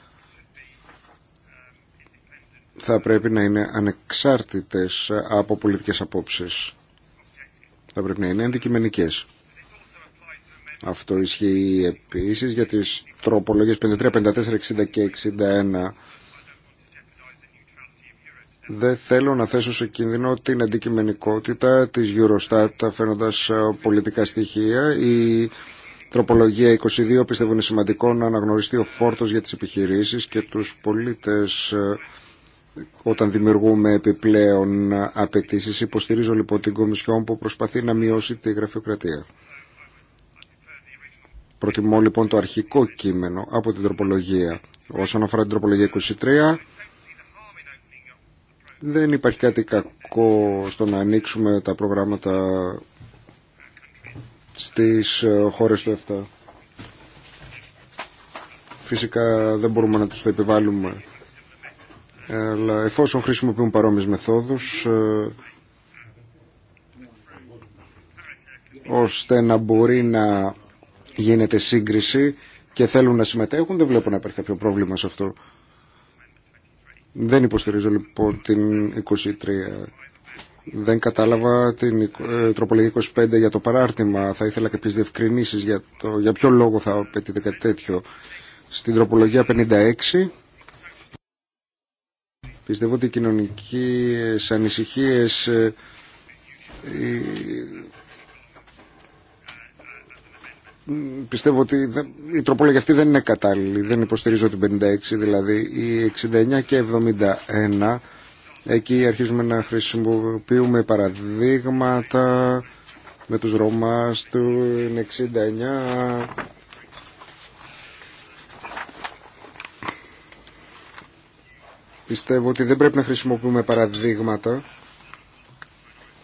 θα πρέπει να είναι ανεξάρτητες από πολιτικές απόψεις. Θα πρέπει να είναι αντικειμενικές. Αυτό ισχύει επίσης για τις τροπολογίες 53, 54, 60 και 61. Δεν θέλω να θέσω σε κίνδυνο την αντικειμενικότητα της Eurostat φέρνοντας πολιτικά στοιχεία. Η τροπολογία 22 πιστεύω είναι σημαντικό να αναγνωριστεί ο φόρτος για τις επιχειρήσεις και τους πολίτες όταν δημιουργούμε επιπλέον απαιτήσει. Υποστηρίζω λοιπόν την Κομισιόν που προσπαθεί να μειώσει τη γραφειοκρατία. Προτιμώ λοιπόν το αρχικό κείμενο από την τροπολογία. Όσον αφορά την τροπολογία 23, δεν υπάρχει κάτι κακό στο να ανοίξουμε τα προγράμματα στις ε, χώρες του 7. Φυσικά δεν μπορούμε να τους το επιβάλλουμε εφόσον χρησιμοποιούν παρόμοιες μεθόδους ε, ώστε να μπορεί να γίνεται σύγκριση και θέλουν να συμμετέχουν, δεν βλέπω να υπάρχει κάποιο πρόβλημα σε αυτό. Δεν υποστηρίζω λοιπόν την 23. Δεν κατάλαβα την ε, τροπολογία 25 για το παράρτημα. Θα ήθελα κάποιες διευκρινήσεις για, το, για ποιο λόγο θα απαιτείται κάτι τέτοιο. Στην τροπολογία 56 Πιστεύω ότι οι κοινωνικές ανησυχίες ε, πιστεύω ότι η τροπολογία αυτή δεν είναι κατάλληλη. Δεν υποστηρίζω την 56, δηλαδή η 69 και 71. Εκεί αρχίζουμε να χρησιμοποιούμε παραδείγματα με τους Ρωμάς του 69 Πιστεύω ότι δεν πρέπει να χρησιμοποιούμε παραδείγματα,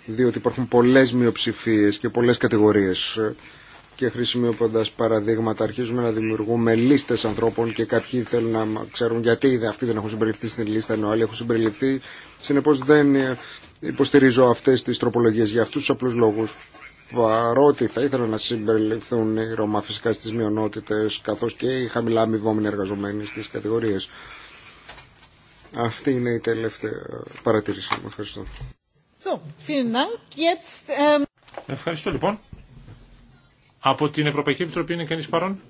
διότι υπάρχουν πολλές μειοψηφίε και πολλές κατηγορίες και χρησιμοποιώντας παραδείγματα αρχίζουμε να δημιουργούμε λίστες ανθρώπων και κάποιοι θέλουν να ξέρουν γιατί αυτοί δεν έχουν συμπεριληφθεί στην λίστα ενώ άλλοι έχουν συμπεριληφθεί. Συνεπώς δεν ε, υποστηρίζω αυτές τις τροπολογίες για αυτούς τους απλούς λόγους. Παρότι θα ήθελα να συμπεριληφθούν οι Ρωμα φυσικά στις μειονότητες καθώς και οι χαμηλά αμοιβόμενοι εργαζομένοι στις κατηγορίες. Αυτή είναι η τελευταία παρατήρηση μου. Ευχαριστώ. So, vielen Dank. Jetzt, ähm, Ευχαριστώ λοιπόν. Από την Ευρωπαϊκή Επιτροπή είναι κανείς παρόν.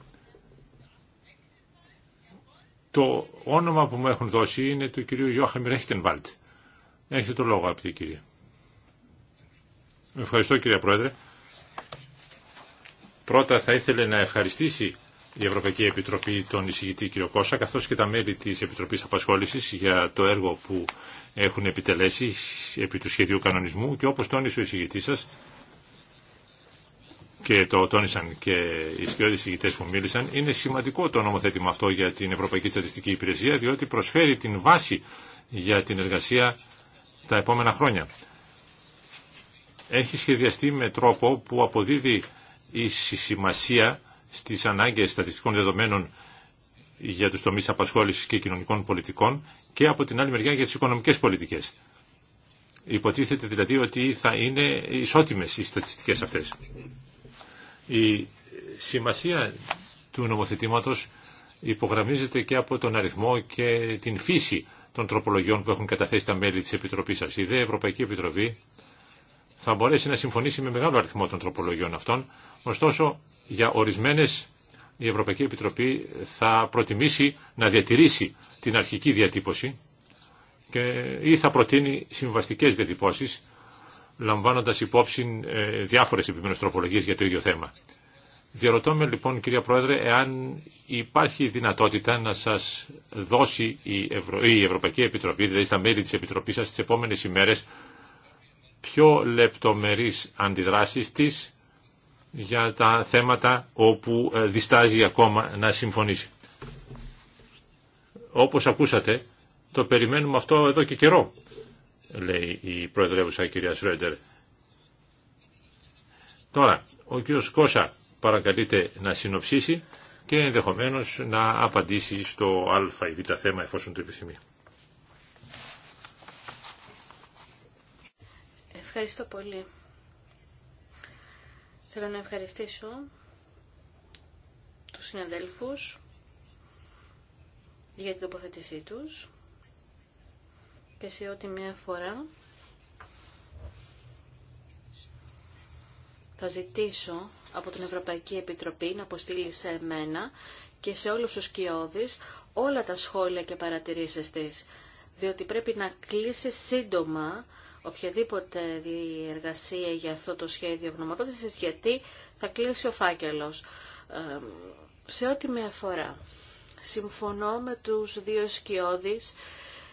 Το όνομα που μου έχουν δώσει είναι του κυρίου Γιώχαμ Ρέχτενβαλτ. Έχετε το λόγο, αγαπητή κυρία. Ευχαριστώ κύριε Πρόεδρε. Πρώτα θα ήθελε να ευχαριστήσει η Ευρωπαϊκή Επιτροπή τον εισηγητή κ. Κώσα, καθώς και τα μέλη της Επιτροπής Απασχόλησης για το έργο που έχουν επιτελέσει επί του σχεδίου κανονισμού και όπως τόνισε ο εισηγητής σας και το τόνισαν και οι σκιώδεις εισηγητές που μίλησαν, είναι σημαντικό το νομοθέτημα αυτό για την Ευρωπαϊκή Στατιστική Υπηρεσία διότι προσφέρει την βάση για την εργασία τα επόμενα χρόνια. Έχει σχεδιαστεί με τρόπο που αποδίδει η σημασία στις ανάγκες στατιστικών δεδομένων για τους τομείς απασχόλησης και κοινωνικών πολιτικών και από την άλλη μεριά για τις οικονομικές πολιτικές. Υποτίθεται δηλαδή ότι θα είναι ισότιμες οι στατιστικές αυτές. Η σημασία του νομοθετήματος υπογραμμίζεται και από τον αριθμό και την φύση των τροπολογιών που έχουν καταθέσει τα μέλη της Επιτροπής σας. Η ΔΕ Ευρωπαϊκή Επιτροπή θα μπορέσει να συμφωνήσει με μεγάλο αριθμό των τροπολογιών αυτών, ωστόσο για ορισμένες η Ευρωπαϊκή Επιτροπή θα προτιμήσει να διατηρήσει την αρχική διατύπωση και, ή θα προτείνει συμβαστικές διατυπώσεις λαμβάνοντας υπόψη ε, διάφορες τροπολογίε για το ίδιο θέμα. Διαρωτώ λοιπόν κυρία Πρόεδρε εάν υπάρχει δυνατότητα να σας δώσει η, Ευρωπαϊκή Επιτροπή, δηλαδή στα μέλη της Επιτροπής σας τις επόμενες ημέρες πιο λεπτομερείς αντιδράσεις της για τα θέματα όπου ε, διστάζει ακόμα να συμφωνήσει. Όπως ακούσατε, το περιμένουμε αυτό εδώ και καιρό, λέει η Προεδρεύουσα κυρία Σρέντερ. Τώρα, ο κύριος Κώσα παρακαλείται να συνοψίσει και ενδεχομένως να απαντήσει στο α ή β θέμα εφόσον το επιθυμεί. Ευχαριστώ πολύ. Θέλω να ευχαριστήσω τους συναδέλφους για την τοποθέτησή τους και σε ό,τι μια φορά θα ζητήσω από την Ευρωπαϊκή Επιτροπή να αποστείλει σε εμένα και σε όλους τους κοιόδης όλα τα σχόλια και παρατηρήσεις της, διότι πρέπει να κλείσει σύντομα οποιαδήποτε διεργασία για αυτό το σχέδιο γνωμοδότησης γιατί θα κλείσει ο φάκελος. Ε, σε ό,τι με αφορά, συμφωνώ με τους δύο σκιώδεις,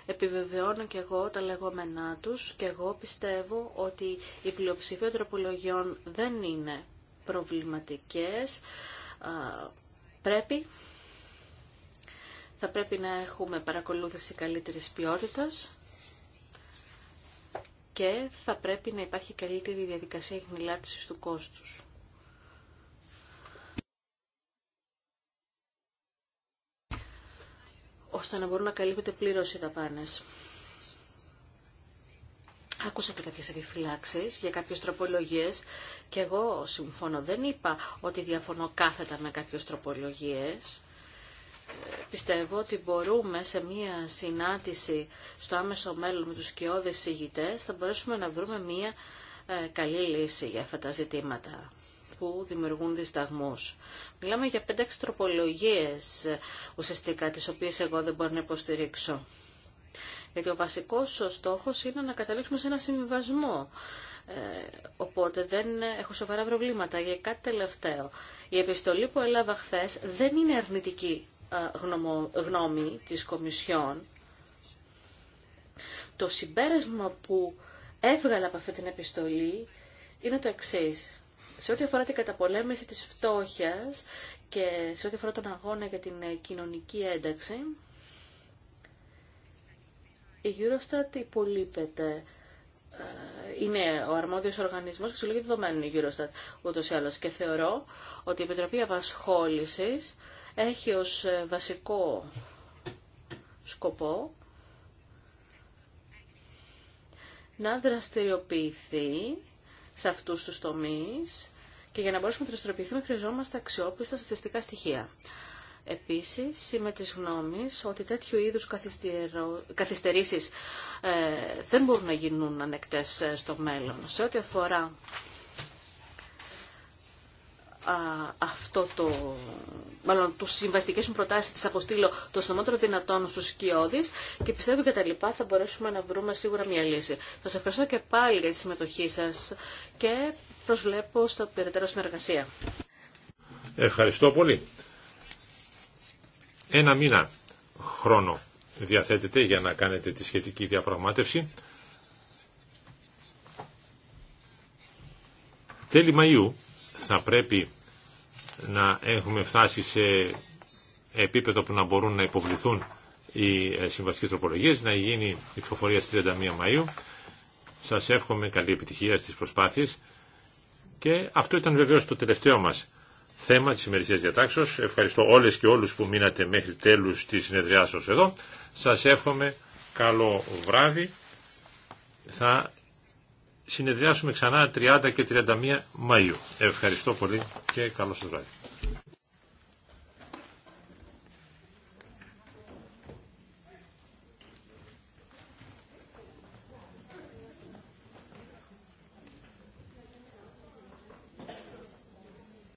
επιβεβαιώνω και εγώ τα λεγόμενά τους και εγώ πιστεύω ότι η πλειοψηφία τροπολογιών δεν είναι προβληματικές. πρέπει θα πρέπει να έχουμε παρακολούθηση καλύτερης ποιότητας και θα πρέπει να υπάρχει καλύτερη διαδικασία εχνηλάτησης του κόστους. ώστε να μπορούν να καλύπτεται πλήρω οι δαπάνες. Άκουσα και κάποιες επιφυλάξει για κάποιε τροπολογίε. και εγώ συμφώνω. Δεν είπα ότι διαφωνώ κάθετα με κάποιε τροπολογίε. Πιστεύω ότι μπορούμε σε μία συνάντηση στο άμεσο μέλλον με τους κοιόδες ηγητές θα μπορέσουμε να βρούμε μία ε, καλή λύση για αυτά τα ζητήματα που δημιουργούν δισταγμούς. Μιλάμε για πέντε εξτροπολογίες ε, ουσιαστικά τις οποίες εγώ δεν μπορώ να υποστηρίξω. Γιατί ο βασικός ο στόχος είναι να καταλήξουμε σε ένα συμβιβασμό. Ε, οπότε δεν έχω σοβαρά προβλήματα για κάτι τελευταίο. Η επιστολή που έλαβα χθε δεν είναι αρνητική ε, γνώμη της Κομισιόν, το συμπέρασμα που έβγαλα από αυτή την επιστολή είναι το εξής. Σε ό,τι αφορά την καταπολέμηση της φτώχειας και σε ό,τι αφορά τον αγώνα για την ε, κοινωνική ένταξη, η Eurostat υπολείπεται. Ε, είναι ο αρμόδιος οργανισμός και συλλογή δεδομένων η Eurostat ούτως ή άλλως. Και θεωρώ ότι η Επιτροπή Απασχόλησης έχει ως ε, βασικό σκοπό να δραστηριοποιηθεί σε αυτούς τους τομείς και για να μπορέσουμε να δραστηριοποιηθούμε χρειαζόμαστε αξιόπιστα στατιστικά στοιχεία. Επίσης, είμαι της γνώμης ότι τέτοιου είδους καθυστερήσεις ε, δεν μπορούν να γίνουν ανεκτές ε, στο μέλλον. Σε ό,τι αφορά αυτό το, μάλλον τους συμβαστικές μου προτάσεις τις αποστείλω το στομότερο δυνατόν στους σκιώδεις και πιστεύω και τα λοιπά θα μπορέσουμε να βρούμε σίγουρα μια λύση. Θα σας ευχαριστώ και πάλι για τη συμμετοχή σας και προσβλέπω στο περαιτέρω συνεργασία. Ευχαριστώ πολύ. Ένα μήνα χρόνο διαθέτεται για να κάνετε τη σχετική διαπραγμάτευση. Τέλη Μαΐου θα πρέπει να έχουμε φτάσει σε επίπεδο που να μπορούν να υποβληθούν οι ε, συμβασικές τροπολογίες, να γίνει η ψηφοφορία στις 31 Μαΐου. Σας εύχομαι καλή επιτυχία στις προσπάθειες. Και αυτό ήταν βεβαίως το τελευταίο μας θέμα της ημερησίας διατάξεως. Ευχαριστώ όλες και όλους που μείνατε μέχρι τέλους της συνεδριάσεως εδώ. Σας εύχομαι καλό βράδυ. Θα συνεδριάσουμε ξανά 30 και 31 Μαΐου. Ευχαριστώ πολύ και καλό σας βράδυ.